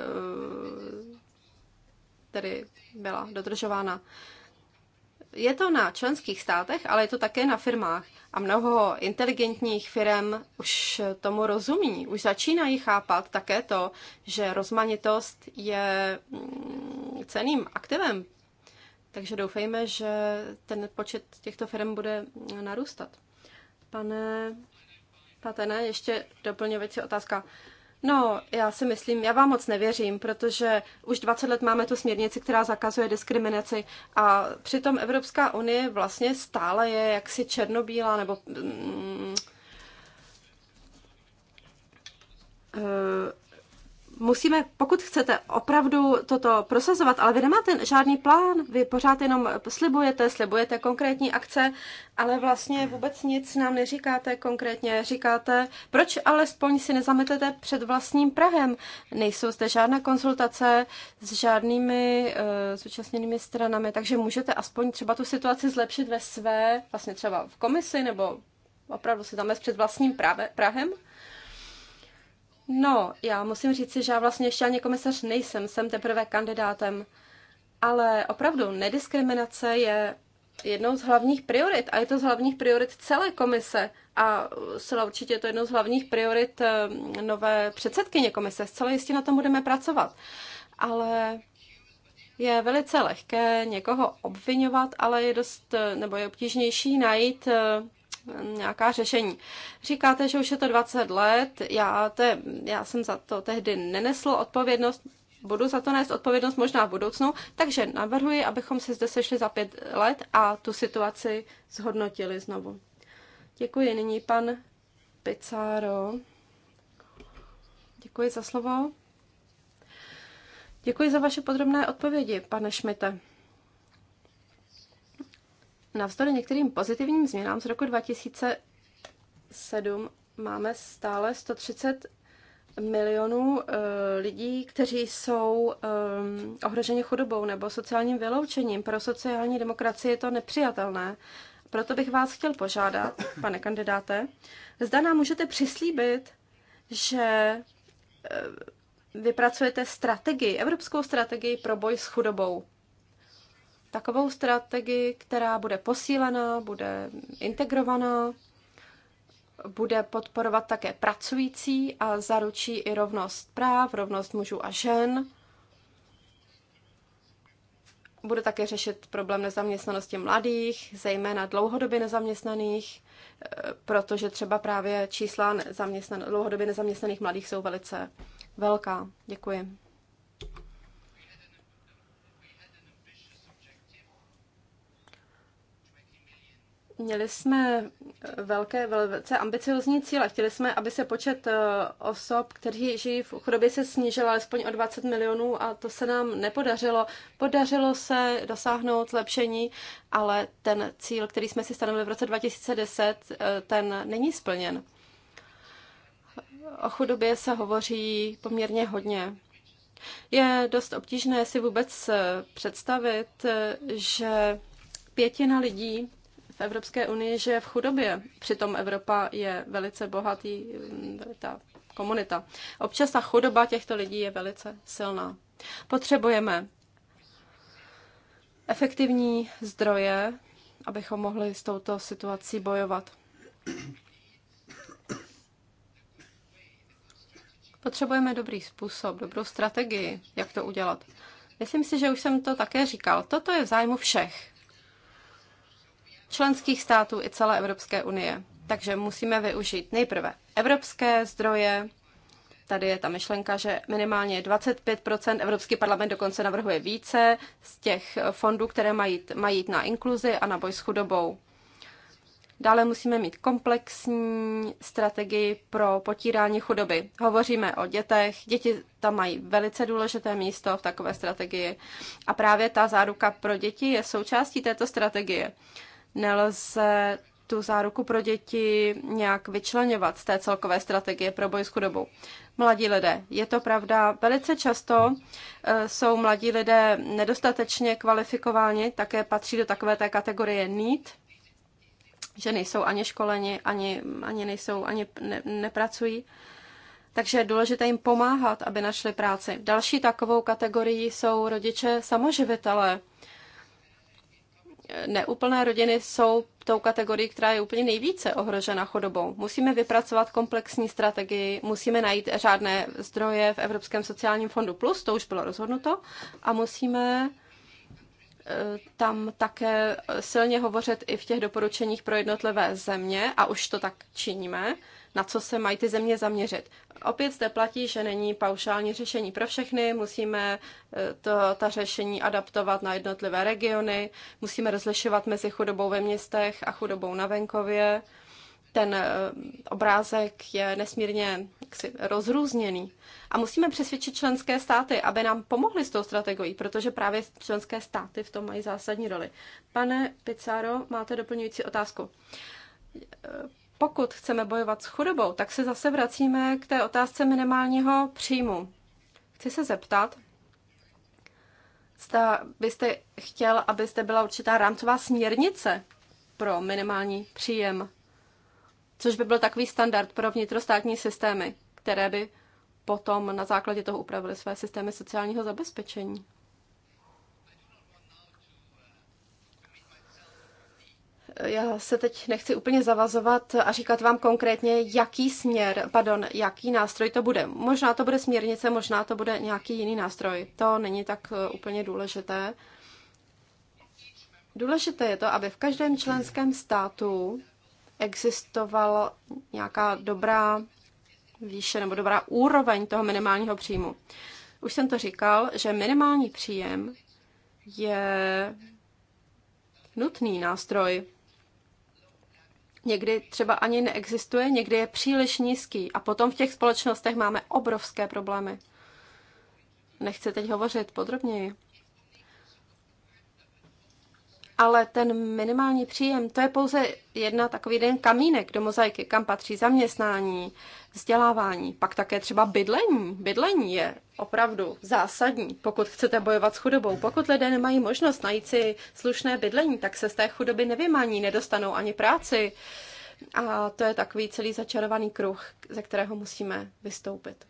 tedy byla dodržována. Je to na členských státech, ale je to také na firmách. A mnoho inteligentních firm už tomu rozumí, už začínají chápat také to, že rozmanitost je mm, ceným aktivem takže doufejme, že ten počet těchto firm bude narůstat. Pane Patene, ještě doplňovací otázka. No, já si myslím, já vám moc nevěřím, protože už 20 let máme tu směrnici, která zakazuje diskriminaci a přitom Evropská unie vlastně stále je jaksi černobílá nebo mm, eh, musíme, pokud chcete opravdu toto prosazovat, ale vy nemáte žádný plán, vy pořád jenom slibujete, slibujete konkrétní akce, ale vlastně vůbec nic nám neříkáte konkrétně. Říkáte, proč alespoň si nezametete před vlastním Prahem? Nejsou zde žádná konzultace s žádnými uh, eh, zúčastněnými stranami, takže můžete aspoň třeba tu situaci zlepšit ve své, vlastně třeba v komisi, nebo opravdu si zamést před vlastním prahem? No, já musím říct, že já vlastně ještě ani komisař nejsem, jsem teprve kandidátem. Ale opravdu, nediskriminace je jednou z hlavních priorit a je to z hlavních priorit celé komise a zcela určitě je to jednou z hlavních priorit eh, nové předsedkyně komise. Zcela jistě na tom budeme pracovat. Ale je velice lehké někoho obvinovat, ale je dost, eh, nebo je obtížnější najít eh, nějaká řešení. Říkáte, že už je to 20 let, já, to je, já jsem za to tehdy nenesl odpovědnost, budu za to nést odpovědnost možná v budoucnu, takže navrhuji, abychom se zde sešli za pět let a tu situaci zhodnotili znovu. Děkuji. Nyní pan Picáro. Děkuji za slovo. Děkuji za vaše podrobné odpovědi, pane Šmite. Navzdory některým pozitivním změnám z roku 2007 máme stále 130 milionů eh, lidí, kteří jsou eh, ohroženi chudobou nebo sociálním vyloučením. Pro sociální demokracii je to nepřijatelné. Proto bych vás chtěl požádat, pane kandidáte, zda nám můžete přislíbit, že eh, vypracujete strategii, evropskou strategii pro boj s chudobou takovou strategii, která bude posílená, bude integrovaná, bude podporovat také pracující a zaručí i rovnost práv, rovnost mužů a žen. Bude také řešit problém nezaměstnanosti mladých, zejména dlouhodobě nezaměstnaných, eh, protože třeba právě čísla nezaměstnan- dlouhodobě nezaměstnaných mladých jsou velice velká. Děkuji. Měli jsme eh, velké, velice ambiciozní cíle. Chtěli jsme, aby se počet eh, osob, kteří žijí v chudobě, se snížil alespoň o 20 milionů a to se nám nepodařilo. Podařilo se dosáhnout zlepšení, ale ten cíl, který jsme si stanovili v roce 2010, eh, ten není splněn. O chudobě se hovoří poměrně hodně. Je dost obtížné si vůbec představit, že pětina lidí Evropské unii žije v chudobě. Přitom Evropa je velice bohatý, mm, ta komunita. Občas ta chudoba těchto lidí je velice silná. Potřebujeme efektivní zdroje, abychom mohli s touto situací bojovat. Potřebujeme dobrý způsob, dobrou strategii, jak to udělat. Myslím si, že už jsem to také říkal. Toto je v zájmu všech členských států i celé Evropské unie. Takže musíme využít nejprve evropské zdroje, tady je ta myšlenka, že minimálně 25 Evropský parlament dokonce navrhuje více z těch fondů, které mají, mají jít na inkluzi a na boj s chudobou. Dále musíme mít komplexní strategii pro potírání chudoby. Hovoříme o dětech, děti tam mají velice důležité místo v takové strategii a právě ta záruka pro děti je součástí této strategie nelze tu záruku pro děti nějak vyčlenovat z té celkové strategie pro boj s chudobou. Mladí lidé, je to pravda, velice často eh, jsou mladí lidé nedostatečně kvalifikováni, také patří do takové té kategorie need, že nejsou ani školeni, ani, ani nejsou, ani ne, nepracují. Takže je důležité jim pomáhat, aby našli práci. Další takovou kategorií jsou rodiče samoživitelé neúplné rodiny jsou tou kategorií, která je úplně nejvíce ohrožena chudobou. Musíme vypracovat komplexní strategii, musíme najít řádné zdroje v Evropském sociálním fondu plus, to už bylo rozhodnuto, a musíme eh, tam také silně hovořit i v těch doporučeních pro jednotlivé země, a už to tak činíme na co se mají ty země zaměřit. Opět zde platí, že není paušální řešení pro všechny, musíme eh, to, ta řešení adaptovat na jednotlivé regiony, musíme rozlišovat mezi chudobou ve městech a chudobou na venkově. Ten eh, obrázek je nesmírně jaksi, rozrůzněný. A musíme přesvědčit členské státy, aby nám pomohly s tou strategií, protože právě členské státy v tom mají zásadní roli. Pane Pizarro, máte doplňující otázku. Eh, pokud chceme bojovat s chudobou, tak se zase vracíme k té otázce minimálního příjmu. Chci se zeptat, zda byste chtěl, abyste byla určitá rámcová směrnice pro minimální příjem, což by byl takový standard pro vnitrostátní systémy, které by potom na základě toho upravily své systémy sociálního zabezpečení. já se teď nechci úplně zavazovat a říkat vám konkrétně, jaký směr, pardon, jaký nástroj to bude. Možná to bude směrnice, možná to bude nějaký jiný nástroj. To není tak eh, úplně důležité. Důležité je to, aby v každém členském státu existovala nějaká dobrá výše nebo dobrá úroveň toho minimálního příjmu. Už jsem to říkal, že minimální příjem je nutný nástroj někdy třeba ani neexistuje, někdy je příliš nízký a potom v těch společnostech máme obrovské problémy. Nechci teď hovořit podrobněji ale ten minimální příjem, to je pouze jedna takový den kamínek do mozaiky, kam patří zaměstnání, vzdělávání, pak také třeba bydlení. Bydlení je opravdu zásadní, pokud chcete bojovat s chudobou. Pokud lidé nemají možnost najít si slušné bydlení, tak se z té chudoby nevymaní, nedostanou ani práci. A to je takový celý začarovaný kruh, ze kterého musíme vystoupit.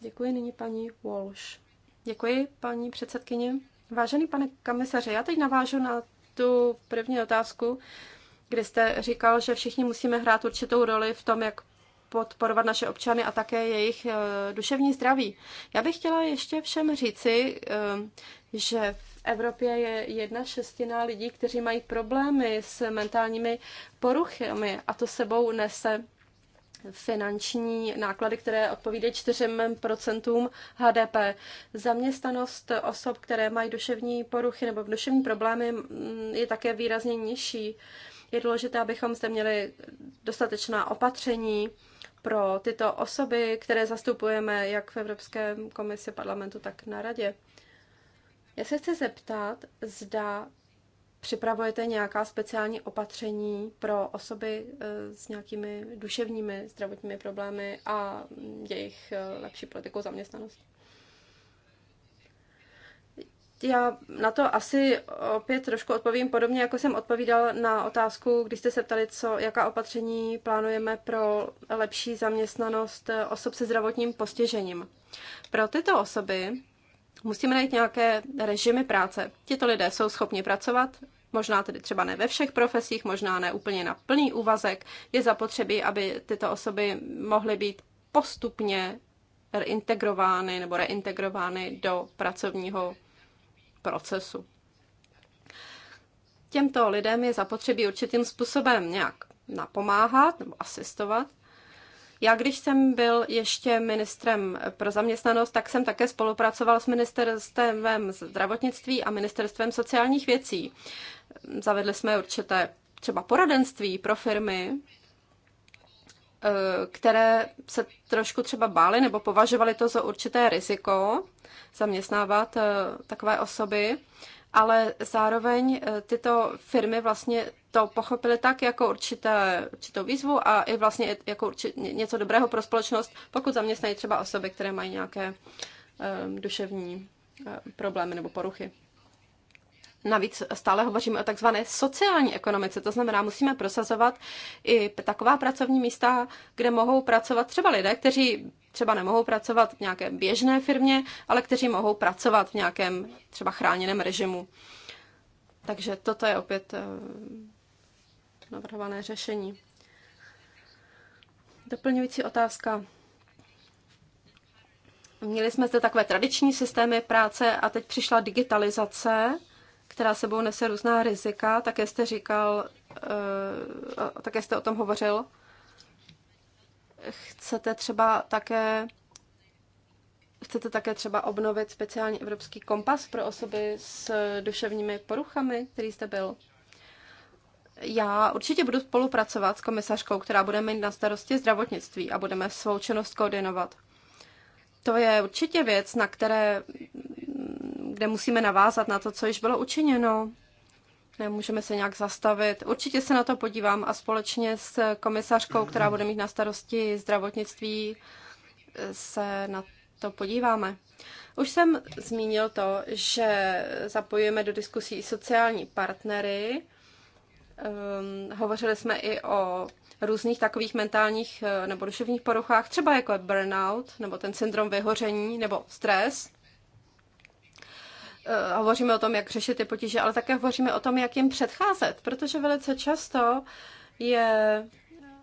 Děkuji nyní paní Walsh. Děkuji paní předsedkyně. Vážený pane komisaře, já teď navážu na tu první otázku, kdy jste říkal, že všichni musíme hrát určitou roli v tom, jak podporovat naše občany a také jejich eh, duševní zdraví. Já bych chtěla ještě všem říci, eh, že v Evropě je jedna šestina lidí, kteří mají problémy s mentálními poruchami a to sebou nese finanční náklady, které odpovídají 4% HDP. Zaměstnanost osob, které mají duševní poruchy nebo duševní problémy, je také výrazně nižší. Je důležité, abychom zde měli dostatečná opatření pro tyto osoby, které zastupujeme jak v Evropské komisi parlamentu, tak na radě. Já se chci zeptat, zda připravujete nějaká speciální opatření pro osoby eh, s nějakými duševními zdravotními problémy a jejich eh, lepší politikou zaměstnanosti? Já na to asi opět trošku odpovím podobně, jako jsem odpovídal na otázku, když jste se ptali, co, jaká opatření plánujeme pro lepší zaměstnanost eh, osob se zdravotním postižením. Pro tyto osoby Musíme najít nějaké režimy práce. Tito lidé jsou schopni pracovat, možná tedy třeba ne ve všech profesích, možná ne úplně na plný úvazek. Je zapotřebí, aby tyto osoby mohly být postupně reintegrovány nebo reintegrovány do pracovního procesu. Těmto lidem je zapotřebí určitým způsobem nějak napomáhat nebo asistovat, já, když jsem byl ještě ministrem pro zaměstnanost, tak jsem také spolupracoval s ministerstvem zdravotnictví a ministerstvem sociálních věcí. Zavedli jsme určité třeba poradenství pro firmy, eh, které se trošku třeba bály nebo považovali to za určité riziko zaměstnávat eh, takové osoby ale zároveň eh, tyto firmy vlastně to pochopily tak jako určité, určitou výzvu a i vlastně jako určit, něco dobrého pro společnost, pokud zaměstnají třeba osoby, které mají nějaké um, duševní um, problémy nebo poruchy. Navíc stále hovoříme o takzvané sociální ekonomice, to znamená, musíme prosazovat i taková pracovní místa, kde mohou pracovat třeba lidé, kteří třeba nemohou pracovat v nějaké běžné firmě, ale kteří mohou pracovat v nějakém třeba chráněném režimu. Takže toto je opět eh, navrhované řešení. Doplňující otázka. Měli jsme zde takové tradiční systémy práce a teď přišla digitalizace která sebou nese různá rizika. Také jste říkal, eh, také jste o tom hovořil. Chcete třeba také Chcete také třeba obnovit speciální evropský kompas pro osoby s duševními poruchami, který jste byl? Já určitě budu spolupracovat s komisařkou, která bude mít na starosti zdravotnictví a budeme svou činnost koordinovat. To je určitě věc, na které kde musíme navázat na to, co již bylo učiněno. Nemůžeme se nějak zastavit. Určitě se na to podívám a společně s komisařkou, která bude mít na starosti zdravotnictví, se na to podíváme. Už jsem zmínil to, že zapojujeme do diskusí i sociální partnery. Um, hovořili jsme i o různých takových mentálních eh, nebo duševních poruchách, třeba jako burnout, nebo ten syndrom vyhoření, nebo stres. Eh, hovoříme o tom, jak řešit ty potíže, ale také hovoříme o tom, jak jim předcházet, protože velice často je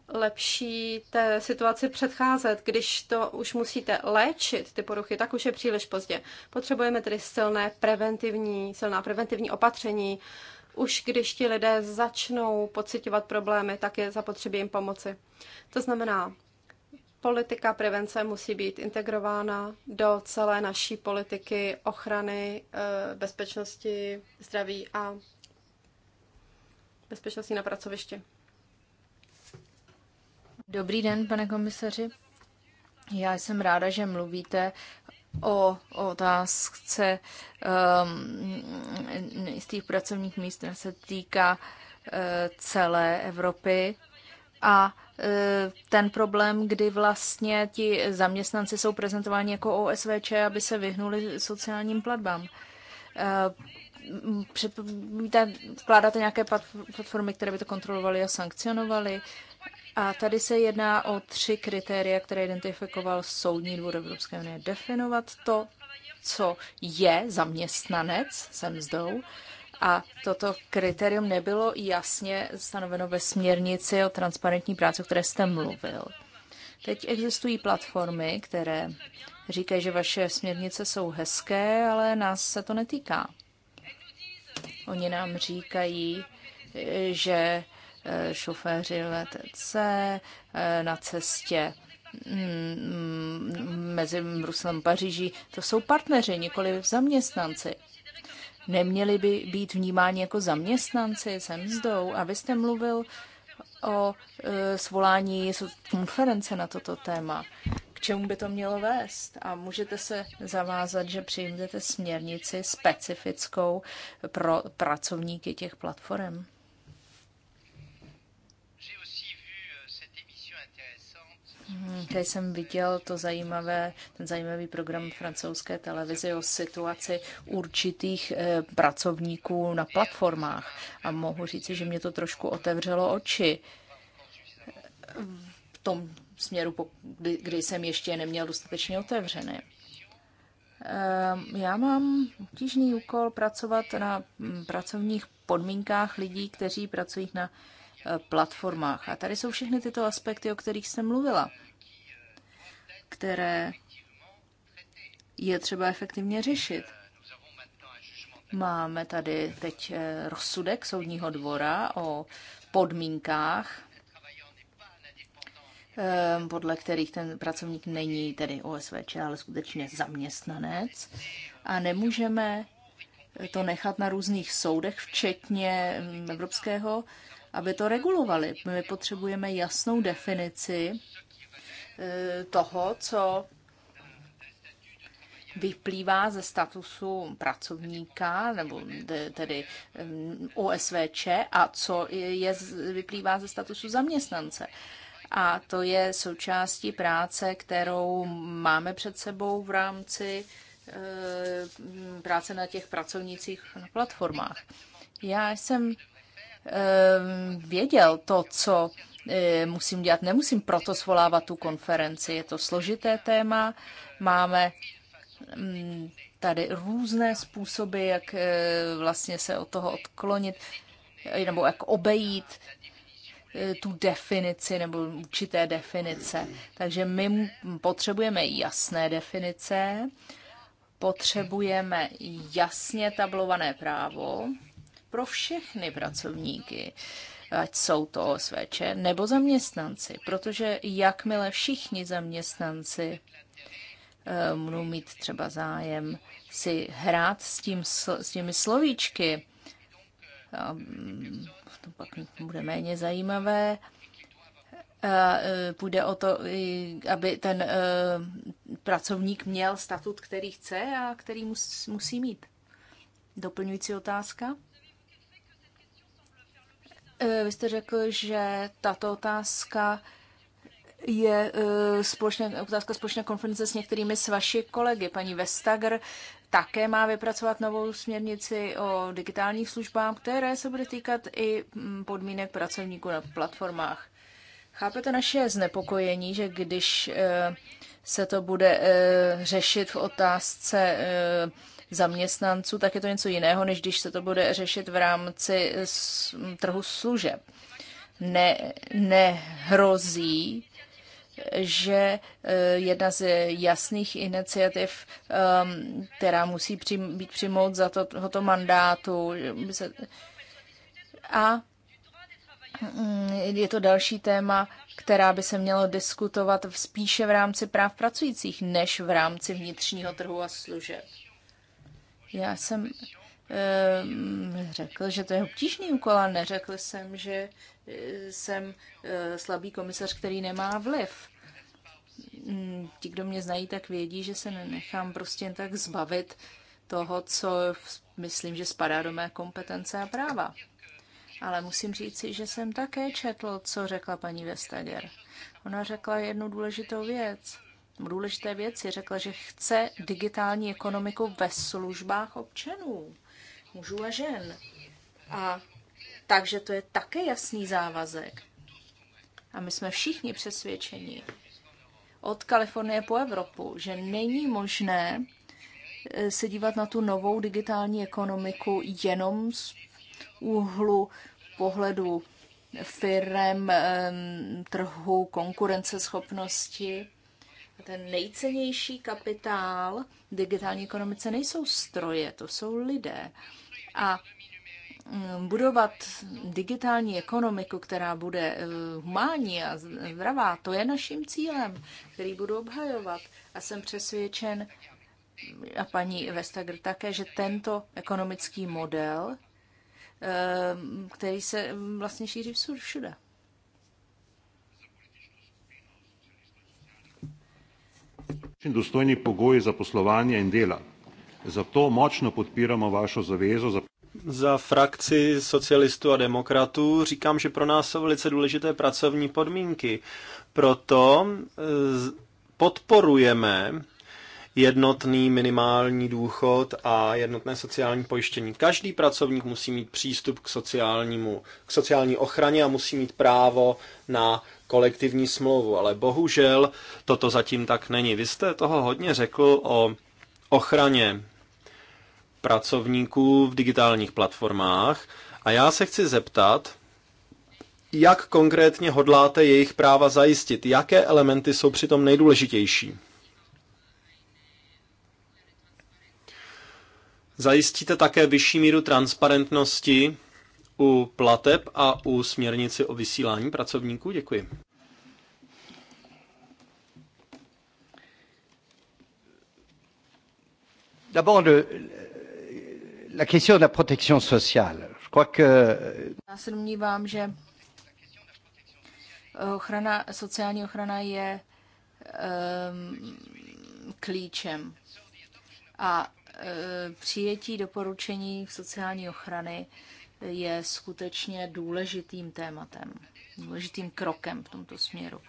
lepší té situaci předcházet. Když to už musíte léčit, ty poruchy, tak už je příliš pozdě. Potřebujeme tedy silné preventivní, silná preventivní opatření. Už když ti lidé začnou pocitovat problémy, tak je zapotřebí jim pomoci. To znamená, Politika prevence musí být integrována do celé naší politiky ochrany, eh, bezpečnosti, zdraví a bezpečnosti na pracovišti. Dobrý den, pane komisaři. Já jsem ráda, že mluvíte o otázce um, ehm, z těch pracovních míst, která se týká uh, celé Evropy. A Eh, ten problém, kdy vlastně ti zaměstnanci jsou prezentováni jako OSVČ, aby se vyhnuli sociálním platbám. Eh, víte, vkládáte nějaké platformy, které by to kontrolovaly a sankcionovaly. A tady se jedná o tři kritéria, které identifikoval Soudní dvůr Evropské unie. Definovat to, co je zaměstnanec se mzdou, a toto kritérium nebylo jasně stanoveno ve směrnici o transparentní práci, o které jste mluvil. Teď existují platformy, které říkají, že vaše směrnice jsou hezké, ale nás se to netýká. Oni nám říkají, že eh, šoféři letece eh, na cestě mm, mm, mezi Bruselem a Paříží, to jsou partneři, nikoli zaměstnanci neměli by být vnímáni jako zaměstnanci se mzdou. A vy jste mluvil o e, svolání konference na toto téma. K čemu by to mělo vést? A můžete se zavázat, že přijmete směrnici specifickou pro pracovníky těch platform? Když hmm, jsem viděl to zajímavé, ten zajímavý program francouzské televize o situaci určitých eh, pracovníků na platformách. A mohu říci, že mě to trošku otevřelo oči v tom směru, kdy, kdy jsem ještě neměl dostatečně otevřené. Ehm, já mám obtížný úkol pracovat na hm, pracovních podmínkách lidí, kteří pracují na eh, platformách. A tady jsou všechny tyto aspekty, o kterých jsem mluvila které je třeba efektivně řešit. Máme tady teď eh, rozsudek soudního dvora o podmínkách, eh, podle kterých ten pracovník není tedy OSVČ, ale skutečně zaměstnanec. A nemůžeme to nechat na různých soudech, včetně mm, Evropského, aby to regulovali. My potřebujeme jasnou definici toho, co vyplývá ze statusu pracovníka, nebo tedy OSVČ, a co je, vyplývá ze statusu zaměstnance. A to je součástí práce, kterou máme před sebou v rámci eh, práce na těch pracovnících na platformách. Já jsem věděl to, co Eh, musím dělat. Nemusím proto svolávat tu konferenci. Je to složité téma. Máme mm, tady různé způsoby, jak eh, vlastně se od toho odklonit eh, nebo jak obejít tu definici nebo určité definice. Takže my potřebujeme jasné definice, potřebujeme jasně tablované právo pro všechny pracovníky ať jsou to OSVČ nebo zaměstnanci, protože jakmile všichni zaměstnanci eh, budou mít třeba zájem si hrát s, tím, s těmi slovíčky, to pak bude méně zajímavé, a eh, půjde o to, aby ten eh, pracovník měl statut, který chce a který musí mít. Doplňující otázka? Eh, vy jste řekl, že tato otázka je eh, společně, otázka společné konference s některými z vaši kolegy. Paní Vestager také má vypracovat novou směrnici o digitálních službách, které se bude týkat i mm, podmínek pracovníků na platformách. Chápete naše znepokojení, že když eh, se to bude řešit v otázce zaměstnanců, tak je to něco jiného, než když se to bude řešit v rámci trhu služeb. Ne, nehrozí, že e, jedna z jasných iniciativ, um, která musí přijm, být přijmout za to, tohoto mandátu, a mm, je to další téma, která by se mělo diskutovat spíše v rámci práv pracujících, než v rámci vnitřního trhu a služeb. Já jsem ehm, řekl, že to je obtížný úkol a neřekl jsem, že e, jsem e, slabý komisař, který nemá vliv. Mm, ti, kdo mě znají, tak vědí, že se nenechám prostě jen tak zbavit toho, co myslím, že spadá do mé kompetence a práva. Ale musím říci, že jsem také četl, co řekla paní Vestager. Ona řekla jednu důležitou věc důležité věci. Řekla, že chce digitální ekonomiku ve službách občanů, mužů a žen. A takže to je také jasný závazek. A my jsme všichni přesvědčeni od Kalifornie po Evropu, že není možné eh, se dívat na tu novou digitální ekonomiku jenom z úhlu pohledu firem, trhu, konkurenceschopnosti, a ten nejcennější kapitál digitální ekonomice nejsou stroje, to jsou lidé. A mm, budovat digitální ekonomiku, která bude eh, humánní a zdravá, to je naším cílem, který budu obhajovat. A jsem přesvědčen, a paní Vestager také, že tento ekonomický model, eh, který se mm, vlastně šíří všude. in dostojni pogoji za poslovanje in dela. Zato močno podpiramo vašo zavezo za. Za frakci socialistů a demokratů říkám, že pro nás jsou velice důležité pracovní podmínky. Proto eh, podporujeme jednotný minimální důchod a jednotné sociální pojištění. Každý pracovník musí mít přístup k sociálnímu, k sociální ochraně a musí mít právo na kolektivní smlouvu, ale bohužel toto zatím tak není. Vy jste toho hodně řekl o ochraně pracovníků v digitálních platformách a já se chci zeptat, jak konkrétně hodláte jejich práva zajistit? Jaké elementy jsou přitom nejdůležitější? Zajistíte také vyšší míru transparentnosti u plateb a u směrnici o vysílání pracovníků? Děkuji. D'abord, la question de la protection sociale. Je crois que... Já se domnívám, že ochrana, sociální ochrana je um, klíčem. A e, přijetí doporučení sociální ochrany je skutečně důležitým tématem, důležitým krokem v tomto směru.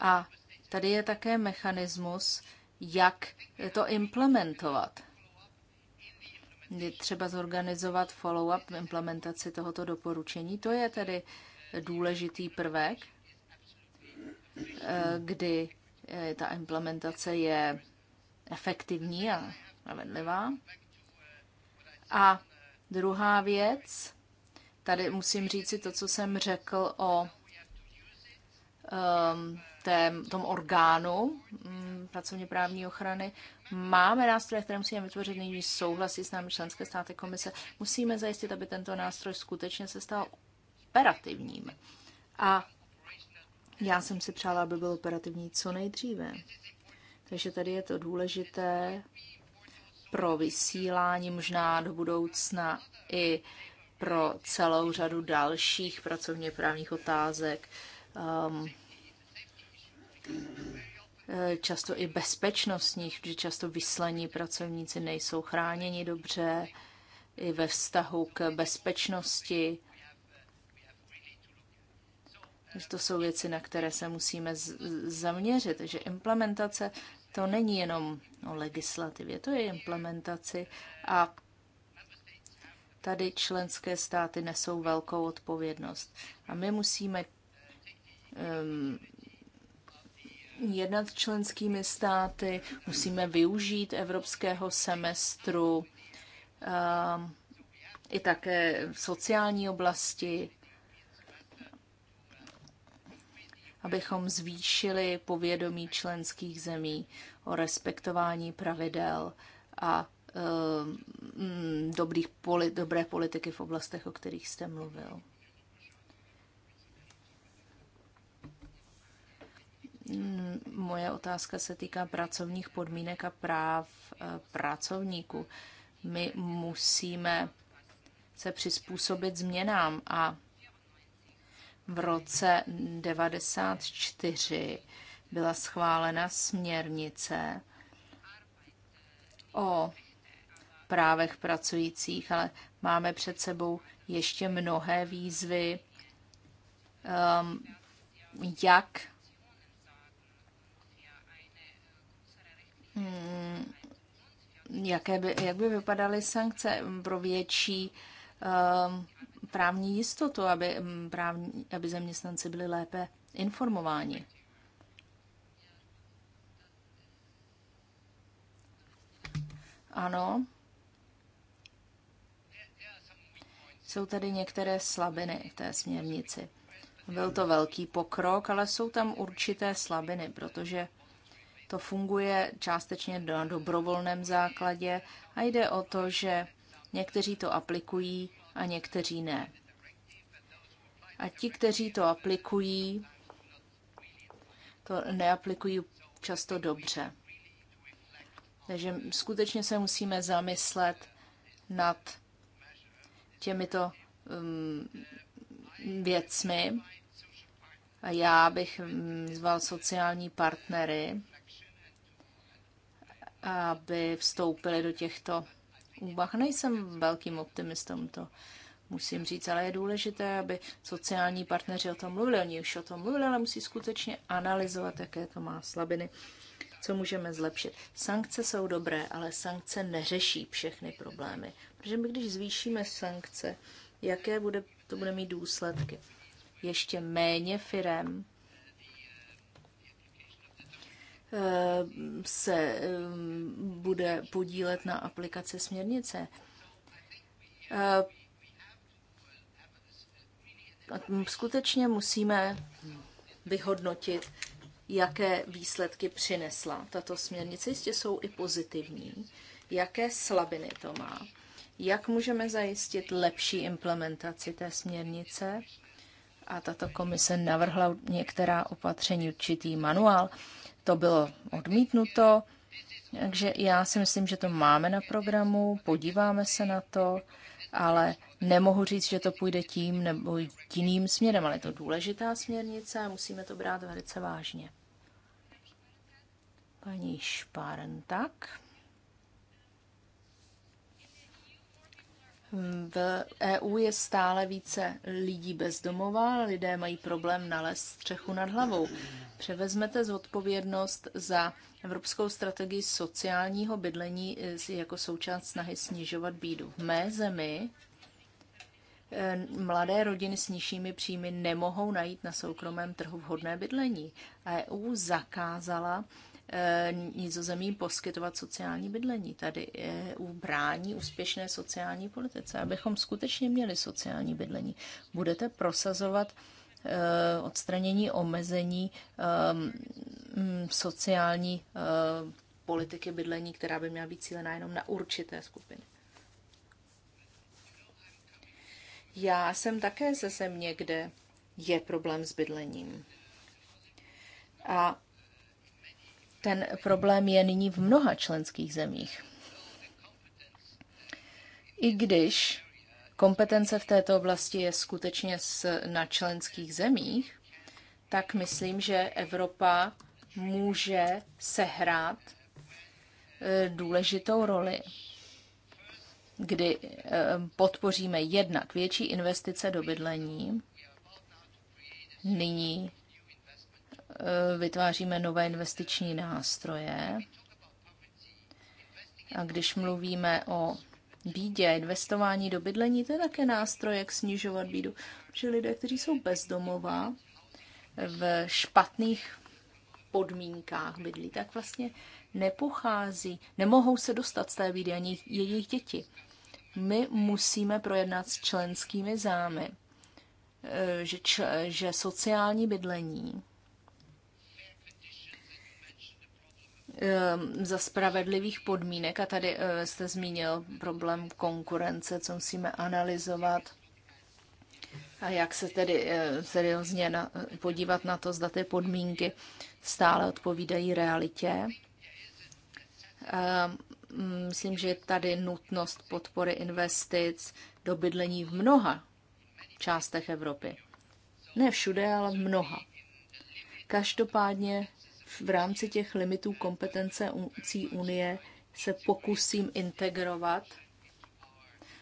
A tady je také mechanismus, jak to implementovat. Je třeba zorganizovat follow-up v implementaci tohoto doporučení. To je tedy důležitý prvek, eh, kdy eh, ta implementace je efektivní a spravedlivá. A Druhá věc, tady musím říci to, co jsem řekl o um, ehm, tém, tom orgánu um, pracovně právní ochrany. Máme nástroje, které musíme vytvořit, nyní souhlasí s námi členské státy komise. Musíme zajistit, aby tento nástroj skutečně se stal operativním. A já jsem si přála, aby byl operativní co nejdříve. Takže tady je to důležité pro vysílání, možná do budoucna i pro celou řadu dalších pracovně právních otázek. Um, často i bezpečnostních, protože často vyslení pracovníci nejsou chráněni dobře i ve vztahu k bezpečnosti. To jsou věci, na které se musíme zaměřit. Takže implementace to není jenom o legislativě, to je implementaci a tady členské státy nesou velkou odpovědnost. A my musíme um, jednat s členskými státy, musíme využít evropského semestru um, i také v sociální oblasti, abychom zvýšili povědomí členských zemí o respektování pravidel a um, dobrých poli, dobré politiky v oblastech, o kterých jste mluvil. Mm, moje otázka se týká pracovních podmínek a práv e, pracovníků. My musíme se přizpůsobit změnám a v roce 1994 byla schválena směrnice o právech pracujících, ale máme před sebou ještě mnohé výzvy, um, jak mm, jaké by, jak by vypadaly sankce pro větší um, právní jistotu, aby, mm, právní, aby zaměstnanci byli lépe informováni. Ano. Jsou tady některé slabiny v té směrnici. Byl to velký pokrok, ale jsou tam určité slabiny, protože to funguje částečně na dobrovolném základě a jde o to, že někteří to aplikují a někteří ne. A ti, kteří to aplikují, to neaplikují často dobře. Takže skutečně se musíme zamyslet nad těmito um, věcmi. A já bych um, zval sociální partnery, aby vstoupili do těchto úvah. Nejsem velkým optimistem, to musím říct, ale je důležité, aby sociální partneři o tom mluvili. Oni už o tom mluvili, ale musí skutečně analyzovat, jaké to má slabiny, co můžeme zlepšit. Sankce jsou dobré, ale sankce neřeší všechny problémy. Protože my, když zvýšíme sankce, jaké bude, to bude mít důsledky? Ještě méně firem se eh, bude podílet na aplikaci směrnice. Eh, skutečně musíme vyhodnotit, jaké výsledky přinesla tato směrnice. Jistě jsou i pozitivní. Jaké slabiny to má? Jak můžeme zajistit lepší implementaci té směrnice? A tato komise navrhla některá opatření, určitý manuál to bylo odmítnuto. Takže já si myslím, že to máme na programu, podíváme se na to, ale nemohu říct, že to půjde tím nebo jiným směrem, ale je to důležitá směrnice a musíme to brát velice vážně. Paní tak? V EU je stále více lidí bez domova, lidé mají problém nalézt střechu nad hlavou. Převezmete zodpovědnost za Evropskou strategii sociálního bydlení eh, jako součást snahy snižovat bídu. V mé zemi eh, mladé rodiny s nižšími příjmy nemohou najít na soukromém trhu vhodné bydlení. EU zakázala Eh, nízozemí poskytovat sociální bydlení. Tady EU brání úspěšné sociální politice. Abychom skutečně měli sociální bydlení, budete prosazovat eh, odstranění omezení eh, mm, sociální politiky bydlení, která by měla být cílená jenom na určité skupiny. Já jsem také ze země, kde je problém s bydlením. A ten problém je nyní v mnoha členských zemích. I když kompetence v této oblasti je skutečně na členských zemích, tak myslím, že Evropa může sehrát e, důležitou roli, kdy e, podpoříme jednak větší investice do bydlení. Nyní Eh, vytváříme nové investiční nástroje. A když mluvíme o bídě, investování do bydlení, to je také nástroj, jak snižovat bídu. Protože lidé, kteří jsou bezdomová, v špatných podmínkách bydlí, tak vlastně nepochází, nemohou se dostat z té bídy ani jejich děti. My musíme projednat s členskými zámy, eh, že, že sociální bydlení Ehm, za spravedlivých podmínek. A tady eh, jste zmínil problém konkurence, co musíme analyzovat. A jak se tedy eh, seriózně na, eh, podívat na to, zda ty podmínky stále odpovídají realitě. Ehm, myslím, že je tady nutnost podpory investic do bydlení v mnoha částech Evropy. Ne všude, ale v mnoha. Každopádně v rámci těch limitů kompetence Unie se pokusím integrovat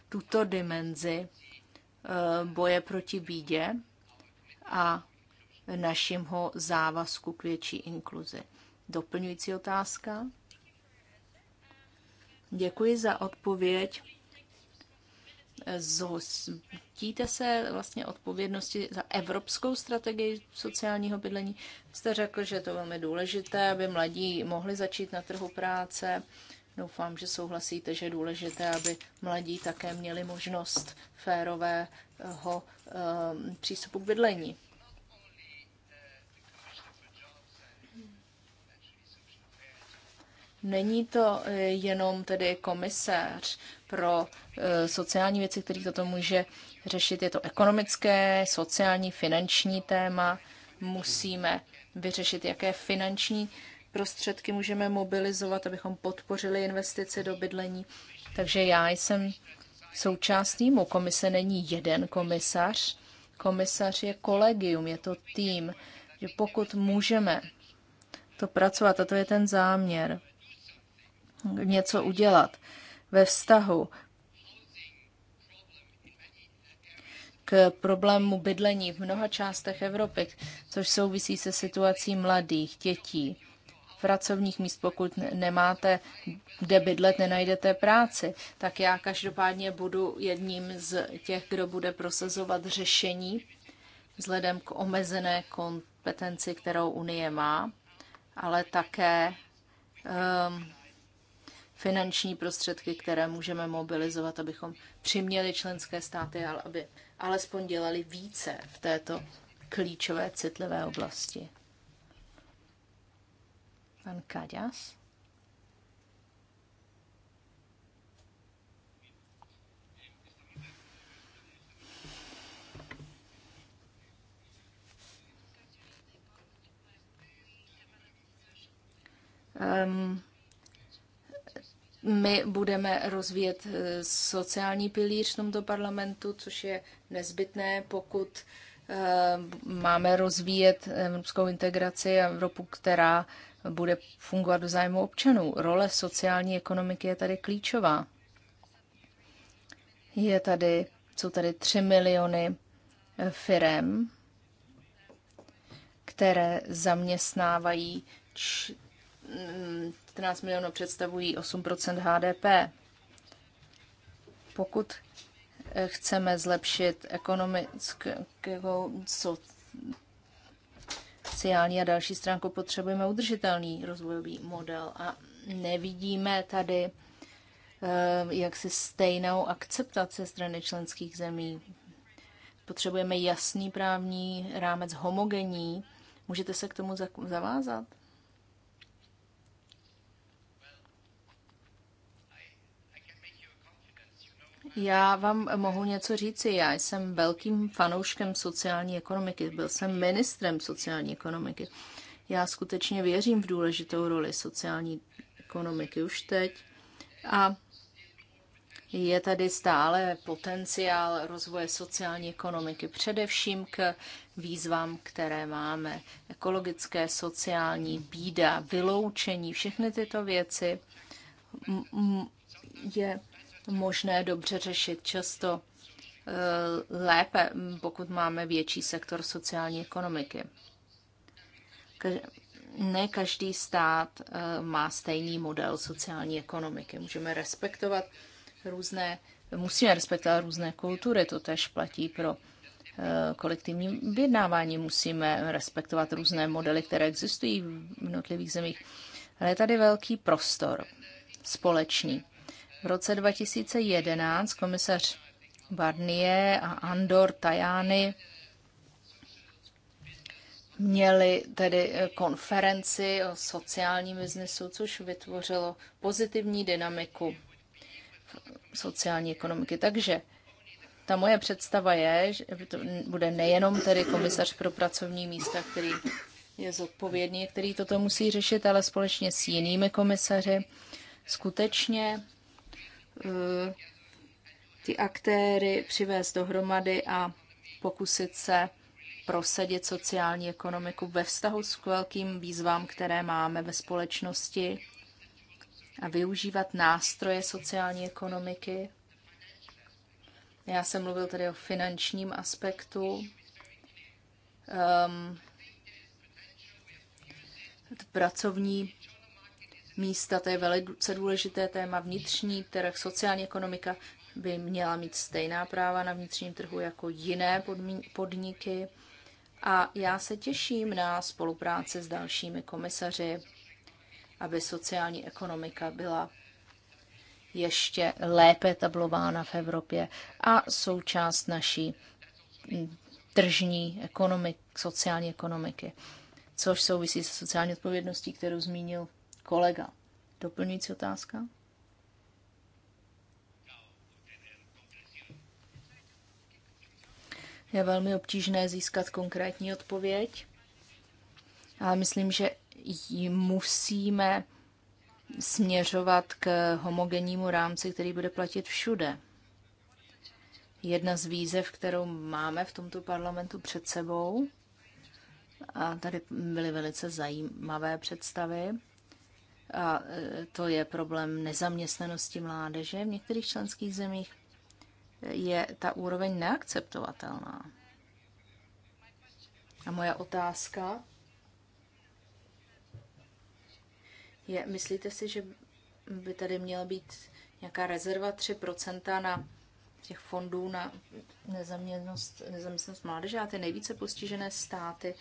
tuto dimenzi eh, boje proti bídě a našimho závazku k větší inkluzi. Doplňující otázka? Děkuji za odpověď zhostíte se vlastně odpovědnosti za evropskou strategii sociálního bydlení. Jste řekl, že je to velmi důležité, aby mladí mohli začít na trhu práce. Doufám, že souhlasíte, že je důležité, aby mladí také měli možnost férového eh, přístupu k bydlení. Není to eh, jenom tedy komisař pro eh, sociální věci, který toto může řešit. Je to ekonomické, sociální, finanční téma. Musíme vyřešit, jaké finanční prostředky můžeme mobilizovat, abychom podpořili investice do bydlení. Takže já jsem součást týmu. Komise není jeden komisař. Komisař je kolegium, je to tým. Že pokud můžeme to pracovat, a to je ten záměr, něco udělat ve vztahu k problému bydlení v mnoha částech Evropy, což souvisí se situací mladých, dětí, pracovních míst, pokud nemáte kde bydlet, nenajdete práci, tak já každopádně budu jedním z těch, kdo bude prosazovat řešení vzhledem k omezené kompetenci, kterou Unie má, ale také um, finanční prostředky, které můžeme mobilizovat, abychom přiměli členské státy, ale aby alespoň dělali více v této klíčové citlivé oblasti. Pan Kaďas. Um, my budeme rozvíjet eh, sociální pilíř v tomto parlamentu, což je nezbytné, pokud eh, máme rozvíjet evropskou integraci a Evropu, která bude fungovat do zájmu občanů. Role sociální ekonomiky je tady klíčová. Je tady, jsou tady 3 miliony firem, které zaměstnávají 14 milionů představují 8 HDP. Pokud eh, chceme zlepšit ekonomickou, sociální a další stránku, potřebujeme udržitelný rozvojový model a nevidíme tady eh, jaksi stejnou akceptaci strany členských zemí. Potřebujeme jasný právní rámec homogenní. Můžete se k tomu zavázat? Já vám mohu něco říci. Já jsem velkým fanouškem sociální ekonomiky. Byl jsem ministrem sociální ekonomiky. Já skutečně věřím v důležitou roli sociální ekonomiky už teď. A je tady stále potenciál rozvoje sociální ekonomiky, především k výzvám, které máme. Ekologické, sociální, bída, vyloučení, všechny tyto věci je možné dobře řešit často eh, lépe, mm, pokud máme větší sektor sociální ekonomiky. Ne každý stát eh, má stejný model sociální ekonomiky. Můžeme respektovat různé, musíme respektovat různé kultury, to tež platí pro eh, kolektivní vyjednávání. Musíme respektovat různé modely, které existují v jednotlivých zemích. Ale je tady velký prostor společný v roce 2011 komisař Barnier a Andor Tajány měli tedy eh, konferenci o sociálním biznesu, což vytvořilo pozitivní dynamiku sociální ekonomiky. Takže ta moje představa je, že to bude nejenom tedy komisař pro pracovní místa, který je zodpovědný, který toto musí řešit, ale společně s jinými komisaři skutečně Eh, ty aktéry přivést dohromady a pokusit se prosadit sociální ekonomiku ve vztahu s velkým výzvám, které máme ve společnosti a využívat nástroje sociální ekonomiky. Já jsem mluvil tady o finančním aspektu. Um, pracovní místa, to je velice důležité téma, vnitřní trh, sociální ekonomika by měla mít stejná práva na vnitřním trhu jako jiné podniky. A já se těším na spolupráce s dalšími komisaři, aby sociální ekonomika byla ještě lépe tablována v Evropě a součást naší tržní ekonomik, sociální ekonomiky, což souvisí se sociální odpovědností, kterou zmínil Kolega, doplňující otázka? Je velmi obtížné získat konkrétní odpověď, ale myslím, že ji musíme směřovat k homogennímu rámci, který bude platit všude. Jedna z výzev, kterou máme v tomto parlamentu před sebou, a tady byly velice zajímavé představy, a e, to je problém nezaměstnanosti mládeže v některých členských zemích, je ta úroveň neakceptovatelná. A moje otázka je, myslíte si, že by tady měla být nějaká rezerva 3% na těch fondů na nezaměstnanost, nezaměstnanost mládeže a ty nejvíce postižené státy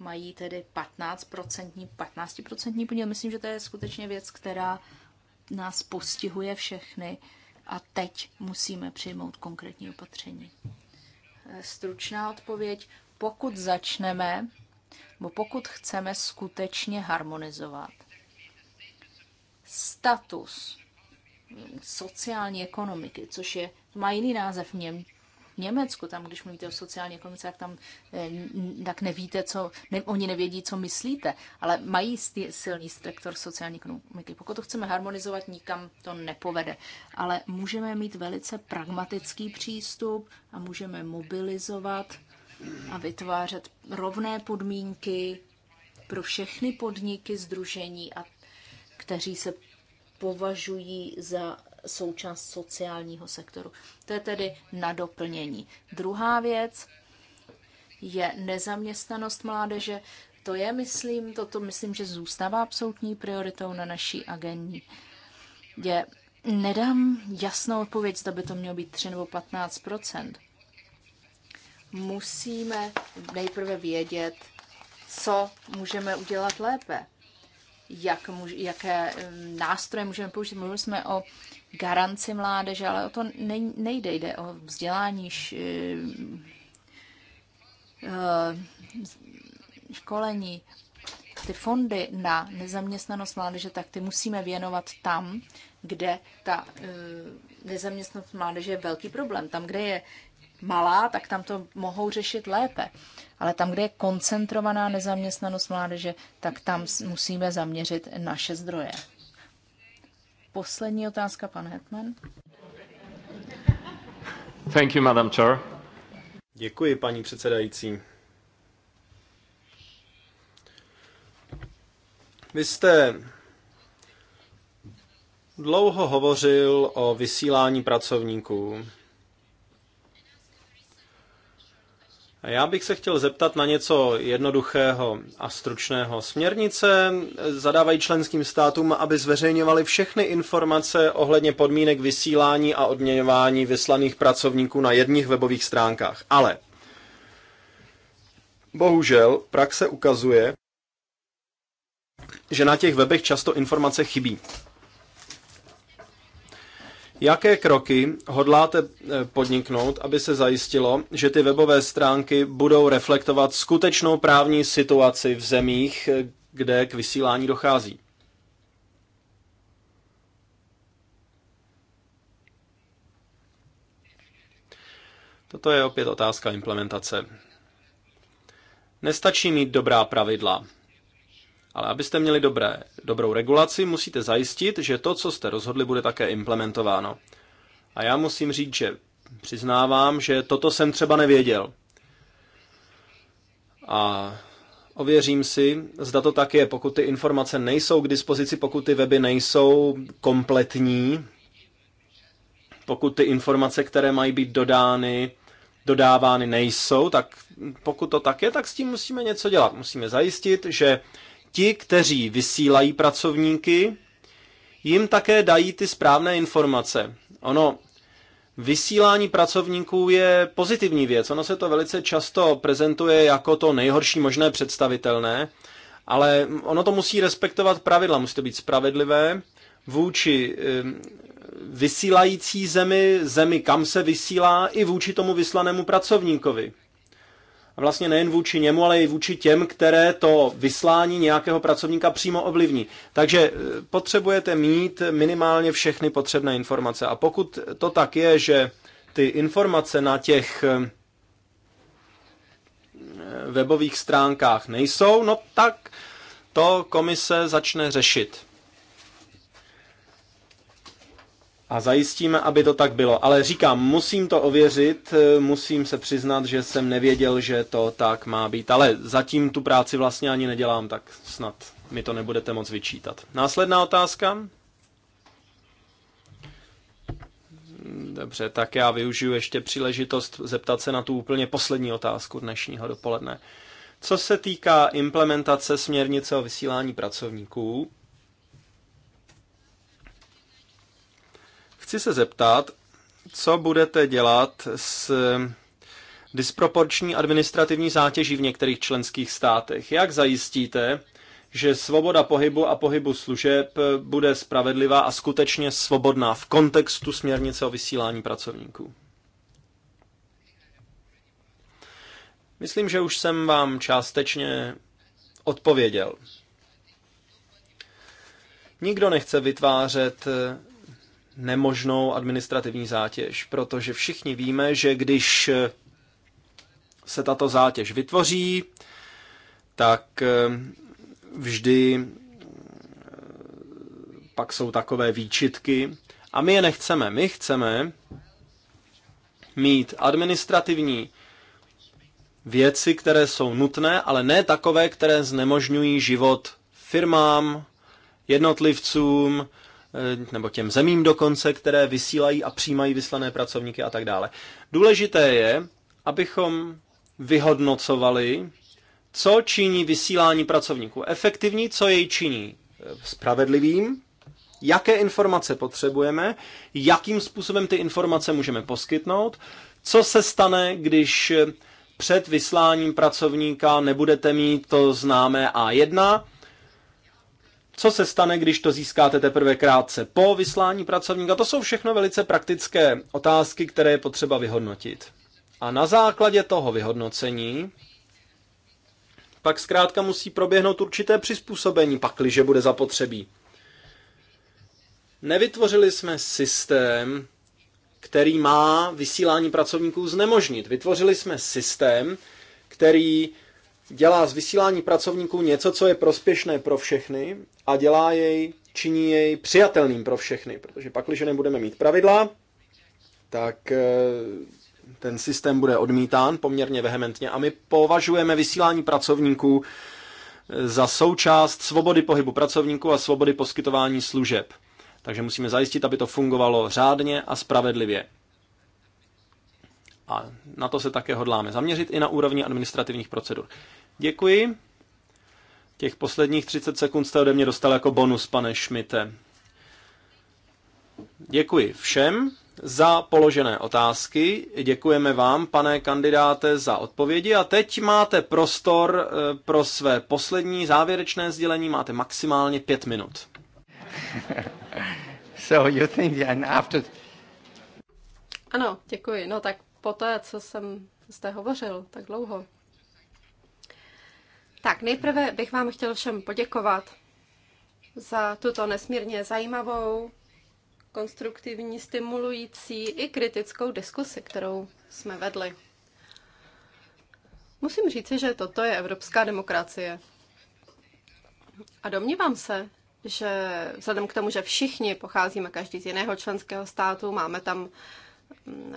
mají tedy 15%, 15% podíl. Myslím, že to je skutečně věc, která nás postihuje všechny a teď musíme přijmout konkrétní opatření. Eh, stručná odpověď. Pokud začneme, bo pokud chceme skutečně harmonizovat status sociální ekonomiky, což je, má jiný název v Německu, tam když mluvíte o sociální ekonomice, tak tam eh, tak nevíte, co, ne, oni nevědí, co myslíte, ale mají stý, silný sektor sociální ekonomiky. Pokud to chceme harmonizovat, nikam to nepovede. Ale můžeme mít velice pragmatický přístup a můžeme mobilizovat a vytvářet rovné podmínky pro všechny podniky, združení, a kteří se považují za součást sociálního sektoru. To je tedy na doplnění. Druhá věc je nezaměstnanost mládeže. To je, myslím, toto myslím, že zůstává absolutní prioritou na naší agendě. Je, nedám jasnou odpověď, zda by to mělo být 3 nebo 15 Musíme nejprve vědět, co můžeme udělat lépe, jak, jaké eh, nástroje můžeme použít. Mluvili jsme o garanci mládeže, ale o to nejde. Jde o vzdělání, eh, eh, školení, ty fondy na nezaměstnanost mládeže, tak ty musíme věnovat tam, kde ta eh, nezaměstnanost mládeže je velký problém. Tam, kde je malá, tak tam to mohou řešit lépe. Ale tam, kde je koncentrovaná nezaměstnanost mládeže, tak tam musíme zaměřit naše zdroje poslední otázka, pan Hetman. Thank you, Madam Chair. Děkuji, paní předsedající. Vy jste dlouho hovořil o vysílání pracovníků Já bych se chtěl zeptat na něco jednoduchého a stručného. Směrnice zadávají členským státům, aby zveřejňovali všechny informace ohledně podmínek vysílání a odměňování vyslaných pracovníků na jedních webových stránkách. Ale bohužel praxe ukazuje, že na těch webech často informace chybí. Jaké kroky hodláte eh, podniknout, aby se zajistilo, že ty webové stránky budou reflektovat skutečnou právní situaci v zemích, eh, kde k vysílání dochází? Toto je opět otázka implementace. Nestačí mít dobrá pravidla. Ale abyste měli dobré, dobrou regulaci, musíte zajistit, že to, co jste rozhodli, bude také implementováno. A já musím říct, že přiznávám, že toto jsem třeba nevěděl. A ověřím si, zda to tak je, pokud ty informace nejsou k dispozici, pokud ty weby nejsou kompletní, pokud ty informace, které mají být dodány, dodávány nejsou, tak pokud to tak je, tak s tím musíme něco dělat. Musíme zajistit, že Ti, kteří vysílají pracovníky, jim také dají ty správné informace. Ono, vysílání pracovníků je pozitivní věc. Ono se to velice často prezentuje jako to nejhorší možné představitelné, ale ono to musí respektovat pravidla, musí to být spravedlivé vůči eh, vysílající zemi, zemi, kam se vysílá, i vůči tomu vyslanému pracovníkovi. A vlastně nejen vůči němu, ale i vůči těm, které to vyslání nějakého pracovníka přímo ovlivní. Takže e, potřebujete mít minimálně všechny potřebné informace. A pokud to tak je, že ty informace na těch e, e, webových stránkách nejsou, no tak to komise začne řešit. a zajistíme, aby to tak bylo. Ale říkám, musím to ověřit, eh, musím se přiznat, že jsem nevěděl, že to tak má být. Ale zatím tu práci vlastně ani nedělám, tak snad mi to nebudete moc vyčítat. Následná otázka? Dobře, tak já využiju ještě příležitost zeptat se na tu úplně poslední otázku dnešního dopoledne. Co se týká implementace směrnice o vysílání pracovníků, Chci se zeptat, co budete dělat s disproporční administrativní zátěží v některých členských státech. Jak zajistíte, že svoboda pohybu a pohybu služeb bude spravedlivá a skutečně svobodná v kontextu směrnice o vysílání pracovníků? Myslím, že už jsem vám částečně odpověděl. Nikdo nechce vytvářet nemožnou administrativní zátěž, protože všichni víme, že když se tato zátěž vytvoří, tak eh, vždy eh, pak jsou takové výčitky a my je nechceme. My chceme mít administrativní věci, které jsou nutné, ale ne takové, které znemožňují život firmám, jednotlivcům, Eh, nebo těm zemím dokonce, které vysílají a přijímají vyslané pracovníky a tak dále. Důležité je, abychom vyhodnocovali, co činí vysílání pracovníků efektivní, co jej činí eh, spravedlivým, jaké informace potřebujeme, jakým způsobem ty informace můžeme poskytnout, co se stane, když eh, před vysláním pracovníka nebudete mít to známé A1, co se stane, když to získáte teprve krátce po vyslání pracovníka? To jsou všechno velice praktické otázky, které je potřeba vyhodnotit. A na základě toho vyhodnocení pak zkrátka musí proběhnout určité přizpůsobení, pakliže bude zapotřebí. Nevytvořili jsme systém, který má vysílání pracovníků znemožnit. Vytvořili jsme systém, který dělá z vysílání pracovníků něco, co je prospěšné pro všechny a dělá jej, činí jej přijatelným pro všechny, protože pak, když nebudeme mít pravidla, tak eh, ten systém bude odmítán poměrně vehementně a my považujeme vysílání pracovníků eh, za součást svobody pohybu pracovníků a svobody poskytování služeb. Takže musíme zajistit, aby to fungovalo řádně a spravedlivě a na to se také hodláme zaměřit i na úrovni administrativních procedur. Děkuji. Těch posledních 30 sekund jste ode mě dostal jako bonus, pane Šmite. Děkuji všem za položené otázky. Děkujeme vám, pane kandidáte, za odpovědi. A teď máte prostor eh, pro své poslední závěrečné sdělení. Máte maximálně pět minut. so you think after... Ano, děkuji. No tak poté, co jsem zde hovořil tak dlouho. Tak nejprve bych vám chtěl všem poděkovat za tuto nesmírně zajímavou, konstruktivní, stimulující i kritickou diskusi, kterou jsme vedli. Musím říci, že toto je evropská demokracie. A domnívám se, že vzhledem k tomu, že všichni pocházíme každý z jiného členského státu, máme tam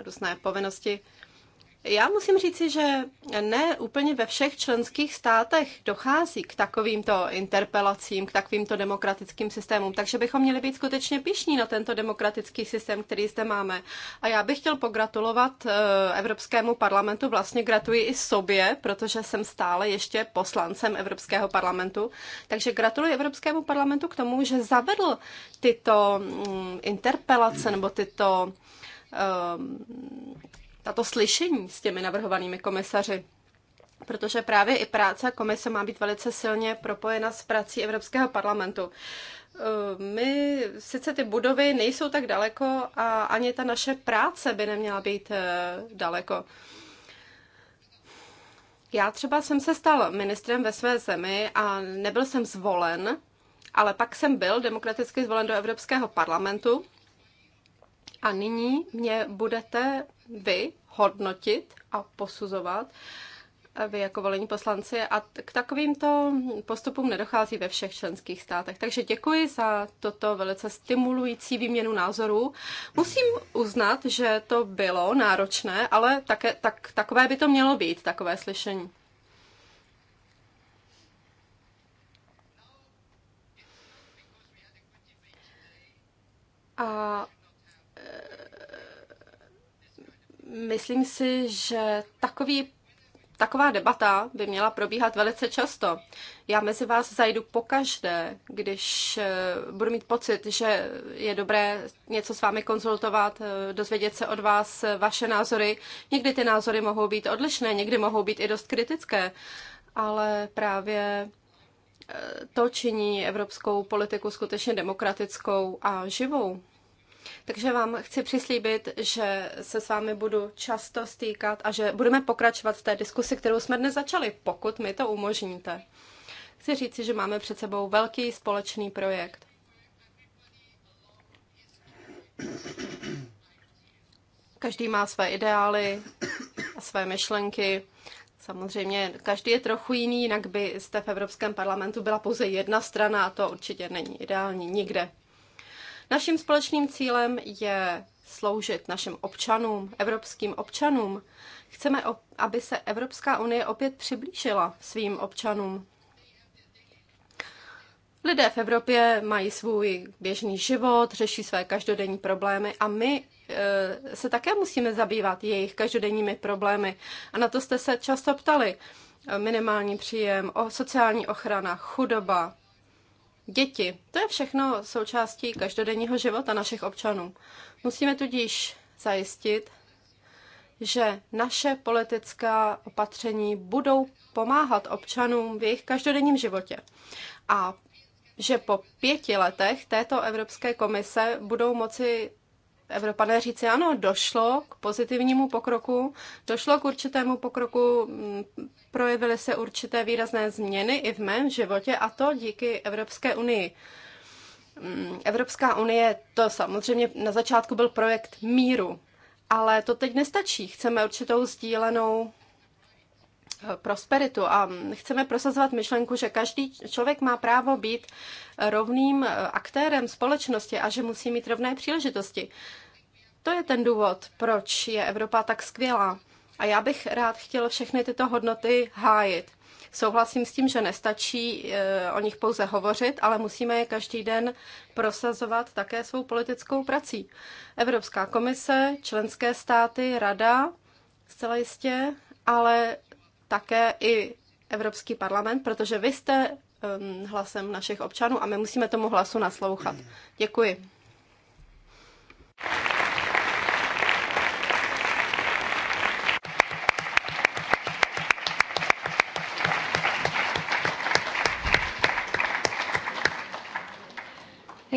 různé povinnosti. Já musím říci, že ne úplně ve všech členských státech dochází k takovýmto interpelacím, k takovýmto demokratickým systémům, takže bychom měli být skutečně pišní na tento demokratický systém, který zde máme. A já bych chtěl pogratulovat eh, Evropskému parlamentu, vlastně gratuluji i sobě, protože jsem stále ještě poslancem Evropského parlamentu, takže gratuluji Evropskému parlamentu k tomu, že zavedl tyto mm, interpelace nebo tyto Um, tato slyšení s těmi navrhovanými komisaři. Protože právě i práce komise má být velice silně propojena s prací Evropského parlamentu. Um, my, sice ty budovy nejsou tak daleko a ani ta naše práce by neměla být eh, daleko. Já třeba jsem se stal ministrem ve své zemi a nebyl jsem zvolen, ale pak jsem byl demokraticky zvolen do Evropského parlamentu a nyní mě budete vy hodnotit a posuzovat, eh, vy jako volení poslanci a k takovýmto postupům nedochází ve všech členských státech. Takže děkuji za toto velice stimulující výměnu názorů. Musím uznat, že to bylo náročné, ale také, tak, takové by to mělo být, takové slyšení. A Myslím si, že takový, taková debata by měla probíhat velice často. Já mezi vás zajdu pokaždé, když eh, budu mít pocit, že je dobré něco s vámi konzultovat, eh, dozvědět se od vás eh, vaše názory. Někdy ty názory mohou být odlišné, někdy mohou být i dost kritické, ale právě to činí evropskou politiku skutečně demokratickou a živou. Takže vám chci přislíbit, že se s vámi budu často stýkat a že budeme pokračovat v té diskusi, kterou jsme dnes začali, pokud mi to umožníte. Chci říci, že máme před sebou velký společný projekt. Každý má své ideály a své myšlenky. Samozřejmě každý je trochu jiný, jinak by jste v Evropském parlamentu byla pouze jedna strana a to určitě není ideální nikde. Naším společným cílem je sloužit našim občanům, evropským občanům. Chceme, aby se Evropská unie opět přiblížila svým občanům. Lidé v Evropě mají svůj běžný život, řeší své každodenní problémy a my eh, se také musíme zabývat jejich každodenními problémy. A na to jste se často ptali. Minimální příjem, o sociální ochrana, chudoba, děti. To je všechno součástí každodenního života našich občanů. Musíme tudíž zajistit, že naše politická opatření budou pomáhat občanům v jejich každodenním životě. A že po pěti letech této Evropské komise budou moci Evropané říci, ano, došlo k pozitivnímu pokroku, došlo k určitému pokroku, mm, projevily se určité výrazné změny i v mém životě a to díky Evropské unii. Mm, Evropská unie, to samozřejmě na začátku byl projekt míru, ale to teď nestačí. Chceme určitou sdílenou eh, prosperitu a mm, chceme prosazovat myšlenku, že každý člověk má právo být rovným eh, aktérem společnosti a že musí mít rovné příležitosti. To je ten důvod, proč je Evropa tak skvělá. A já bych rád chtěl všechny tyto hodnoty hájit. Souhlasím s tím, že nestačí e, o nich pouze hovořit, ale musíme je každý den prosazovat také svou politickou prací. Evropská komise, členské státy, rada, zcela jistě, ale také i Evropský parlament, protože vy jste hlasem našich občanů a my musíme tomu hlasu naslouchat. Děkuji.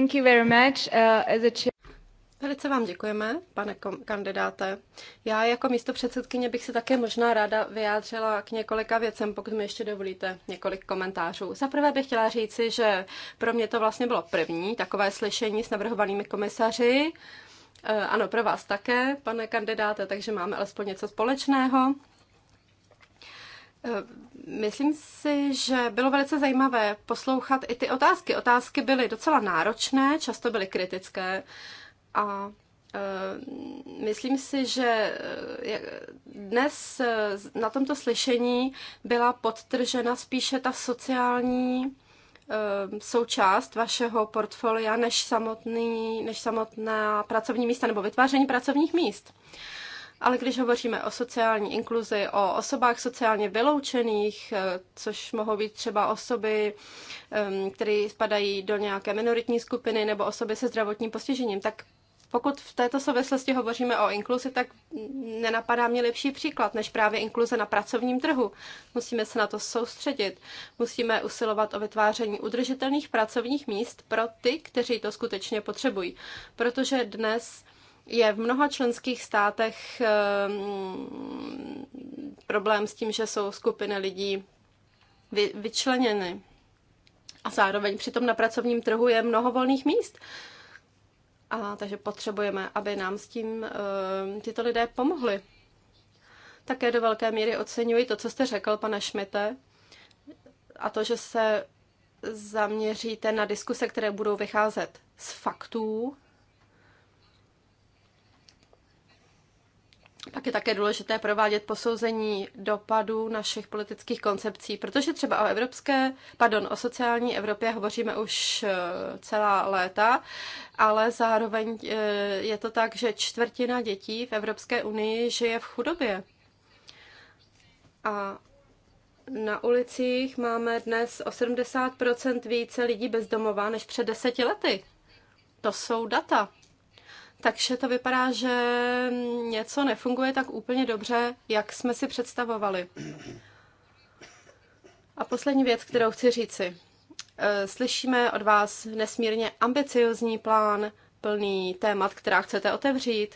Thank you very much. Uh, as a Velice vám děkujeme, pane kandidáte. Já jako místo předsedkyně bych se také možná ráda vyjádřila k několika věcem, pokud mi ještě dovolíte několik komentářů. Za prvé bych chtěla říci, že pro mě to vlastně bylo první takové slyšení s navrhovanými komisaři. Eh, ano, pro vás také, pane kandidáte, takže máme alespoň něco společného. Eh, myslím si, že bylo velice zajímavé poslouchat i ty otázky. Otázky byly docela náročné, často byly kritické a eh, Myslím si, že eh, dnes na tomto slyšení byla podtržena spíše ta sociální součást vašeho portfolia než, samotný, než samotná pracovní místa nebo vytváření pracovních míst. Ale když hovoříme o sociální inkluzi, o osobách sociálně vyloučených, eh, což mohou být třeba osoby, ehm, které spadají do nějaké minoritní skupiny nebo osoby se zdravotním postižením, tak pokud v této souvislosti hovoříme o inkluzi, tak nenapadá mě lepší příklad než právě inkluze na pracovním trhu. Musíme se na to soustředit. Musíme usilovat o vytváření udržitelných pracovních míst pro ty, kteří to skutečně potřebují. Protože dnes je v mnoha členských státech ehm, problém s tím, že jsou skupiny lidí vyčleněny. A zároveň přitom na pracovním trhu je mnoho volných míst. A takže potřebujeme, aby nám s tím ehm, tyto lidé pomohli. Také do velké míry oceňuji to, co jste řekl, pane Šmite, a to, že se zaměříte na diskuse, které budou vycházet z faktů Pak je také důležité provádět posouzení dopadů našich politických koncepcí, protože třeba o evropské, pardon, o sociální Evropě hovoříme už eh, celá léta, ale zároveň eh, je to tak, že čtvrtina dětí v Evropské unii žije v chudobě. A na ulicích máme dnes o 70% více lidí bez domova než před deseti lety. To jsou data. Takže to vypadá, že něco nefunguje tak úplně dobře, jak jsme si představovali. A poslední věc, kterou chci říci. E, slyšíme od vás nesmírně ambiciozní plán, plný témat, která chcete otevřít,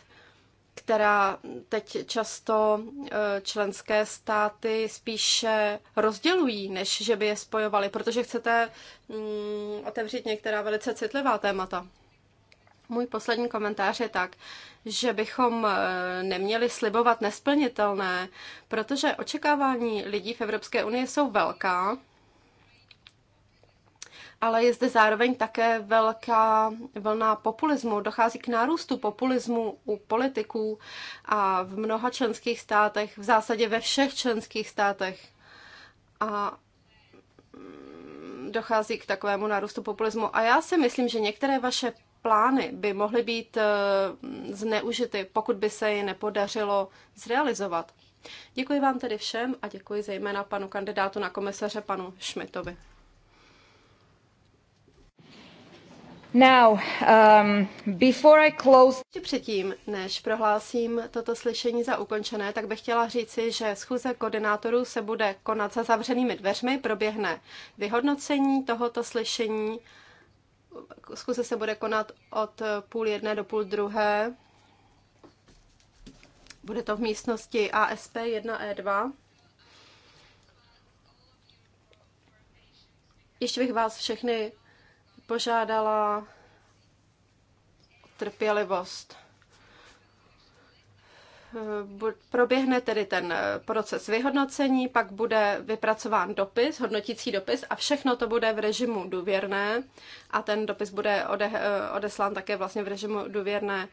která teď často e, členské státy spíše rozdělují, než že by je spojovaly, protože chcete mm, otevřít některá velice citlivá témata. Můj poslední komentář je tak, že bychom eh, neměli slibovat nesplnitelné, protože očekávání lidí v Evropské unii jsou velká, ale je zde zároveň také velká vlna populismu. Dochází k nárůstu populismu u politiků a v mnoha členských státech, v zásadě ve všech členských státech. A mm, dochází k takovému nárůstu populismu. A já si myslím, že některé vaše plány by mohly být eh, zneužity, pokud by se ji nepodařilo zrealizovat. Děkuji vám tedy všem a děkuji zejména panu kandidátu na komisaře, panu Šmitovi. Now, um, before I close... Předtím, než prohlásím toto slyšení za ukončené, tak bych chtěla říci, že schůze koordinátorů se bude konat za zavřenými dveřmi, proběhne vyhodnocení tohoto slyšení zkuse se bude konat od půl jedné do půl druhé. Bude to v místnosti ASP 1E2. E Ještě bych vás všechny požádala o trpělivost. Eh, proběhne tedy ten eh, proces vyhodnocení, pak bude vypracován dopis, hodnotící dopis a všechno to bude v režimu důvěrné a ten dopis bude ode, eh, odeslán také vlastně v režimu důvěrné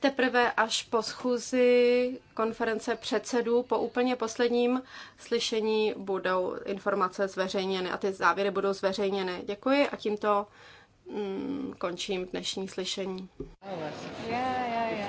teprve až po schůzi konference předsedů, po úplně posledním slyšení budou informace zveřejněny a ty závěry budou zveřejněny. Děkuji a tímto mm, končím dnešní slyšení. Yeah, yeah, yeah.